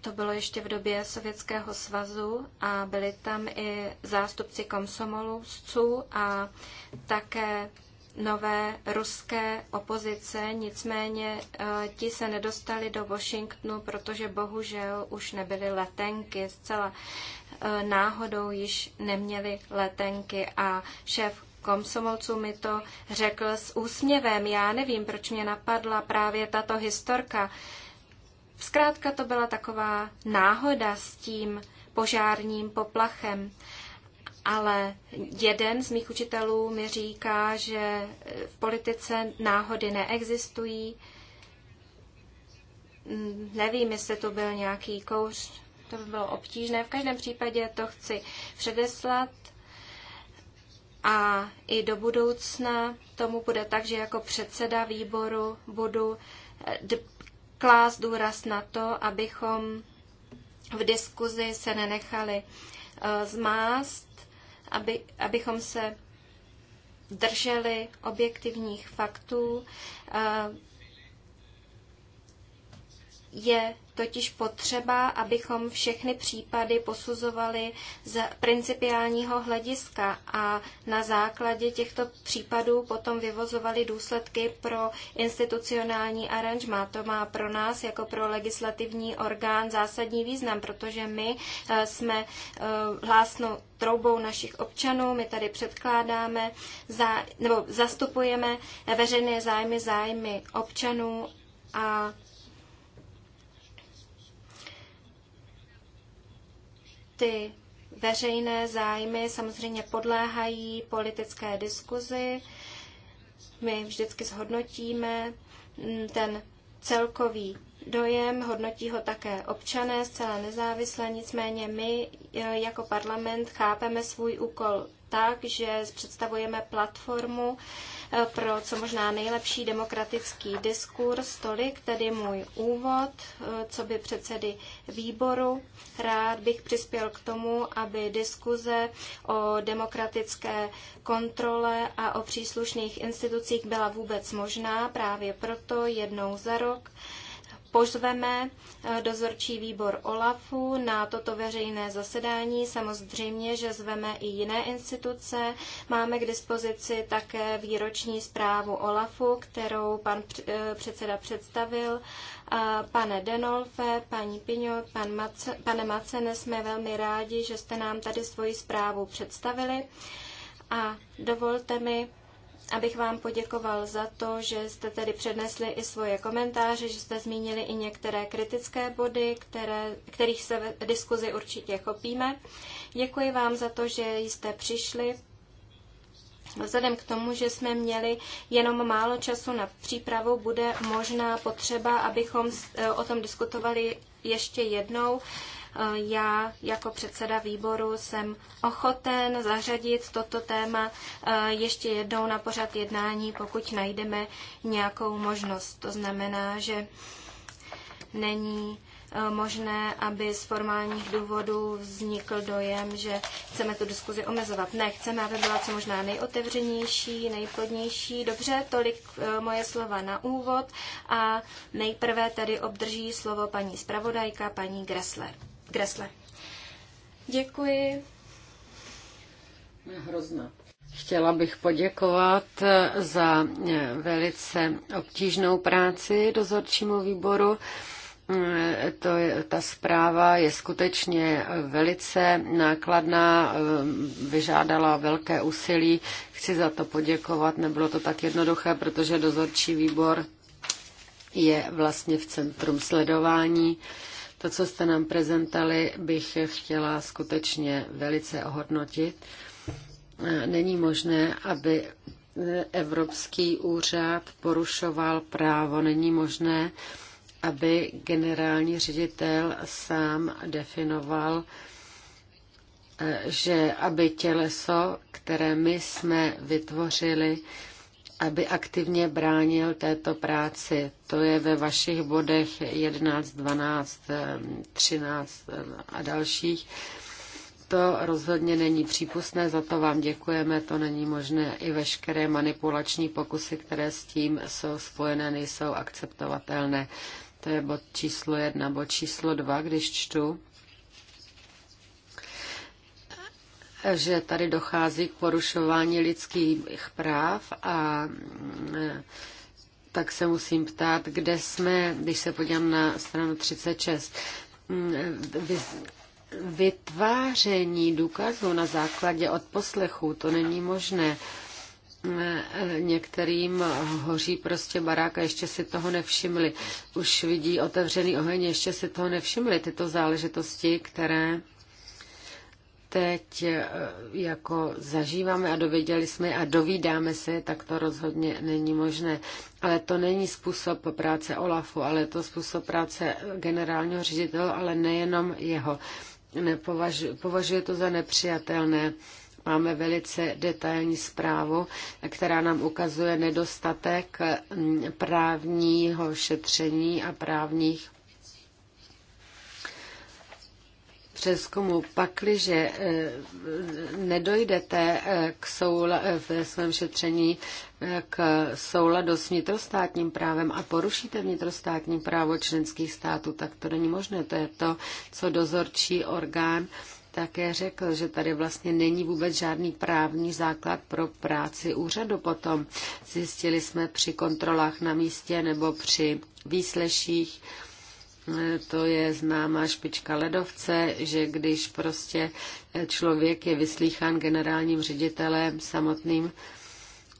to bylo ještě v době Sovětského svazu a byli tam i zástupci komsomolců a také nové ruské opozice, nicméně eh, ti se nedostali do Washingtonu, protože bohužel už nebyly letenky. Zcela eh, náhodou již neměli letenky a šéf komsomolců mi to řekl s úsměvem. Já nevím, proč mě napadla právě tato historka. Zkrátka to byla taková náhoda s tím požárním poplachem. Ale jeden z mých učitelů mi říká, že v politice náhody neexistují. Nevím, jestli to byl nějaký kouř, to by bylo obtížné. V každém případě to chci předeslat a i do budoucna tomu bude tak, že jako předseda výboru budu klást důraz na to, abychom v diskuzi se nenechali eh, zmást, aby, abychom se drželi objektivních faktů. Eh, je totiž potřeba, abychom všechny případy posuzovali z principiálního hlediska a na základě těchto případů potom vyvozovali důsledky pro institucionální aranžma. To má pro nás jako pro legislativní orgán zásadní význam, protože my eh, jsme eh, hlásnou troubou našich občanů. My tady předkládáme za, nebo zastupujeme veřejné zájmy, zájmy občanů a ty veřejné zájmy samozřejmě podléhají politické diskuzi. My vždycky zhodnotíme mm, ten celkový dojem, hodnotí ho také občané zcela nezávisle, nicméně my e, jako parlament chápeme svůj úkol tak, že představujeme platformu eh, pro co možná nejlepší demokratický diskurs. Tolik tedy můj úvod, eh, co by předsedy výboru. Rád bych přispěl k tomu, aby diskuze o demokratické kontrole a o příslušných institucích byla vůbec možná. Právě proto jednou za rok pozveme eh, dozorčí výbor OLAFu na toto veřejné zasedání. Samozřejmě, že zveme i jiné instituce. Máme k dispozici také výroční zprávu OLAFu, kterou pan eh, předseda představil. Pane Denolfe, paní Pinot, pan Mace, pane Macene, jsme velmi rádi, že jste nám tady svoji zprávu představili. A dovolte mi abych vám poděkoval za to, že jste tedy přednesli i svoje komentáře, že jste zmínili i některé kritické body, které, kterých se v diskuzi určitě chopíme. Děkuji vám za to, že jste přišli. Vzhledem k tomu, že jsme měli jenom málo času na přípravu, bude možná potřeba, abychom e, o tom diskutovali ještě jednou. Eh, já jako předseda výboru jsem ochoten zařadit toto téma eh, ještě jednou na pořad jednání, pokud najdeme nějakou možnost. To znamená, že není eh, možné, aby z formálních důvodů vznikl dojem, že chceme tu diskuzi omezovat. Ne, chceme, aby byla co možná nejotevřenější, nejplodnější. Dobře, tolik moje slova na úvod a nejprve tedy obdrží slovo paní zpravodajka, paní Gressler. Gresle. Děkuji. Hrozná. Chtěla bych poděkovat eh, za eh, velice obtížnou práci dozorčímu výboru. Eh, to je, ta zpráva je skutečně velice nákladná, vyžádala velké úsilí. Chci za to poděkovat. Nebylo to tak jednoduché, protože dozorčí výbor je vlastně v centrum sledování. To, co jste nám prezentali, bych chtěla skutečně velice ohodnotit. Není možné, aby Evropský úřad porušoval právo. Není možné, aby generální ředitel sám definoval, že aby těleso, které my jsme vytvořili, aby aktivně bránil této práci. To je ve vašich bodech 11, 12, 13 a dalších. To rozhodně není přípustné, za to vám děkujeme, to není možné. I veškeré manipulační pokusy, které s tím jsou spojené, nejsou akceptovatelné. To je bod číslo jedna. Bod číslo dva, když čtu, že tady dochází k porušování lidských práv a mm, tak se musím ptát, kde jsme, když se podívám na stranu 36. Mm, vytváření důkazů na základě odposlechů, to není možné. Mm, některým hoří prostě barák a ještě si toho nevšimli. Už vidí otevřený oheň, ještě si toho nevšimli. Tyto záležitosti, které teď eh, jako zažíváme a dověděli jsme a dovídáme se, tak to rozhodně není možné. Ale to není způsob práce Olafu, ale to způsob práce generálního ředitele, ale nejenom jeho. Nepovažu, považuje to za nepřijatelné. Máme velice detailní zprávu, která nám ukazuje nedostatek mm, právního šetření a právních přeskumu. Pakliže eh, nedojdete eh, k soula, eh, ve svém šetření k souladu s vnitrostátním právem a porušíte vnitrostátní právo členských států, tak to není možné. To je to, co dozorčí orgán také řekl, že tady vlastně není vůbec žádný právní základ pro práci úřadu. Potom zjistili jsme při kontrolách na místě nebo při výsleších, to je známá špička ledovce, že když prostě člověk je vyslýchán generálním ředitelem samotným,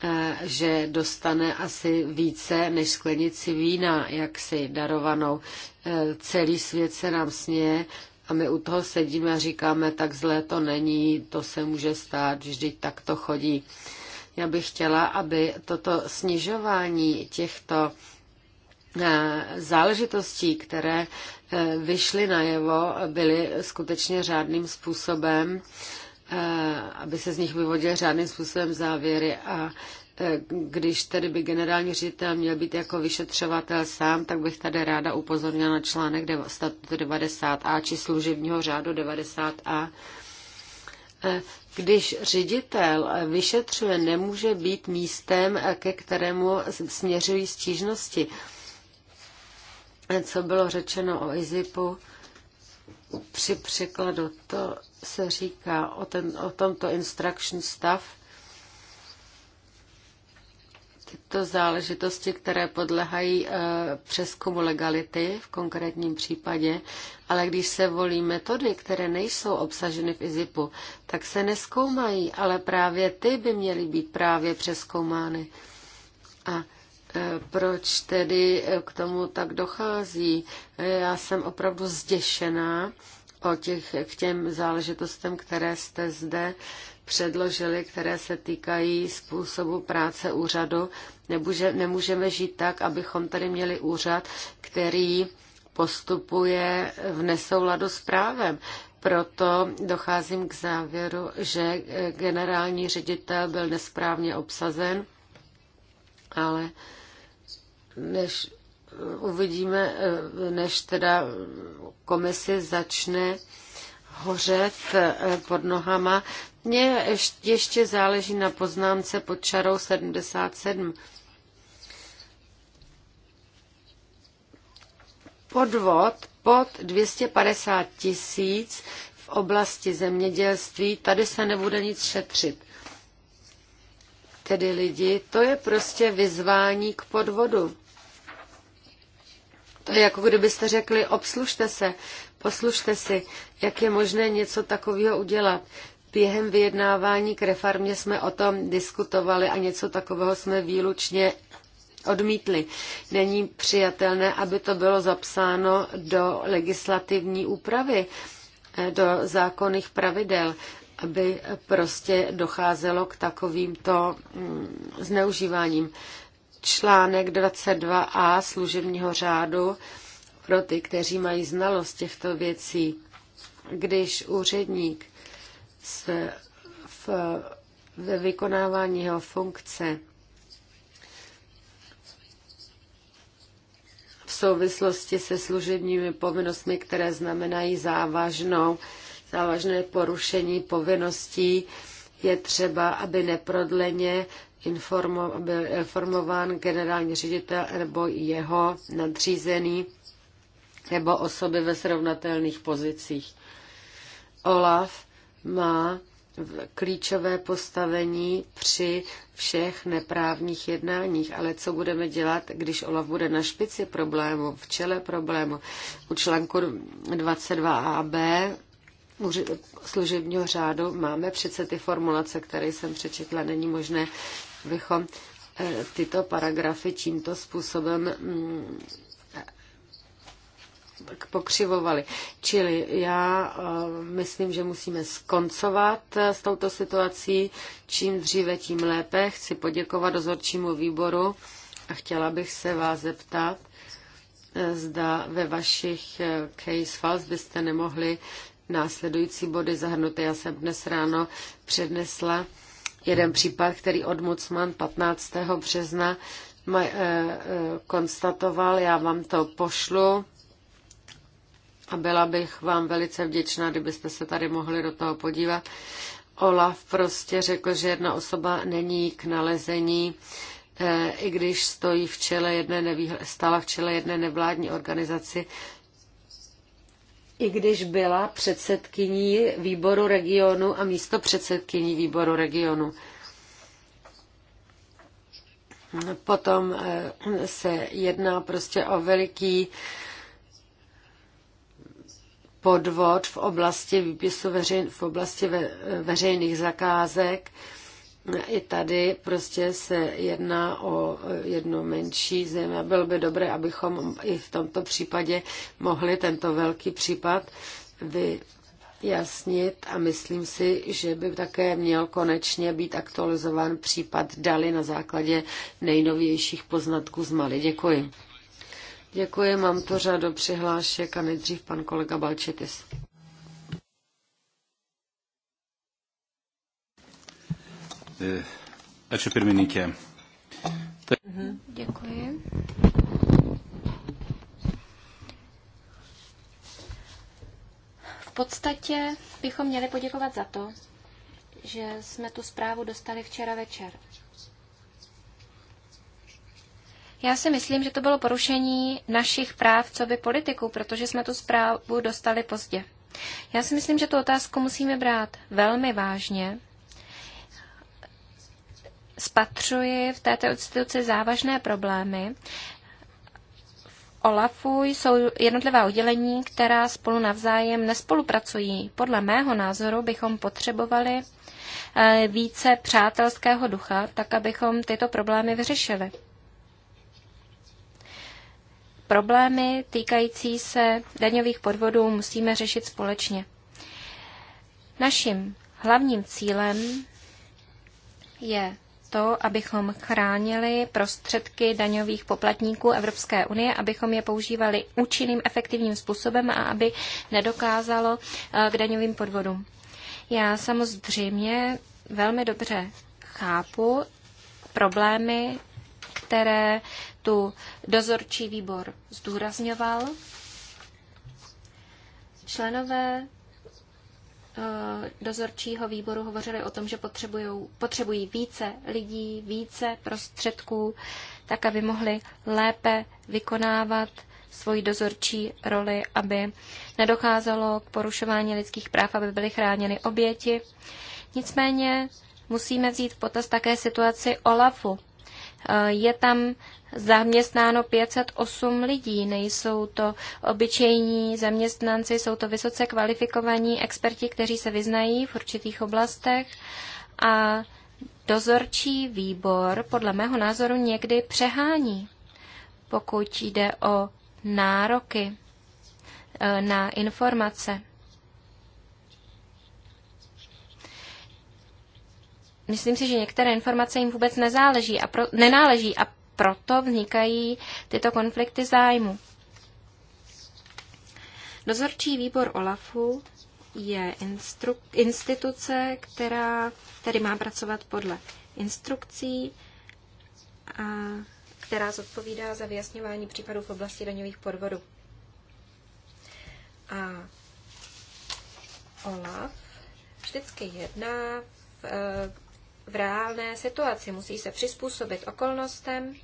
eh, že dostane asi více než sklenici vína, jak si darovanou. Eh, celý svět se nám sněje a my u toho sedíme a říkáme, tak zlé to není, to se může stát, vždyť tak to chodí. Já bych chtěla, aby toto snižování těchto Eh, záležitostí, které eh, vyšly najevo, byly skutečně řádným způsobem, eh, aby se z nich vyvodily řádným způsobem závěry a když tedy by generální ředitel měl být jako vyšetřovatel sám, tak bych tady ráda upozornila na článek statutu 90a či služebního řádu 90a. Když ředitel vyšetřuje, nemůže být místem, ke kterému směřují stížnosti co bylo řečeno o IZIPu, při překladu to se říká o, ten, o tomto instruction stav. Tyto záležitosti, které podlehají e, přeskumu legality v konkrétním případě, ale když se volí metody, které nejsou obsaženy v IZIPu, tak se neskoumají, ale právě ty by měly být právě přeskoumány. A E, proč tedy e, k tomu tak dochází. E, já jsem opravdu zděšená o těch, k těm záležitostem, které jste zde předložili, které se týkají způsobu práce úřadu. Nebuže, nemůžeme žít tak, abychom tady měli úřad, který postupuje v nesouladu s právem. Proto docházím k závěru, že generální ředitel byl nesprávně obsazen, ale než uvidíme, než teda komise začne hořet eh, pod nohama. Mně ještě záleží na poznámce pod čarou 77. Podvod pod 250 tisíc v oblasti zemědělství, tady se nebude nic šetřit. Tedy lidi, to je prostě vyzvání k podvodu. To je jako kdybyste řekli, obslužte se, poslužte si, jak je možné něco takového udělat. Během vyjednávání k reformě jsme o tom diskutovali a něco takového jsme výlučně odmítli. Není přijatelné, aby to bylo zapsáno do legislativní úpravy, do zákonných pravidel, aby prostě docházelo k takovýmto mm, zneužíváním článek 22a služebního řádu pro ty, kteří mají znalost těchto věcí. Když úředník se v, ve vykonávání jeho funkce v souvislosti se služebními povinnostmi, které znamenají závažnou, závažné porušení povinností, je třeba, aby neprodleně informo, byl informován generální ředitel nebo jeho nadřízený nebo osoby ve srovnatelných pozicích. Olaf má klíčové postavení při všech neprávních jednáních. Ale co budeme dělat, když Olaf bude na špici problému, v čele problému? U článku 22ab služebního řádu máme přece ty formulace, které jsem přečetla. Není možné bychom eh, tyto paragrafy tímto způsobem mm, pokřivovali. Čili já eh, myslím, že musíme skoncovat eh, s touto situací. Čím dříve, tím lépe. Chci poděkovat dozorčímu výboru a chtěla bych se vás zeptat, zda ve vašich case files byste nemohli následující body zahrnout? Já jsem dnes ráno přednesla jeden případ, který odmucman 15. března eh, eh, konstatoval, já vám to pošlu a byla bych vám velice vděčná, kdybyste se tady mohli do toho podívat. Olaf prostě řekl, že jedna osoba není k nalezení, eh, i když stojí v čele jedné nevíhle, stala v čele jedné nevládní organizaci, i když byla předsedkyní výboru regionu a místo předsedkyní výboru regionu. Potom eh, se jedná prostě o veliký podvod v oblasti výpisu veřejn, v oblasti ve, veřejných zakázek. I tady prostě se jedná o e, jednu menší zem a bylo by dobré, abychom i v tomto případě mohli tento velký případ vyjasnit a myslím si, že by také měl konečně být aktualizován případ Dali na základě nejnovějších poznatků z Mali. Děkuji. Děkuji, mám to řadu přihlášek a nejdřív pan kolega Balčetis. Ačiū pirmininkė. Mhm, děkuji. V podstatě bychom měli poděkovat za to, že jsme tu zprávu dostali včera večer. Já si myslím, že to bylo porušení našich práv co by politiků, protože jsme tu zprávu dostali pozdě. Já si myslím, že tu otázku musíme brát velmi vážně spatřuji v této instituci závažné problémy. V OLAFu jsou jednotlivá oddělení, která spolu navzájem nespolupracují. Podle mého názoru bychom potřebovali eh, více přátelského ducha, tak abychom tyto problémy vyřešili. Problémy týkající se daňových podvodů musíme řešit společně. Naším hlavním cílem je to, abychom chránili prostředky daňových poplatníků Evropské unie, abychom je používali účinným, efektivním způsobem a aby nedokázalo eh, k daňovým podvodům. Já samozřejmě velmi dobře chápu problémy, které tu dozorčí výbor zdůrazňoval. Členové Eh, dozorčího výboru hovořili o tom, že potřebují více lidí, více prostředků, tak aby mohli lépe vykonávat svoji dozorčí roli, aby nedocházelo k porušování lidských práv, aby byly chráněny oběti. Nicméně musíme vzít v potaz také situaci OLAFu. Eh, je tam zaměstnáno 508 lidí, nejsou to obyčejní zaměstnanci, jsou to vysoce kvalifikovaní experti, kteří se vyznají v určitých oblastech a dozorčí výbor podle mého názoru někdy přehání, pokud jde o nároky eh, na informace. myslím si, že některé informace jim vůbec nezáleží a pro, nenáleží a proto vznikají tyto konflikty zájmu. Dozorčí výbor OLAFu je instru, instituce, která tedy má pracovat podle instrukcí a která zodpovídá za vyjasňování případů v oblasti daňových podvodů. A OLAF vždycky jedná v eh, v reálné situaci, musí se přizpůsobit okolnostem.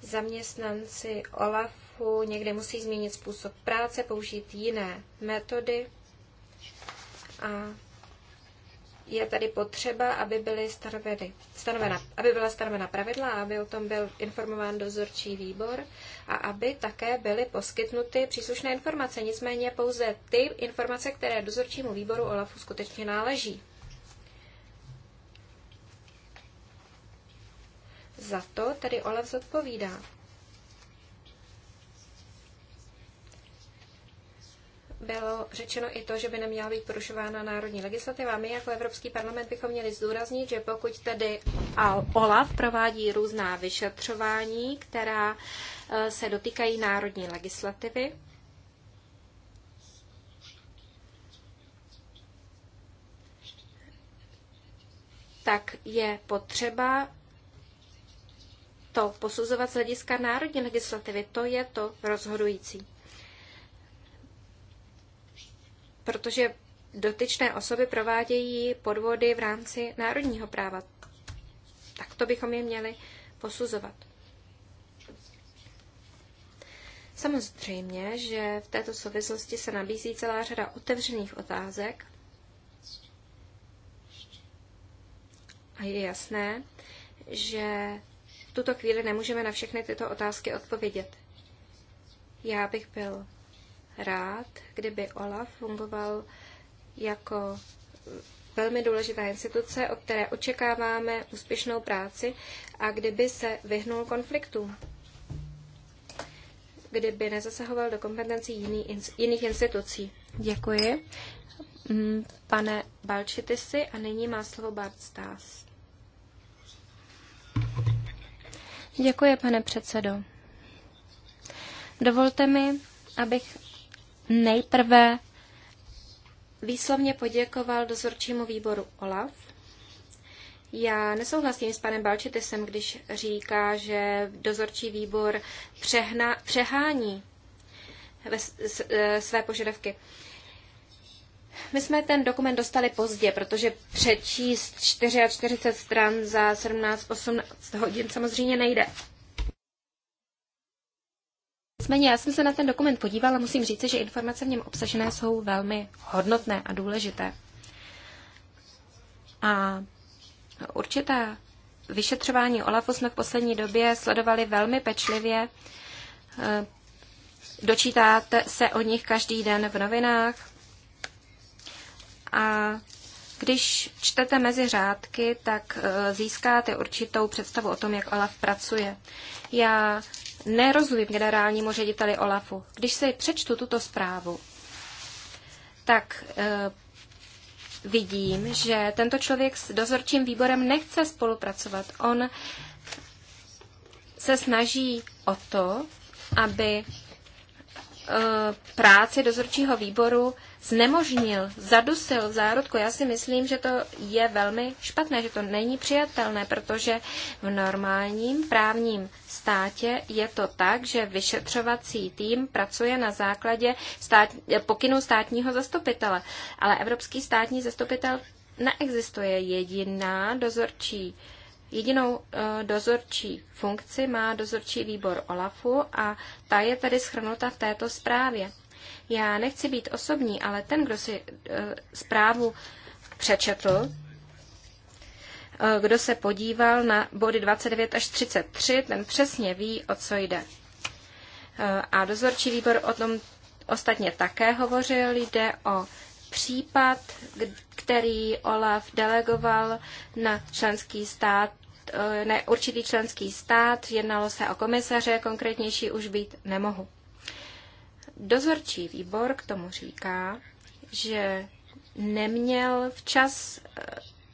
Zaměstnanci OLAFu někdy musí změnit způsob práce, použít jiné metody a je tady potřeba, aby, byly stanoveny, stanovena, aby byla stanovena pravidla a aby o tom byl informován dozorčí výbor a aby také byly poskytnuty příslušné informace, nicméně pouze ty informace, které dozorčímu výboru OLAFu skutečně náleží. Za to tedy OLAF zodpovídá. bylo řečeno i to, že by neměla být porušována národní legislativa. My jako Evropský parlament bychom měli zdůraznit, že pokud tedy OLAF provádí různá vyšetřování, která eh, se dotýkají národní legislativy, tak je potřeba to posuzovat z hlediska národní legislativy. To je to rozhodující. protože dotyčné osoby provádějí podvody v rámci národního práva. Tak to bychom je měli posuzovat. Samozřejmě, že v této souvislosti se nabízí celá řada otevřených otázek a je jasné, že v tuto chvíli nemůžeme na všechny tyto otázky odpovědět. Já bych byl rád, kdyby OLAF fungoval jako velmi důležitá instituce, od které očekáváme úspěšnou práci a kdyby se vyhnul konfliktu, kdyby nezasahoval do kompetencí jiný, jiných institucí. Děkuji. Mm, pane Balčitisi a nyní má slovo Bart Stas. Děkuji, pane předsedo. Dovolte mi, abych Nejprve výslovně poděkoval dozorčímu výboru OLAF. Já nesouhlasím s panem Balčitisem, když říká, že dozorčí výbor přehna, přehání ve, e, své požadavky. My jsme ten dokument dostali pozdě, protože přečíst 44 stran za 17-18 hodin samozřejmě nejde. Nicméně já jsem se na ten dokument podívala a musím říct, že informace v něm obsažené jsou velmi hodnotné a důležité. A určitá vyšetřování OLAFu jsme v poslední době sledovali velmi pečlivě. Eh, dočítáte se o nich každý den v novinách. A když čtete mezi řádky, tak eh, získáte určitou představu o tom, jak OLAF pracuje. Já nerozumím generálnímu řediteli Olafu. Když si přečtu tuto zprávu, tak e, vidím, že tento člověk s dozorčím výborem nechce spolupracovat. On se snaží o to, aby e, práci dozorčího výboru znemožnil, zadusil zárodku. Já si myslím, že to je velmi špatné, že to není přijatelné, protože v normálním právním státě je to tak, že vyšetřovací tým pracuje na základě stát, pokynu státního zastupitele, ale evropský státní zastupitel neexistuje jediná dozorčí Jedinou eh, dozorčí funkci má dozorčí výbor OLAFu a ta je tedy schrnuta v této zprávě. Já nechci být osobní, ale ten, kdo si eh, zprávu přečetl, eh, kdo se podíval na body 29 až 33, ten přesně ví, o co jde. Eh, a dozorčí výbor o tom ostatně také hovořil. Jde o případ, který Olaf delegoval na členský stát ne, určitý členský stát, jednalo se o komisaře, konkrétnější už být nemohu. Dozorčí výbor k tomu říká, že neměl včas eh,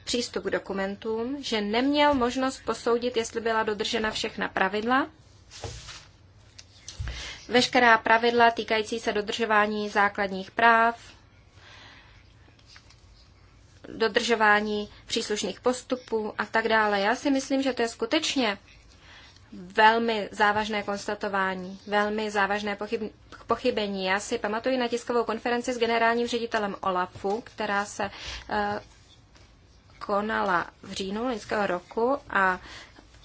přístup k dokumentům, že neměl možnost posoudit, jestli byla dodržena všechna pravidla, veškerá pravidla týkající se dodržování základních práv, dodržování příslušných postupů a tak dále. Já si myslím, že to je skutečně velmi závažné konstatování, velmi závažné pochyb, pochybení. Já si pamatuji na tiskovou konferenci s generálním ředitelem OLAFu, která se eh, konala v říjnu loňského roku a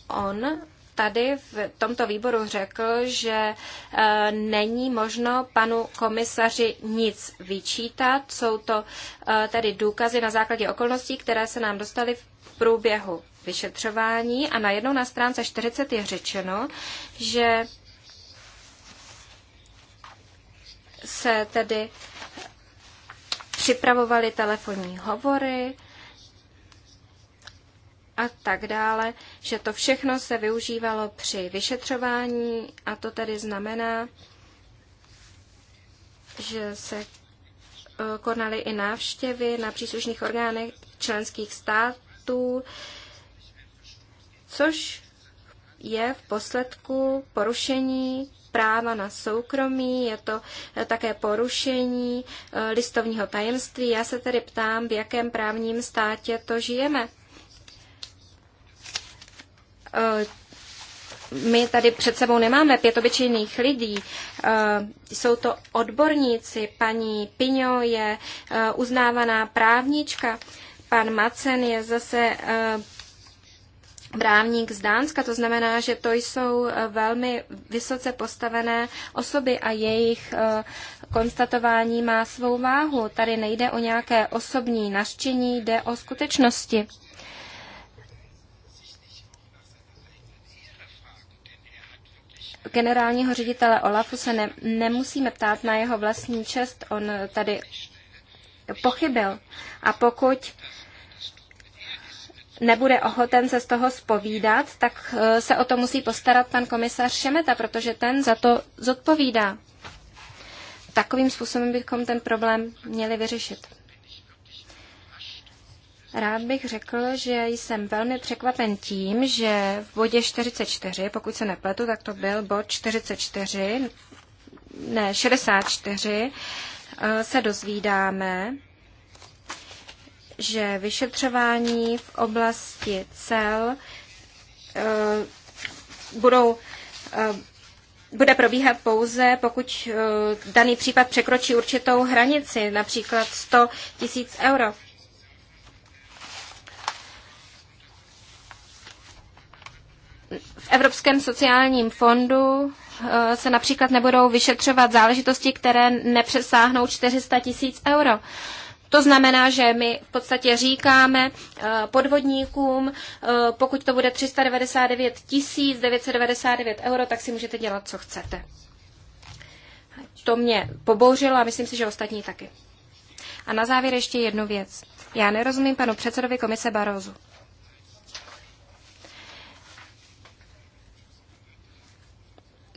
on tady v tomto výboru řekl, že eh, není možno panu komisaři nic vyčítat. Jsou to eh, tedy důkazy na základě okolností, které se nám dostaly v průběhu vyšetřování a najednou na stránce 40 je řečeno, že se tedy připravovaly telefonní hovory a tak dále, že to všechno se využívalo při vyšetřování a to tedy znamená, že se eh, konaly i návštěvy na příslušných orgánech členských států, což je v posledku porušení práva na soukromí, je to eh, také porušení eh, listovního tajemství. Já se tedy ptám, v jakém právním státě to žijeme. Eh, my tady před sebou nemáme pět obyčejných lidí, jsou to odborníci. Paní Pino je uznávaná právnička, pan Macen je zase právník z Dánska, to znamená, že to jsou eh, velmi vysoce postavené osoby a jejich eh, konstatování má svou váhu. Tady nejde o nějaké osobní naštění, jde o skutečnosti. Generálního ředitele Olafu se ne, nemusíme ptát na jeho vlastní čest, on eh, tady pochybil. A pokud nebude ochoten se z toho spovídat, tak eh, se o to musí postarat pan komisař Šemeta, protože ten za to zodpovídá. Takovým způsobem bychom ten problém měli vyřešit. Rád bych řekl, že jsem velmi překvapen tím, že v bodě 44, pokud se nepletu, tak to byl bod 44, ne, 64, eh, se dozvídáme, že vyšetřování v oblasti cel eh, budou, eh, bude probíhat pouze, pokud eh, daný případ překročí určitou hranici, například 100 tisíc euro. V Evropském sociálním fondu se například nebudou vyšetřovat záležitosti, které nepřesáhnou 400 tisíc euro. To znamená, že my v podstatě říkáme eh, podvodníkům, eh, pokud to bude 399 999 euro, tak si můžete dělat, co chcete. To mě pobouřilo a myslím si, že ostatní taky. A na závěr ještě jednu věc. Já nerozumím panu předsedovi komise Barozu.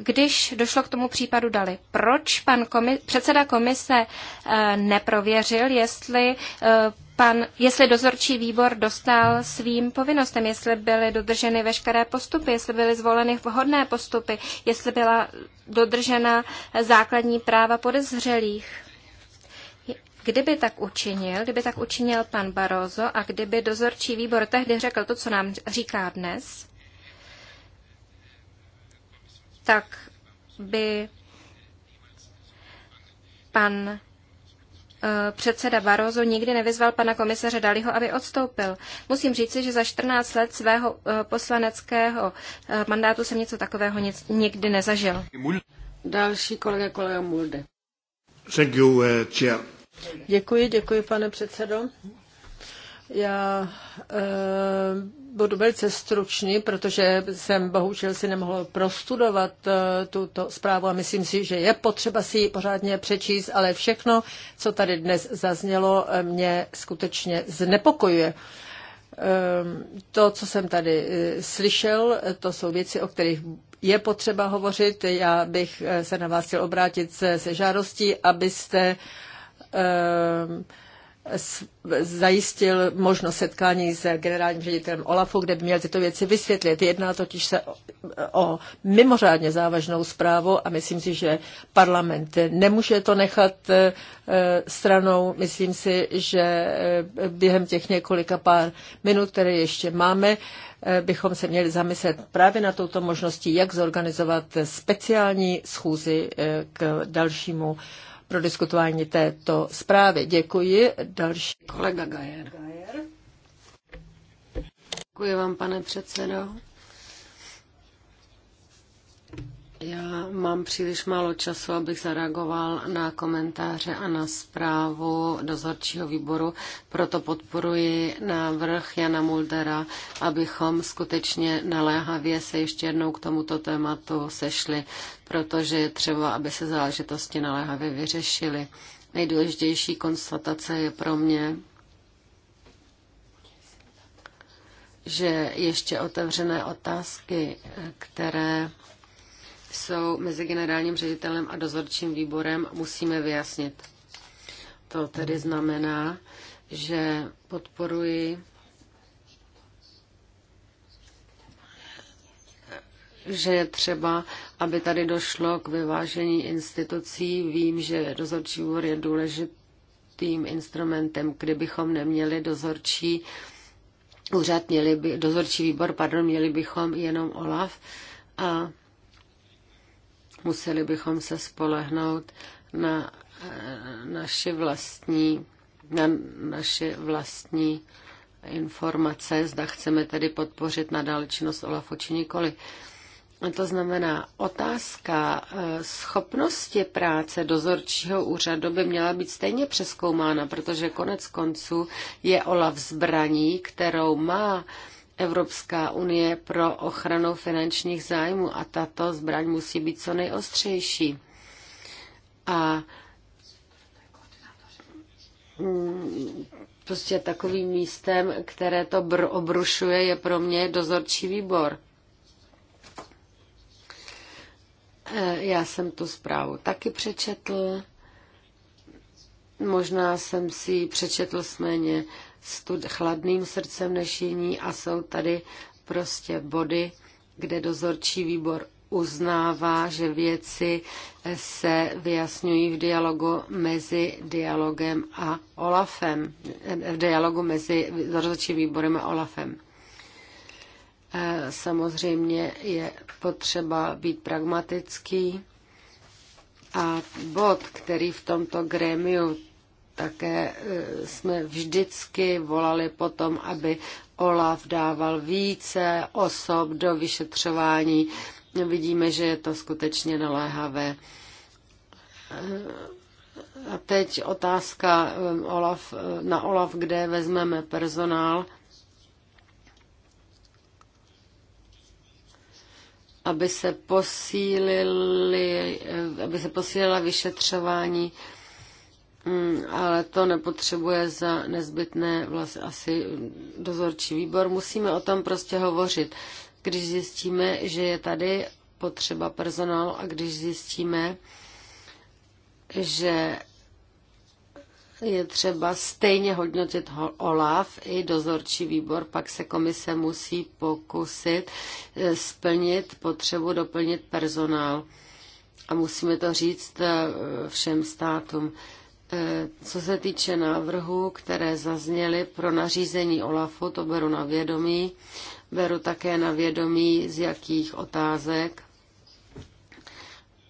když došlo k tomu případu Dali, proč pan komi- předseda komise e, neprověřil, jestli, e, pan, jestli dozorčí výbor dostal svým povinnostem, jestli byly dodrženy veškeré postupy, jestli byly zvoleny vhodné postupy, jestli byla dodržena základní práva podezřelých? Kdyby tak učinil, kdyby tak učinil pan Barozo a kdyby dozorčí výbor tehdy řekl to, co nám říká dnes, tak by pan eh, předseda Barozo nikdy nevyzval pana komisaře Daliho, aby odstoupil. Musím říci, že za 14 let svého eh, poslaneckého eh, mandátu jsem něco takového nic, nikdy nezažil. Další kolega, kolega Mulde. Thank you, chair. Děkuji, děkuji, pane předsedo. Já e, budu velice stručný, protože jsem bohužel si nemohl prostudovat e, tuto zprávu a myslím si, že je potřeba si ji pořádně přečíst, ale všechno, co tady dnes zaznělo, eh, mě skutečně znepokojuje. To, co jsem tady slyšel, to jsou věci, o kterých je potřeba hovořit. Já bych se na vás chtěl obrátit se, se žádostí, abyste eh, zajistil možnost setkání s generálním ředitelem Olafu, kde by měl tyto věci vysvětlit. Jedná totiž se o, o mimořádně závažnou zprávu a myslím si, že parlament nemůže to nechat e, stranou. Myslím si, že e, během těch několika pár minut, které ještě máme, e, bychom se měli zamyslet právě na touto možností, jak zorganizovat speciální schůzi k dalšímu pro diskutování této zprávy. Děkuji. Další kolega Gajer. Děkuji vám, pane předsedo. Já mám příliš málo času, abych zareagoval na komentáře a na zprávu dozorčího výboru, proto podporuji návrh Jana Muldera, abychom skutečně naléhavě se ještě jednou k tomuto tématu sešli, protože je třeba, aby se záležitosti naléhavě vyřešily. Nejdůležitější konstatace je pro mě, že ještě otevřené otázky, které jsou mezi generálním ředitelem a dozorčím výborem, musíme vyjasnit. To tedy znamená, že podporuji že je třeba, aby tady došlo k vyvážení institucí. Vím, že dozorčí úvor je důležitým instrumentem, kdybychom neměli dozorčí úřad, měli by, dozorčí výbor, pardon, měli bychom jenom OLAF. A Museli bychom se spolehnout na eh, naši vlastní, na naše vlastní informace, zda chceme tedy podpořit nadále činnost OLAFu či nikoli. To znamená, otázka eh, schopnosti práce dozorčího úřadu by měla být stejně přeskoumána, protože konec konců je OLAF zbraní, kterou má Evropská unie pro ochranu finančních zájmů a tato zbraň musí být co nejostřejší. A mm, prostě takovým místem, které to br- obrušuje, je pro mě dozorčí výbor. E, já jsem tu zprávu taky přečetl. Možná jsem si ji přečetl sméně stud, chladným srdcem než jiní a jsou tady prostě body, kde dozorčí výbor uznává, že věci se vyjasňují v dialogu mezi dialogem a Olafem, v dialogu mezi dozorčím výborem a Olafem. Eh, samozřejmě je potřeba být pragmatický a bod, který v tomto grémiu také e, jsme vždycky volali potom, aby Olaf dával více osob do vyšetřování. Vidíme, že je to skutečně naléhavé. E, a teď otázka e, Olaf, na Olaf, kde vezmeme personál, aby se, posílili, aby se posílila vyšetřování Mm, ale to nepotřebuje za nezbytné vlastně asi dozorčí výbor. Musíme o tom prostě hovořit. Když zjistíme, že je tady potřeba personálu a když zjistíme, že je třeba stejně hodnotit OLAF i dozorčí výbor, pak se komise musí pokusit eh, splnit potřebu doplnit personál. A musíme to říct eh, všem státům. Eh, co se týče návrhu, které zazněly pro nařízení OLAFu, to beru na vědomí. Beru také na vědomí, z jakých otázek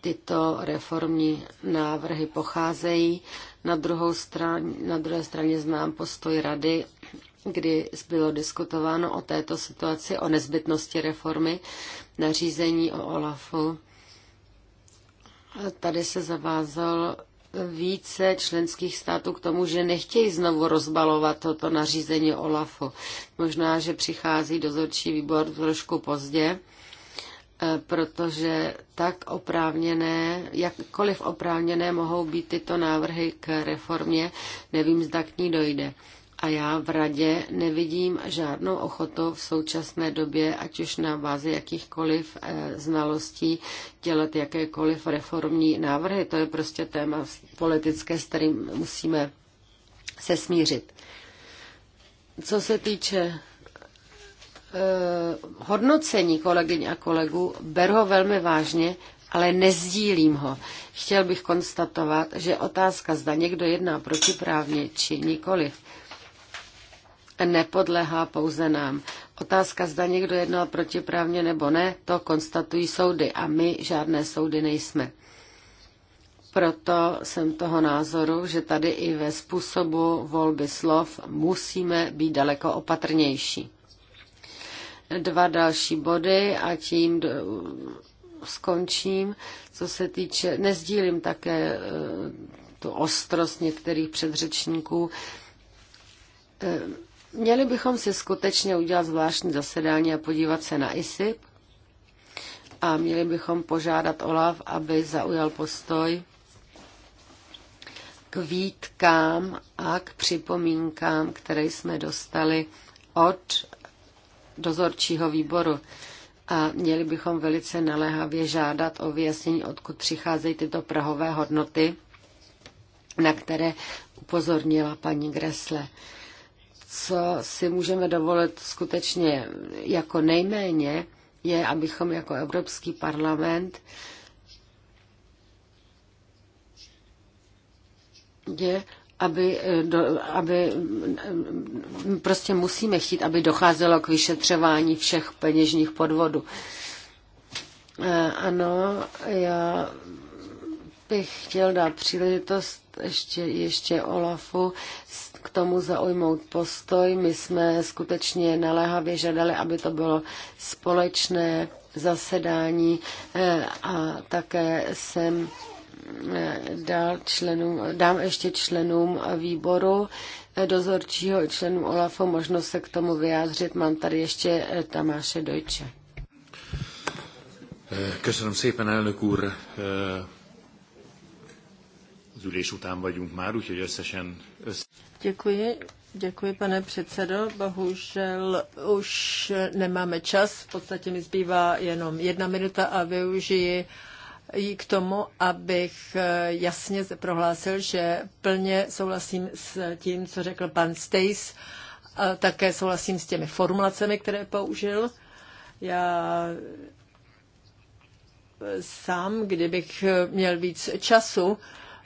tyto reformní návrhy pocházejí. Na, druhou stran, na druhé straně znám postoj rady, kdy bylo diskutováno o této situaci, o nezbytnosti reformy nařízení o OLAFu. Tady se zavázal více členských států k tomu, že nechtějí znovu rozbalovat toto nařízení OLAFu. Možná, že přichází dozorčí výbor trošku pozdě, eh, protože tak oprávněné, jakkoliv oprávněné mohou být tyto návrhy k reformě, nevím, zda k ní dojde. A já v radě nevidím žádnou ochotu v současné době, ať už na bázi jakýchkoliv eh, znalostí, dělat jakékoliv reformní návrhy. To je prostě téma politické, s kterým musíme se smířit. Co se týče eh, hodnocení kolegyň a kolegů, beru ho velmi vážně, ale nezdílím ho. Chtěl bych konstatovat, že otázka, zda někdo jedná protiprávně či nikoliv, nepodlehá pouze nám. Otázka, zda někdo jednal protiprávně nebo ne, to konstatují soudy a my žádné soudy nejsme. Proto jsem toho názoru, že tady i ve způsobu volby slov musíme být daleko opatrnější. Dva další body a tím skončím. Co se týče, nezdílím také e, tu ostrost některých předřečníků e, Měli bychom si skutečně udělat zvláštní zasedání a podívat se na ISIP a měli bychom požádat Olaf, aby zaujal postoj k výtkám a k připomínkám, které jsme dostali od dozorčího výboru. A měli bychom velice naléhavě žádat o vyjasnění, odkud přicházejí tyto prahové hodnoty, na které upozornila paní Gresle co si můžeme dovolit skutečně jako nejméně, je, abychom jako Evropský parlament je, aby, do, aby prostě musíme chtít, aby docházelo k vyšetřování všech peněžních podvodů. E, ano, já bych chtěl dát příležitost ještě, ještě Olafu s k tomu zaujmout postoj. My jsme skutečně naléhavě žadali, aby to bylo společné zasedání eh, a také jsem eh, dal členům, dám ještě členům výboru eh, dozorčího i členům OLAFu možnost se k tomu vyjádřit. Mám tady ještě Tamáše Dojče. Köszönöm szépen, elnök úr! Az ülés után vagyunk már, úgyhogy összesen... Össze... Děkuji. Děkuji, pane předsedo. Bohužel už nemáme čas. V podstatě mi zbývá jenom jedna minuta a využiji ji k tomu, abych jasně prohlásil, že plně souhlasím s tím, co řekl pan Stace. A také souhlasím s těmi formulacemi, které použil. Já sám, kdybych měl víc času,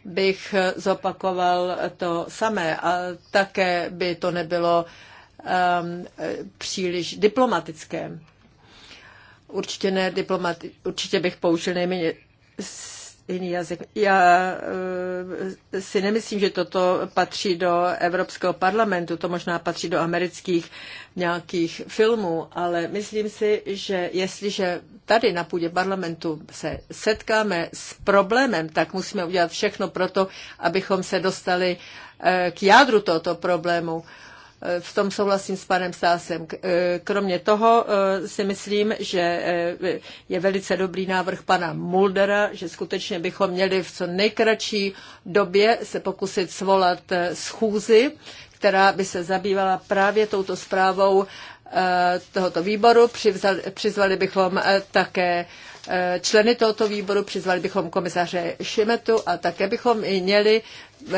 bych zopakoval to samé a také by to nebylo um, příliš diplomatické. Určitě, ne diplomati- určitě bych použil nejméně jiný jazyk. Já eh, si nemyslím, že toto patří do Evropského parlamentu, to možná patří do amerických nějakých filmů, ale myslím si, že jestliže tady na půdě parlamentu se setkáme s problémem, tak musíme udělat všechno pro to, abychom se dostali eh, k jádru tohoto problému v tom souhlasím s panem Stásem. E, kromě toho e, si myslím, že e, je velice dobrý návrh pana Muldera, že skutečně bychom měli v co nejkratší době se pokusit svolat schůzi, která by se zabývala právě touto zprávou tohoto výboru. Přizvali bychom také Eh, členy tohoto výboru, přizvali bychom komisaře Šimetu a také bychom i měli eh,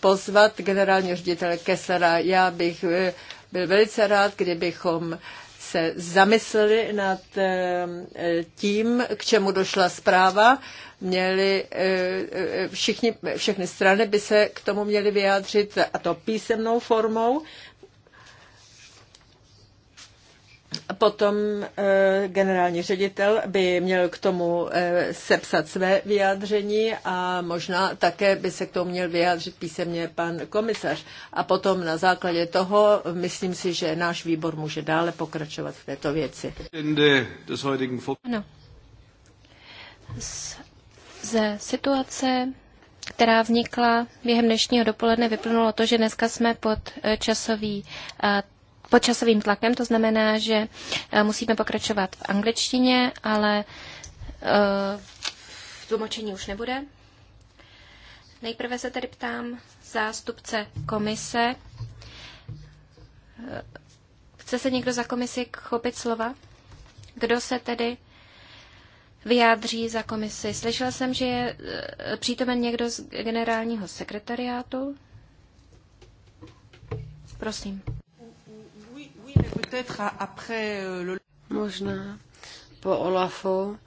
pozvat generálního ředitele Kessera. Já bych eh, byl velice rád, kdybychom se zamysleli nad tím, k čemu došla zpráva. Měli, všichni, všechny strany by se k tomu měly vyjádřit a to písemnou formou. Potom eh, generální ředitel by měl k tomu eh, sepsat své vyjádření a možná také by se k tomu měl vyjádřit písemně pan komisař. A potom na základě toho myslím si, že náš výbor může dále pokračovat v této věci. Ano. Ze situace, která vznikla během dnešního dopoledne, vyplnulo to, že dneska jsme pod eh, časový pod časovým tlakem, to znamená, že e, musíme pokračovat v angličtině, ale e, v tlumočení už nebude. Nejprve se tedy ptám zástupce komise. E, chce se někdo za komisi chopit slova? Kdo se tedy vyjádří za komisi? Slyšela jsem, že je přítomen někdo z generálního sekretariátu. Prosím. Možná po Olafu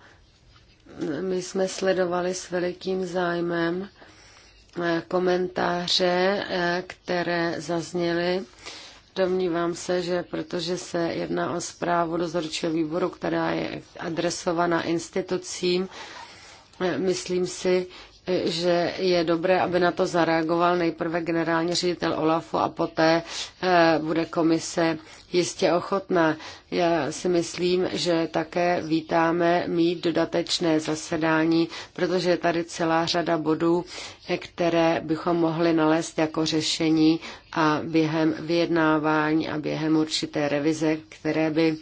my jsme sledovali s velikým zájmem eh, komentáře, eh, které zazněly. Domnívám se, že protože se jedná o zprávu dozorčího výboru, která je adresovaná institucím, eh, myslím si, že je dobré, aby na to zareagoval nejprve generální ředitel Olafu a poté eh, bude komise jistě ochotná. Já si myslím, že také vítáme mít dodatečné zasedání, protože je tady celá řada bodů, eh, které bychom mohli nalézt jako řešení a během vyjednávání a během určité revize, které by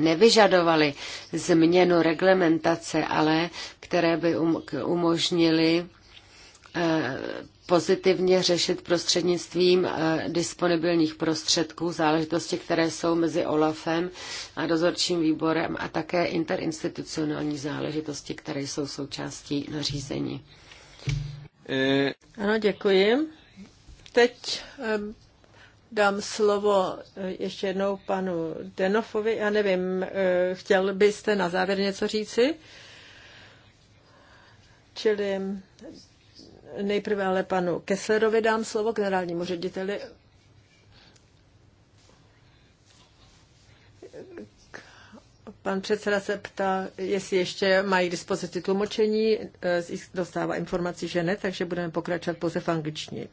nevyžadovaly změnu reglementace, ale které by um-, umožnily eh, pozitivně řešit prostřednictvím eh, disponibilních prostředků záležitosti, které jsou mezi OLAFem a dozorčím výborem a také interinstitucionální záležitosti, které jsou součástí nařízení. Eh. Ano, děkuji. Teď dám slovo e, ještě jednou panu Denofovi. Já nevím, e, chtěl byste na závěr něco říci? Čili nejprve ale panu Kesslerovi dám slovo, generálnímu řediteli. Pan předseda se ptá, jestli ještě mají k dispozici tlumočení. E, dostává informaci, že ne, takže budeme pokračovat pouze v angličtině.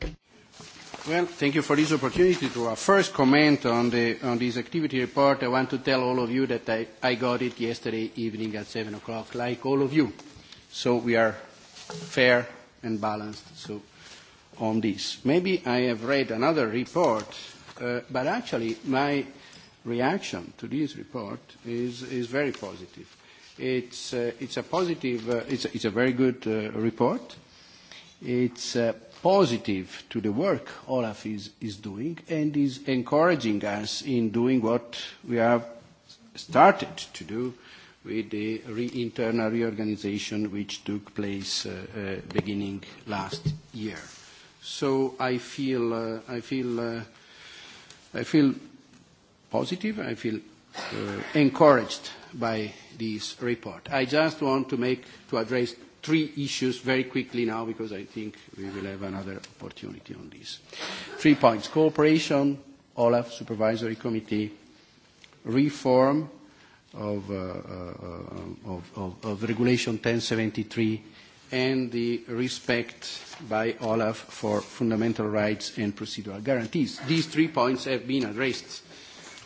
Well, thank you for this opportunity to uh, first comment on, the, on this activity report. I want to tell all of you that I, I got it yesterday evening at 7 o'clock, like all of you. So we are fair and balanced so on this. Maybe I have read another report, uh, but actually my reaction to this report is, is very positive. It's, uh, it's a positive, uh, it's, it's a very good uh, report. It's uh, positive to the work Olaf is, is doing and is encouraging us in doing what we have started to do with the re internal reorganization which took place uh, uh, beginning last year. So I feel, uh, I feel, uh, I feel positive. I feel uh, encouraged by this report. I just want to make to address three issues very quickly now because I think we will have another opportunity on this. Three points. Cooperation, OLAF Supervisory Committee, reform of, uh, uh, of, of, of Regulation 1073 and the respect by OLAF for fundamental rights and procedural guarantees. These three points have been addressed,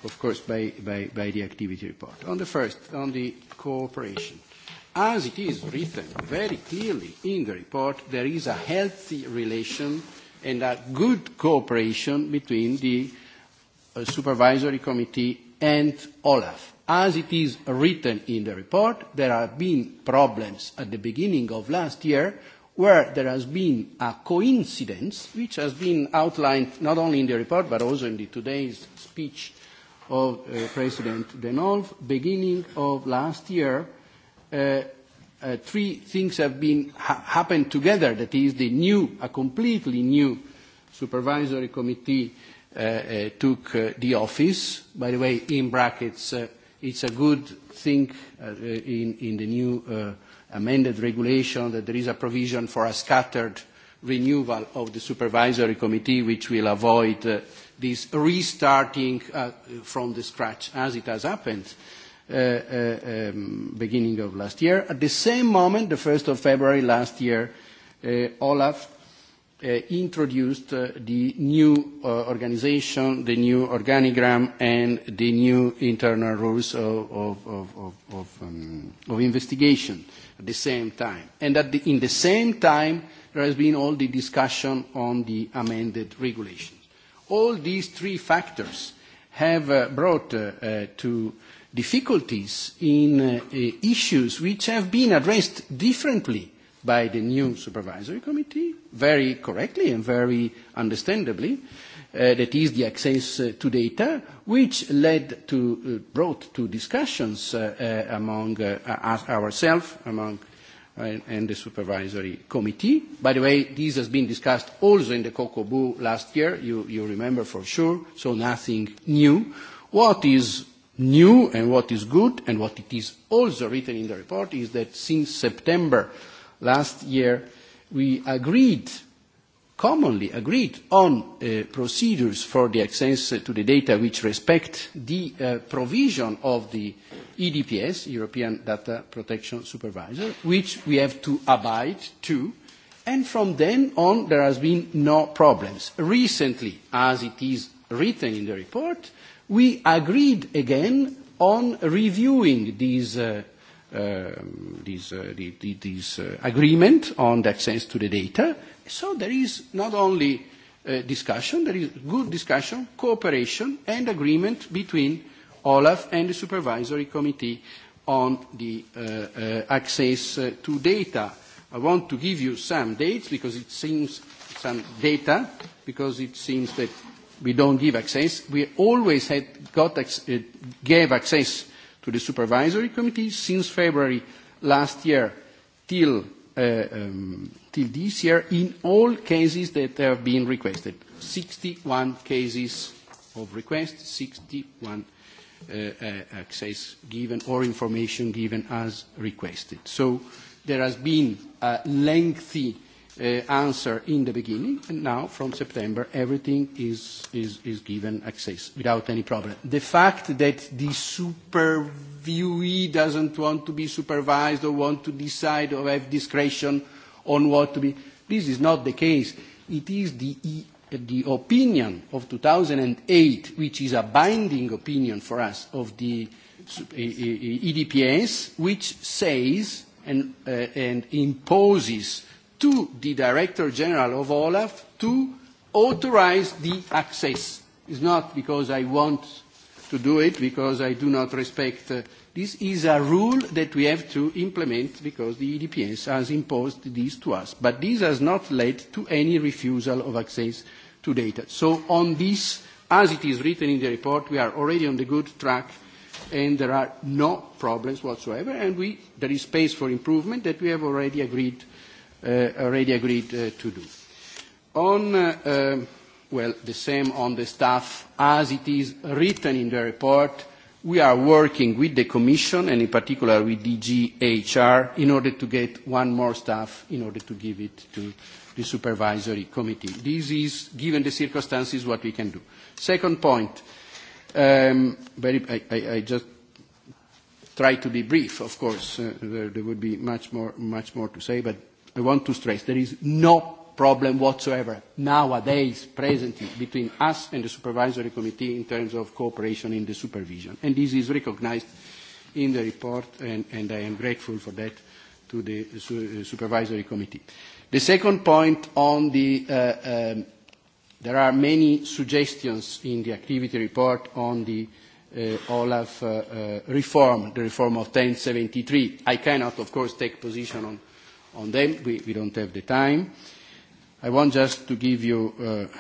of course, by, by, by the activity report. On the first, on the cooperation as it is written very clearly in the report, there is a healthy relation and a good cooperation between the uh, supervisory committee and Olaf. As it is written in the report, there have been problems at the beginning of last year where there has been a coincidence, which has been outlined not only in the report but also in the today's speech of uh, President Denolf, beginning of last year, Uh, uh, three things have been ha happened together. That is, the new, a completely new supervisory committee uh, uh, took uh, the office. By the way, in brackets, uh, it's a good thing uh, uh, in, in the new uh, amended regulation that there is a provision for a scattered renewal of the supervisory committee, which will avoid uh, this restarting uh, from the scratch, as it has happened Uh, uh, um, beginning of last year. At the same moment, the 1st of February last year, uh, Olaf introduced the new organization, the new organigram, and the new internal rules of, um, investigation at the same time. And in the same time, there has been all the discussion on the amended regulations. All these three factors have brought to difficulties in uh, issues which have been addressed differently by the new supervisory committee, very correctly and very understandably, uh, that is the access uh, to data, which led to, uh, brought to discussions uh, uh, among uh, ourselves, among uh, and the supervisory committee. By the way, this has been discussed also in the Kokobu last year, you, you remember for sure, so nothing new. What is new and what is good and what it is also written in the report is that since September last year, we agreed, commonly agreed, on uh, procedures for the access to the data which respect the uh, provision of the EDPS, European Data Protection Supervisor, which we have to abide to. And from then on, there has been no problems. Recently, as it is written in the report, we agreed again on reviewing these, uh, um, uh, the, the, uh, agreement on the access to the data. So there is not only uh, discussion, there is good discussion, cooperation, and agreement between Olaf and the supervisory committee on the uh, uh, access uh, to data. I want to give you some dates because it seems some data because it seems that we don't give access. We always had got ex- uh, gave access to the supervisory committee since February last year till, uh, um, till this year in all cases that have been requested. 61 cases of requests, 61 uh, uh, access given or information given as requested. So there has been a lengthy Uh, answer in the beginning, and now from September everything is, given access without any problem. The fact that the superviewee doesn't want to be supervised or want to decide or have discretion on what to be, this is not the case. It is the, e, opinion of 2008, which is a binding opinion for us of the EDPS, e, e, which says and uh, imposes to the Director General of Olaf to authorize the access. It's not because I want to do it, because I do not respect uh, this is a rule that we have to implement because the EDPS has imposed this to us. But this has not led to any refusal of access to data. So on this, as it is written in the report, we are already on the good track and there are no problems whatsoever and we, there is space for improvement that we have already agreed Uh, already agreed uh, to do. On, uh, well, the same on the staff, as it is written in the report, we are working with the Commission and in particular with DG HR in order to get one more staff in order to give it to the supervisory committee. This is, given the circumstances, what we can do. Second point, um, very, I, I, I just try to be brief, of course. Uh, there, there would be much more, much more to say, but i want to stress there is no problem whatsoever nowadays, presently, between us and the supervisory committee in terms of cooperation in the supervision. And this is recognized in the report, and, and I am grateful for that to the uh, supervisory committee. The second point on the, uh, um, there are many suggestions in the activity report on the Uh, Olaf uh, uh, reform, the reform of 1073. I cannot, of course, take position on on them. We, we don't have the time. I want just to give you uh,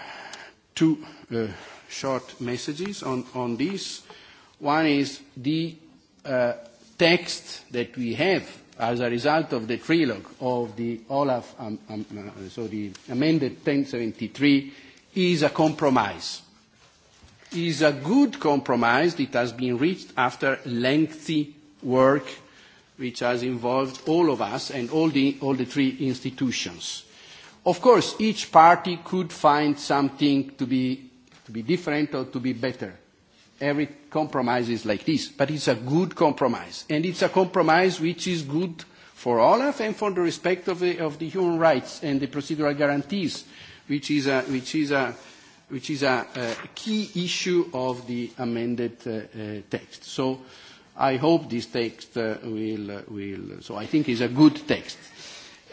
two uh, short messages on, on this. One is the uh, text that we have as a result of the trilogue of the Olaf, um, um, uh, so the amended 1073, is a compromise. Is a good compromise that has been reached after lengthy work which has involved all of us and all the, all the three institutions. Of course, each party could find something to be, to be different or to be better. Every compromise is like this, but it's a good compromise. And it's a compromise which is good for Olaf and for the respect of the, of the human rights and the procedural guarantees, which is a, which is a, which is a, a key issue of the amended uh, uh, text. So i hope this text uh, will, uh, will, uh, so I think it's a good text.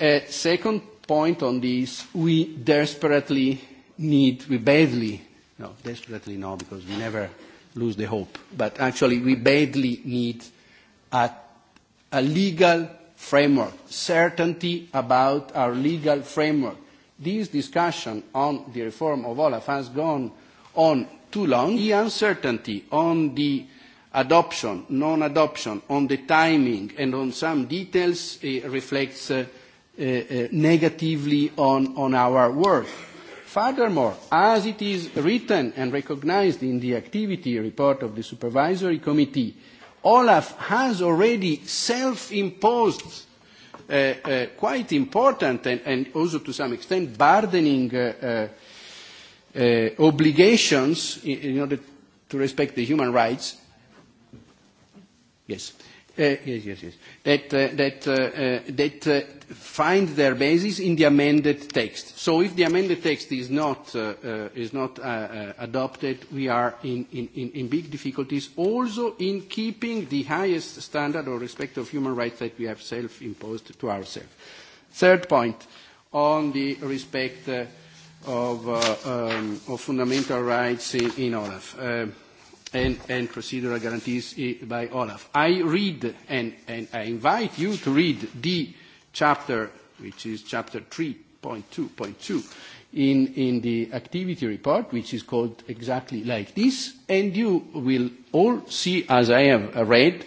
Uh, second point on this, we desperately need, we badly, no, desperately no, because we never lose the hope, but actually we badly need a, a legal framework, certainty about our legal framework. This discussion on the reform of Olaf has gone on too long. The uncertainty on the adoption, non-adoption, on the timing, and on some details eh, reflects eh, eh, negatively on, our work. Furthermore, as it is written and recognized in the activity report of the Supervisory Committee, Olaf has already self-imposed quite important and, also to some extent burdening obligations in, in order to respect the human rights Yes. Uh, yes, yes, yes. That, uh, that, uh, uh that uh, find their basis in the amended text. So if the amended text is not, uh, is not adopted, we are in, in, in big difficulties, also in keeping the highest standard or respect of human rights that we have self-imposed to ourselves. Third point, on the respect of, um, of fundamental rights in, in Olaf and, and procedural guarantees eh, by Olaf. I read and, and I invite you to read the chapter, which is chapter 3.2.2 in, in the activity report, which is called exactly like this, and you will all see, as I have read,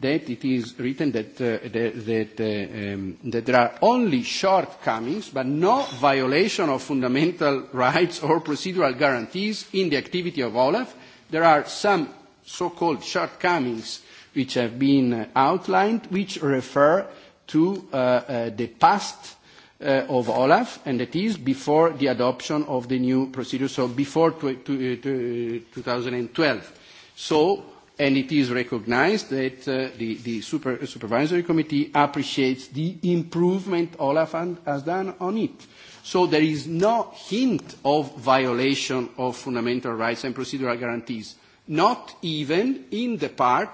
that it is written that, uh, that, that, uh, um, that there are only shortcomings but no violation of fundamental rights or procedural guarantees in the activity of Olaf, There are some so-called shortcomings which have been uh, outlined, which refer to uh, uh, the past uh, of Olaf, and that is before the adoption of the new procedure, so before to, to, to 2012. So, and it is recognized that uh, the, the super, supervisory committee appreciates the improvement Olaf has done on it. So there is no hint of violation of fundamental rights and procedural guarantees, not even in the part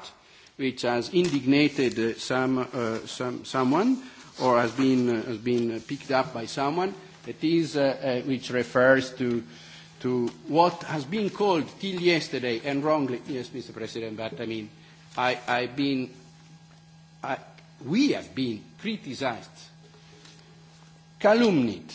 which has indignated uh, some, uh, some, someone or has been, uh, has been picked up by someone, It is, uh, uh, which refers to, to what has been called till yesterday, and wrongly, yes, Mr. President, but I mean, I, I've been, I, we have been criticized, calumniated,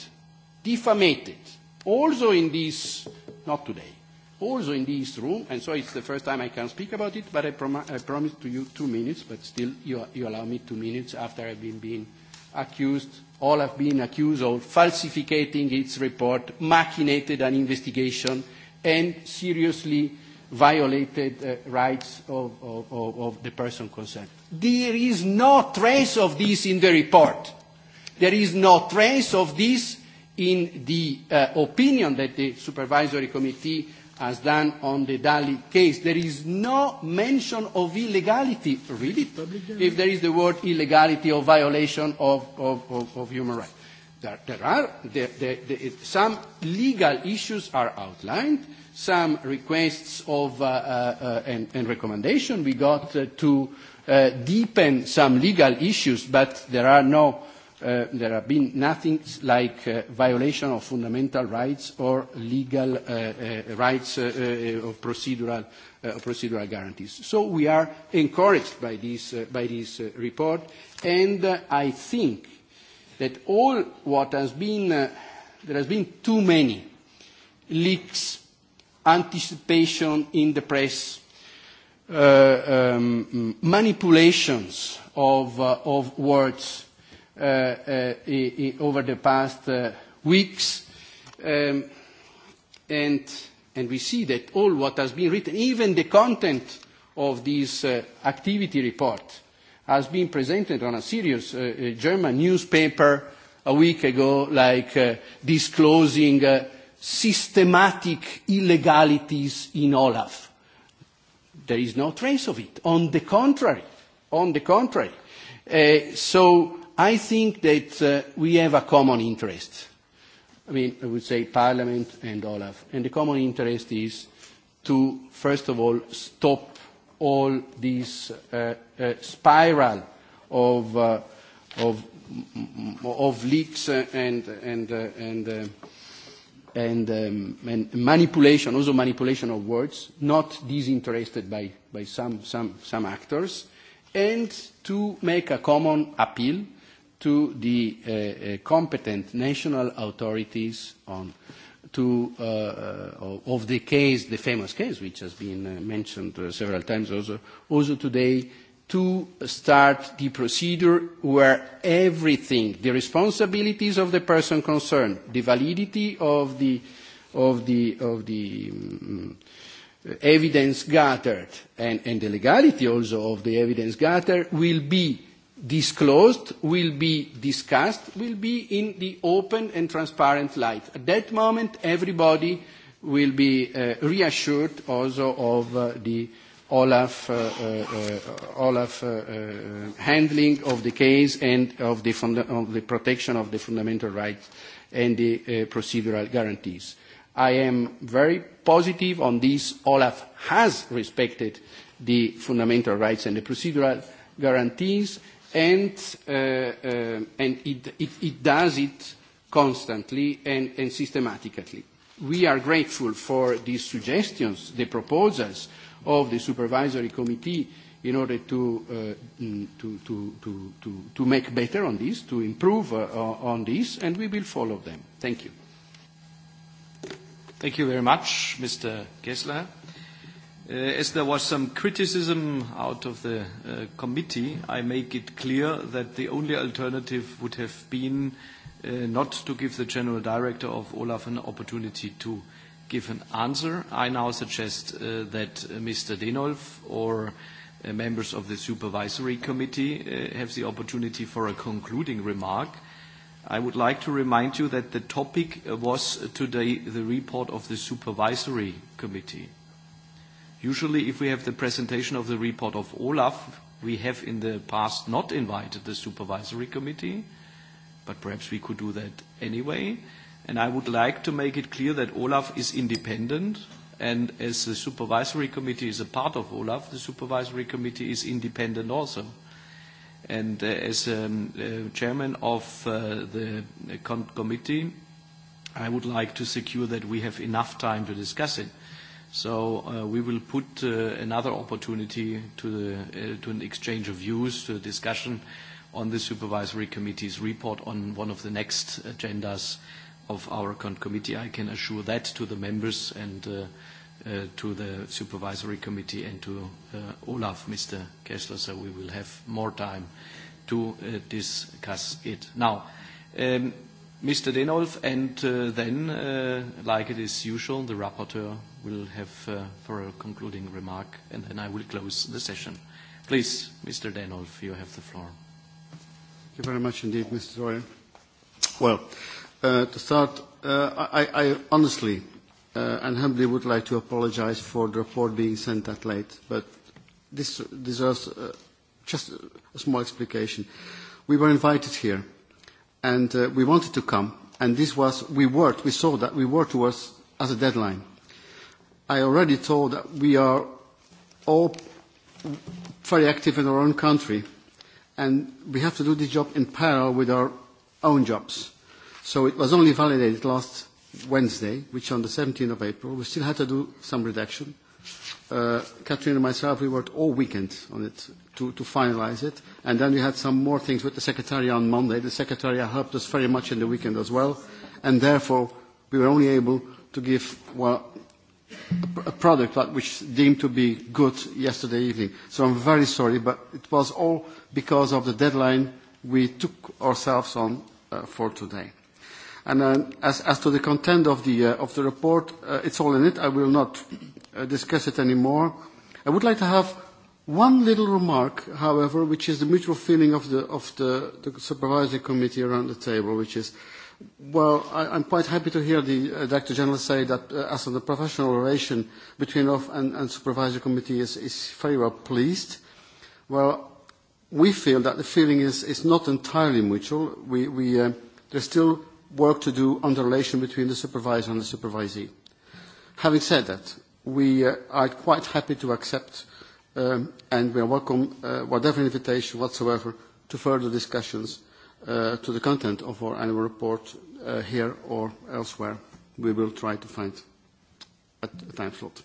defamated, also in this, not today, also in this room, and so it's the first time I can speak about it, but I, prom- I promised to you two minutes, but still you, you allow me two minutes after I've been being accused, all have been accused of falsificating its report, machinated an investigation, and seriously violated uh, rights of, of, of, of the person concerned. There is no trace of this in the report. There is no trace of this in the uh, opinion that the supervisory committee has done on the Dali case, there is no mention of illegality. Read it. If there is the word illegality or violation of, of, of, of human rights. There, there are there, there, there, some legal issues are outlined, some requests of uh, uh, uh, and, and recommendation we got uh, to uh, deepen some legal issues, but there are no Uh, there have been nothing like uh, violation of fundamental rights or legal uh, uh, rights uh, uh, of procedural, uh, procedural guarantees. So we are encouraged by this, uh, by this uh, report, and uh, I think that all what has been, uh, there has been too many leaks, anticipation in the press, uh, um, manipulations of, uh, of words, Uh, uh, over the past uh, weeks. Um, and, we see that all what has been written, even the content of this activity report, has been presented on a serious German newspaper a week ago, like disclosing systematic illegalities in Olaf. There is no trace of it. On the contrary, on the contrary. so i think that uh, we have a common interest. I mean, I would say Parliament and Olaf. And the common interest is to, first of all, stop all this uh, uh, spiral of, leaks and, and, and, um, and manipulation, also manipulation of words, not disinterested by, by some, some, some actors, and to make a common appeal to the uh, uh, competent national authorities on to, uh, uh, of the case, the famous case, which has been uh, mentioned several times also, also today, to start the procedure where everything, the responsibilities of the person concerned, the validity of the, of the, of the um, evidence gathered, and, and the legality also of the evidence gathered will be disclosed, will be discussed, will be in the open and transparent light. At that moment, everybody will be uh, reassured also of uh, the Olaf, uh, uh, uh Olaf uh, handling of the case and of the, of the protection of the fundamental rights and the procedural guarantees. I am very positive on this. Olaf has respected the fundamental rights and the procedural guarantees and, uh, uh, and it, it, it does it constantly and, and systematically. We are grateful for these suggestions, the proposals of the supervisory committee in order to, uh, mm, to, to, to, to, to make better on this, to improve uh, on this, and we will follow them. Thank you. Thank you very much, Mr. Kessler. Uh, as there was some criticism out of the uh, committee, I make it clear that the only alternative would have been uh, not to give the general director of Olaf an opportunity to give an answer. I now suggest uh, that uh, Mr. Denolf or uh, members of the supervisory committee uh, have the opportunity for a concluding remark. I would like to remind you that the topic was today the report of the supervisory committee. Usually, if we have the presentation of the report of Olaf, we have in the past not invited the supervisory committee, but perhaps we could do that anyway. I would like to make it clear that Olaf is independent, and as the supervisory committee is a part of Olaf, the supervisory committee is independent also. Uh, as um, uh, chairman of uh, the committee, I would like to secure that we have enough time to discuss it. So uh, we will put uh, another opportunity uh, to, an exchange of views, to a discussion on the Supervisory Committee's report on one of the next agendas of our committee. I can assure that to the members and to the Supervisory Committee and to Olaf, Mr. Kessler, so we will have more time to discuss it. Now, um, Mr. Denolf, and uh, then, uh, like it is usual, the rapporteur will have uh, for a concluding remark, and then I will close the session. Please, Mr. Denolf, you have the floor. Thank you very much indeed, Mr. Royer. Well, to start, I, honestly and humbly would like to apologize for the report being sent that late, but this deserves just a small explication. We were invited here and uh, we wanted to come. And this was, we worked, we saw that, we worked towards as a deadline. I already told that we are all very active in our own country, and we have to do this job in parallel with our own jobs. So it was only validated last Wednesday, which on the 17th of April, we still had to do some redaction. Uh, Catherine and myself, we worked all weekend on it to, to finalize it. And then we had some more things with the Secretary on Monday. The Secretary helped us very much in the weekend as well. And therefore, we were only able to give, well, a, a product that which deemed to be good yesterday evening. So I'm very sorry, but it was all because of the deadline we took ourselves on uh, for today. And uh, as, as to the content of the, uh, of the report, uh, it's all in it. I will not Uh, discuss it anymore. I would like to have one little remark, however, which is the mutual feeling of the, of the, the supervisory committee around the table, which is, well, I, I'm quite happy to hear the uh, Director General say that uh, as of the professional relation between OFF and, and supervisory committee is, is very well pleased. Well, we feel that the feeling is, is not entirely mutual. We, we, uh, there's still work to do on the relation between the supervisor and the supervisee. Having said that, we uh, are quite happy to accept um, and we welcome uh, whatever invitation whatsoever to further discussions uh, to the content of our annual report uh, here or elsewhere. We will try to find a, a time slot.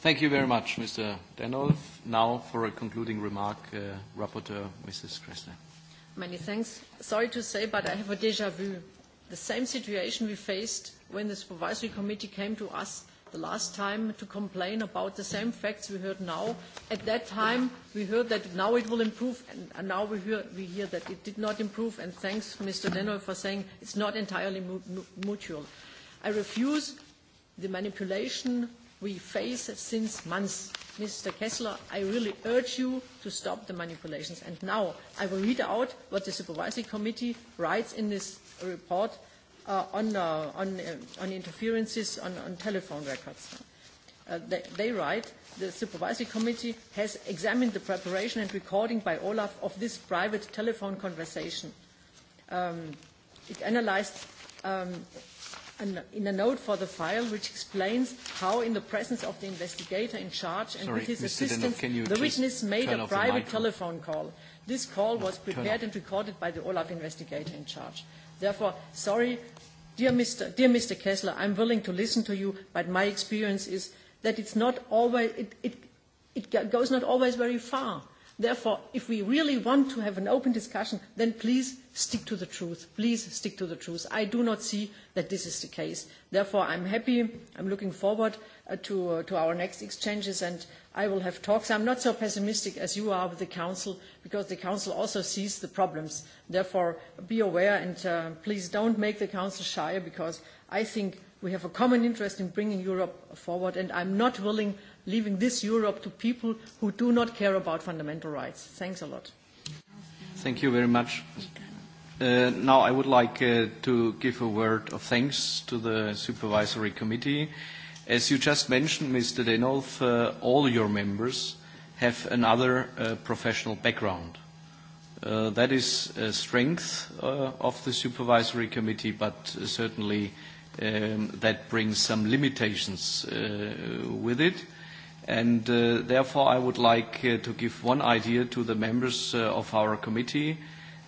Thank you very much, Mr. Denolf. Now for a concluding remark, uh, Rapporteur Mrs. Kressler. Many thanks. Sorry to say, but I have a déjà vu. The same situation we faced when the Supervisory Committee came to us the last time to complain about the same facts we heard now. At that time, we heard that now it will improve, and, and now we hear, we hear that it did not improve, and thanks, Mr. Denoy, for saying it's not entirely mutual. I refuse the manipulation we face since months. Mr. Kessler, I really urge you to stop the manipulations. And now I will read out what the Supervisory Committee writes in this report uh, on, uh, on, uh, on interferences on, on telephone records. Uh, they, they write, the Supervisory Committee has examined the preparation and recording by Olaf of this private telephone conversation. Um, it analyzed um, an, in a note for the file which explains how in the presence of the investigator in charge and Sorry, with his Mr. assistance the witness made a private telephone call. This call no, was prepared and recorded by the Olaf investigator in charge. Therefore, sorry, dear Mr. Dear Mr. Kessler, I'm willing to listen to you, but my experience is that it's not always, it, it, it goes not always very far. Therefore, if we really want to have an open discussion, then please stick to the truth. Please stick to the truth. I do not see that this is the case. Therefore, I'm happy, I'm looking forward Uh, to, uh, to our next exchanges, and I will have talks. I'm not so pessimistic as you are with the Council, because the Council also sees the problems. Therefore, be aware and uh, please don't make the Council shy, because I think we have a common interest in bringing Europe forward, and I'm not willing leaving this Europe to people who do not care about fundamental rights. Thanks a lot. Thank you very much. Uh, now I would like uh, to give a word of thanks to the Supervisory Committee. As you just mentioned, Mr. Denolf, uh, all your members have another uh, professional background. Uh, that is a strength uh, of the Supervisory Committee, but uh, certainly um, that brings some limitations uh, with it. And uh, therefore, I would like uh, to give one idea to the members uh, of our committee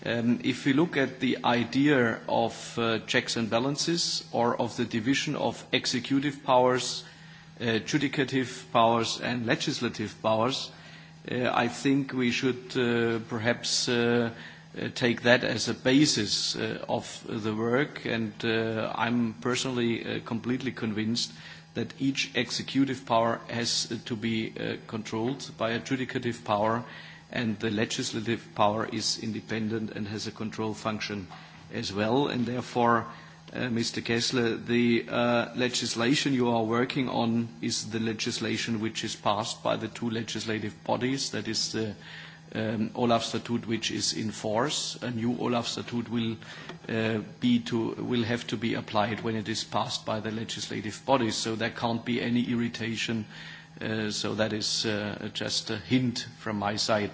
Um, if we look at the idea of uh, checks and balances or of the division of executive powers, uh, judicative powers and legislative powers, uh, I think we should uh, perhaps uh, uh take that as a basis uh, of the work and uh, I'm personally uh, completely convinced that each executive power has to be uh, controlled by a judicative power uh, and the legislative power is independent and has a control function as well. And therefore, uh, Mr. Kessler, the uh, legislation you are working on is the legislation which is passed by the two legislative bodies. That is the um, Olaf Statute, which is in force. A new Olaf Statute will uh, be to will have to be applied when it is passed by the legislative bodies. So there can't be any irritation Uh, so that is uh, just a hint from my side,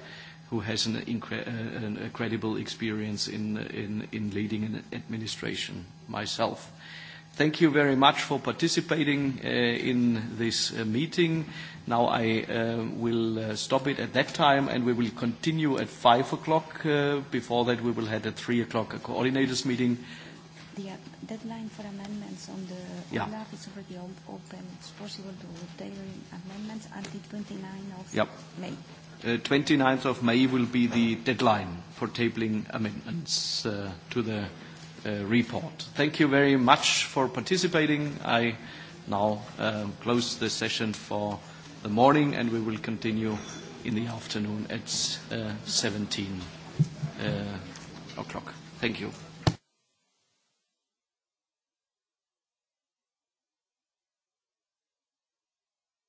who has an incre- uh, an incredible experience in, in, in leading an administration myself. Thank you very much for participating uh, in this uh, meeting. Now I uh, will uh, stop it at that time, and we will continue at 5 o'clock. Before that, we will have a 3 o'clock coordinators meeting. The deadline for amendments on the yeah. OLAF is already open. It's possible to tailor amendments until 29th of yep. May. Uh, 29th of May will be the deadline for tabling amendments uh, to the uh, report. Thank you very much for participating. I now um, close the session for the morning and we will continue in the afternoon at uh, 17 uh, o'clock. Thank you.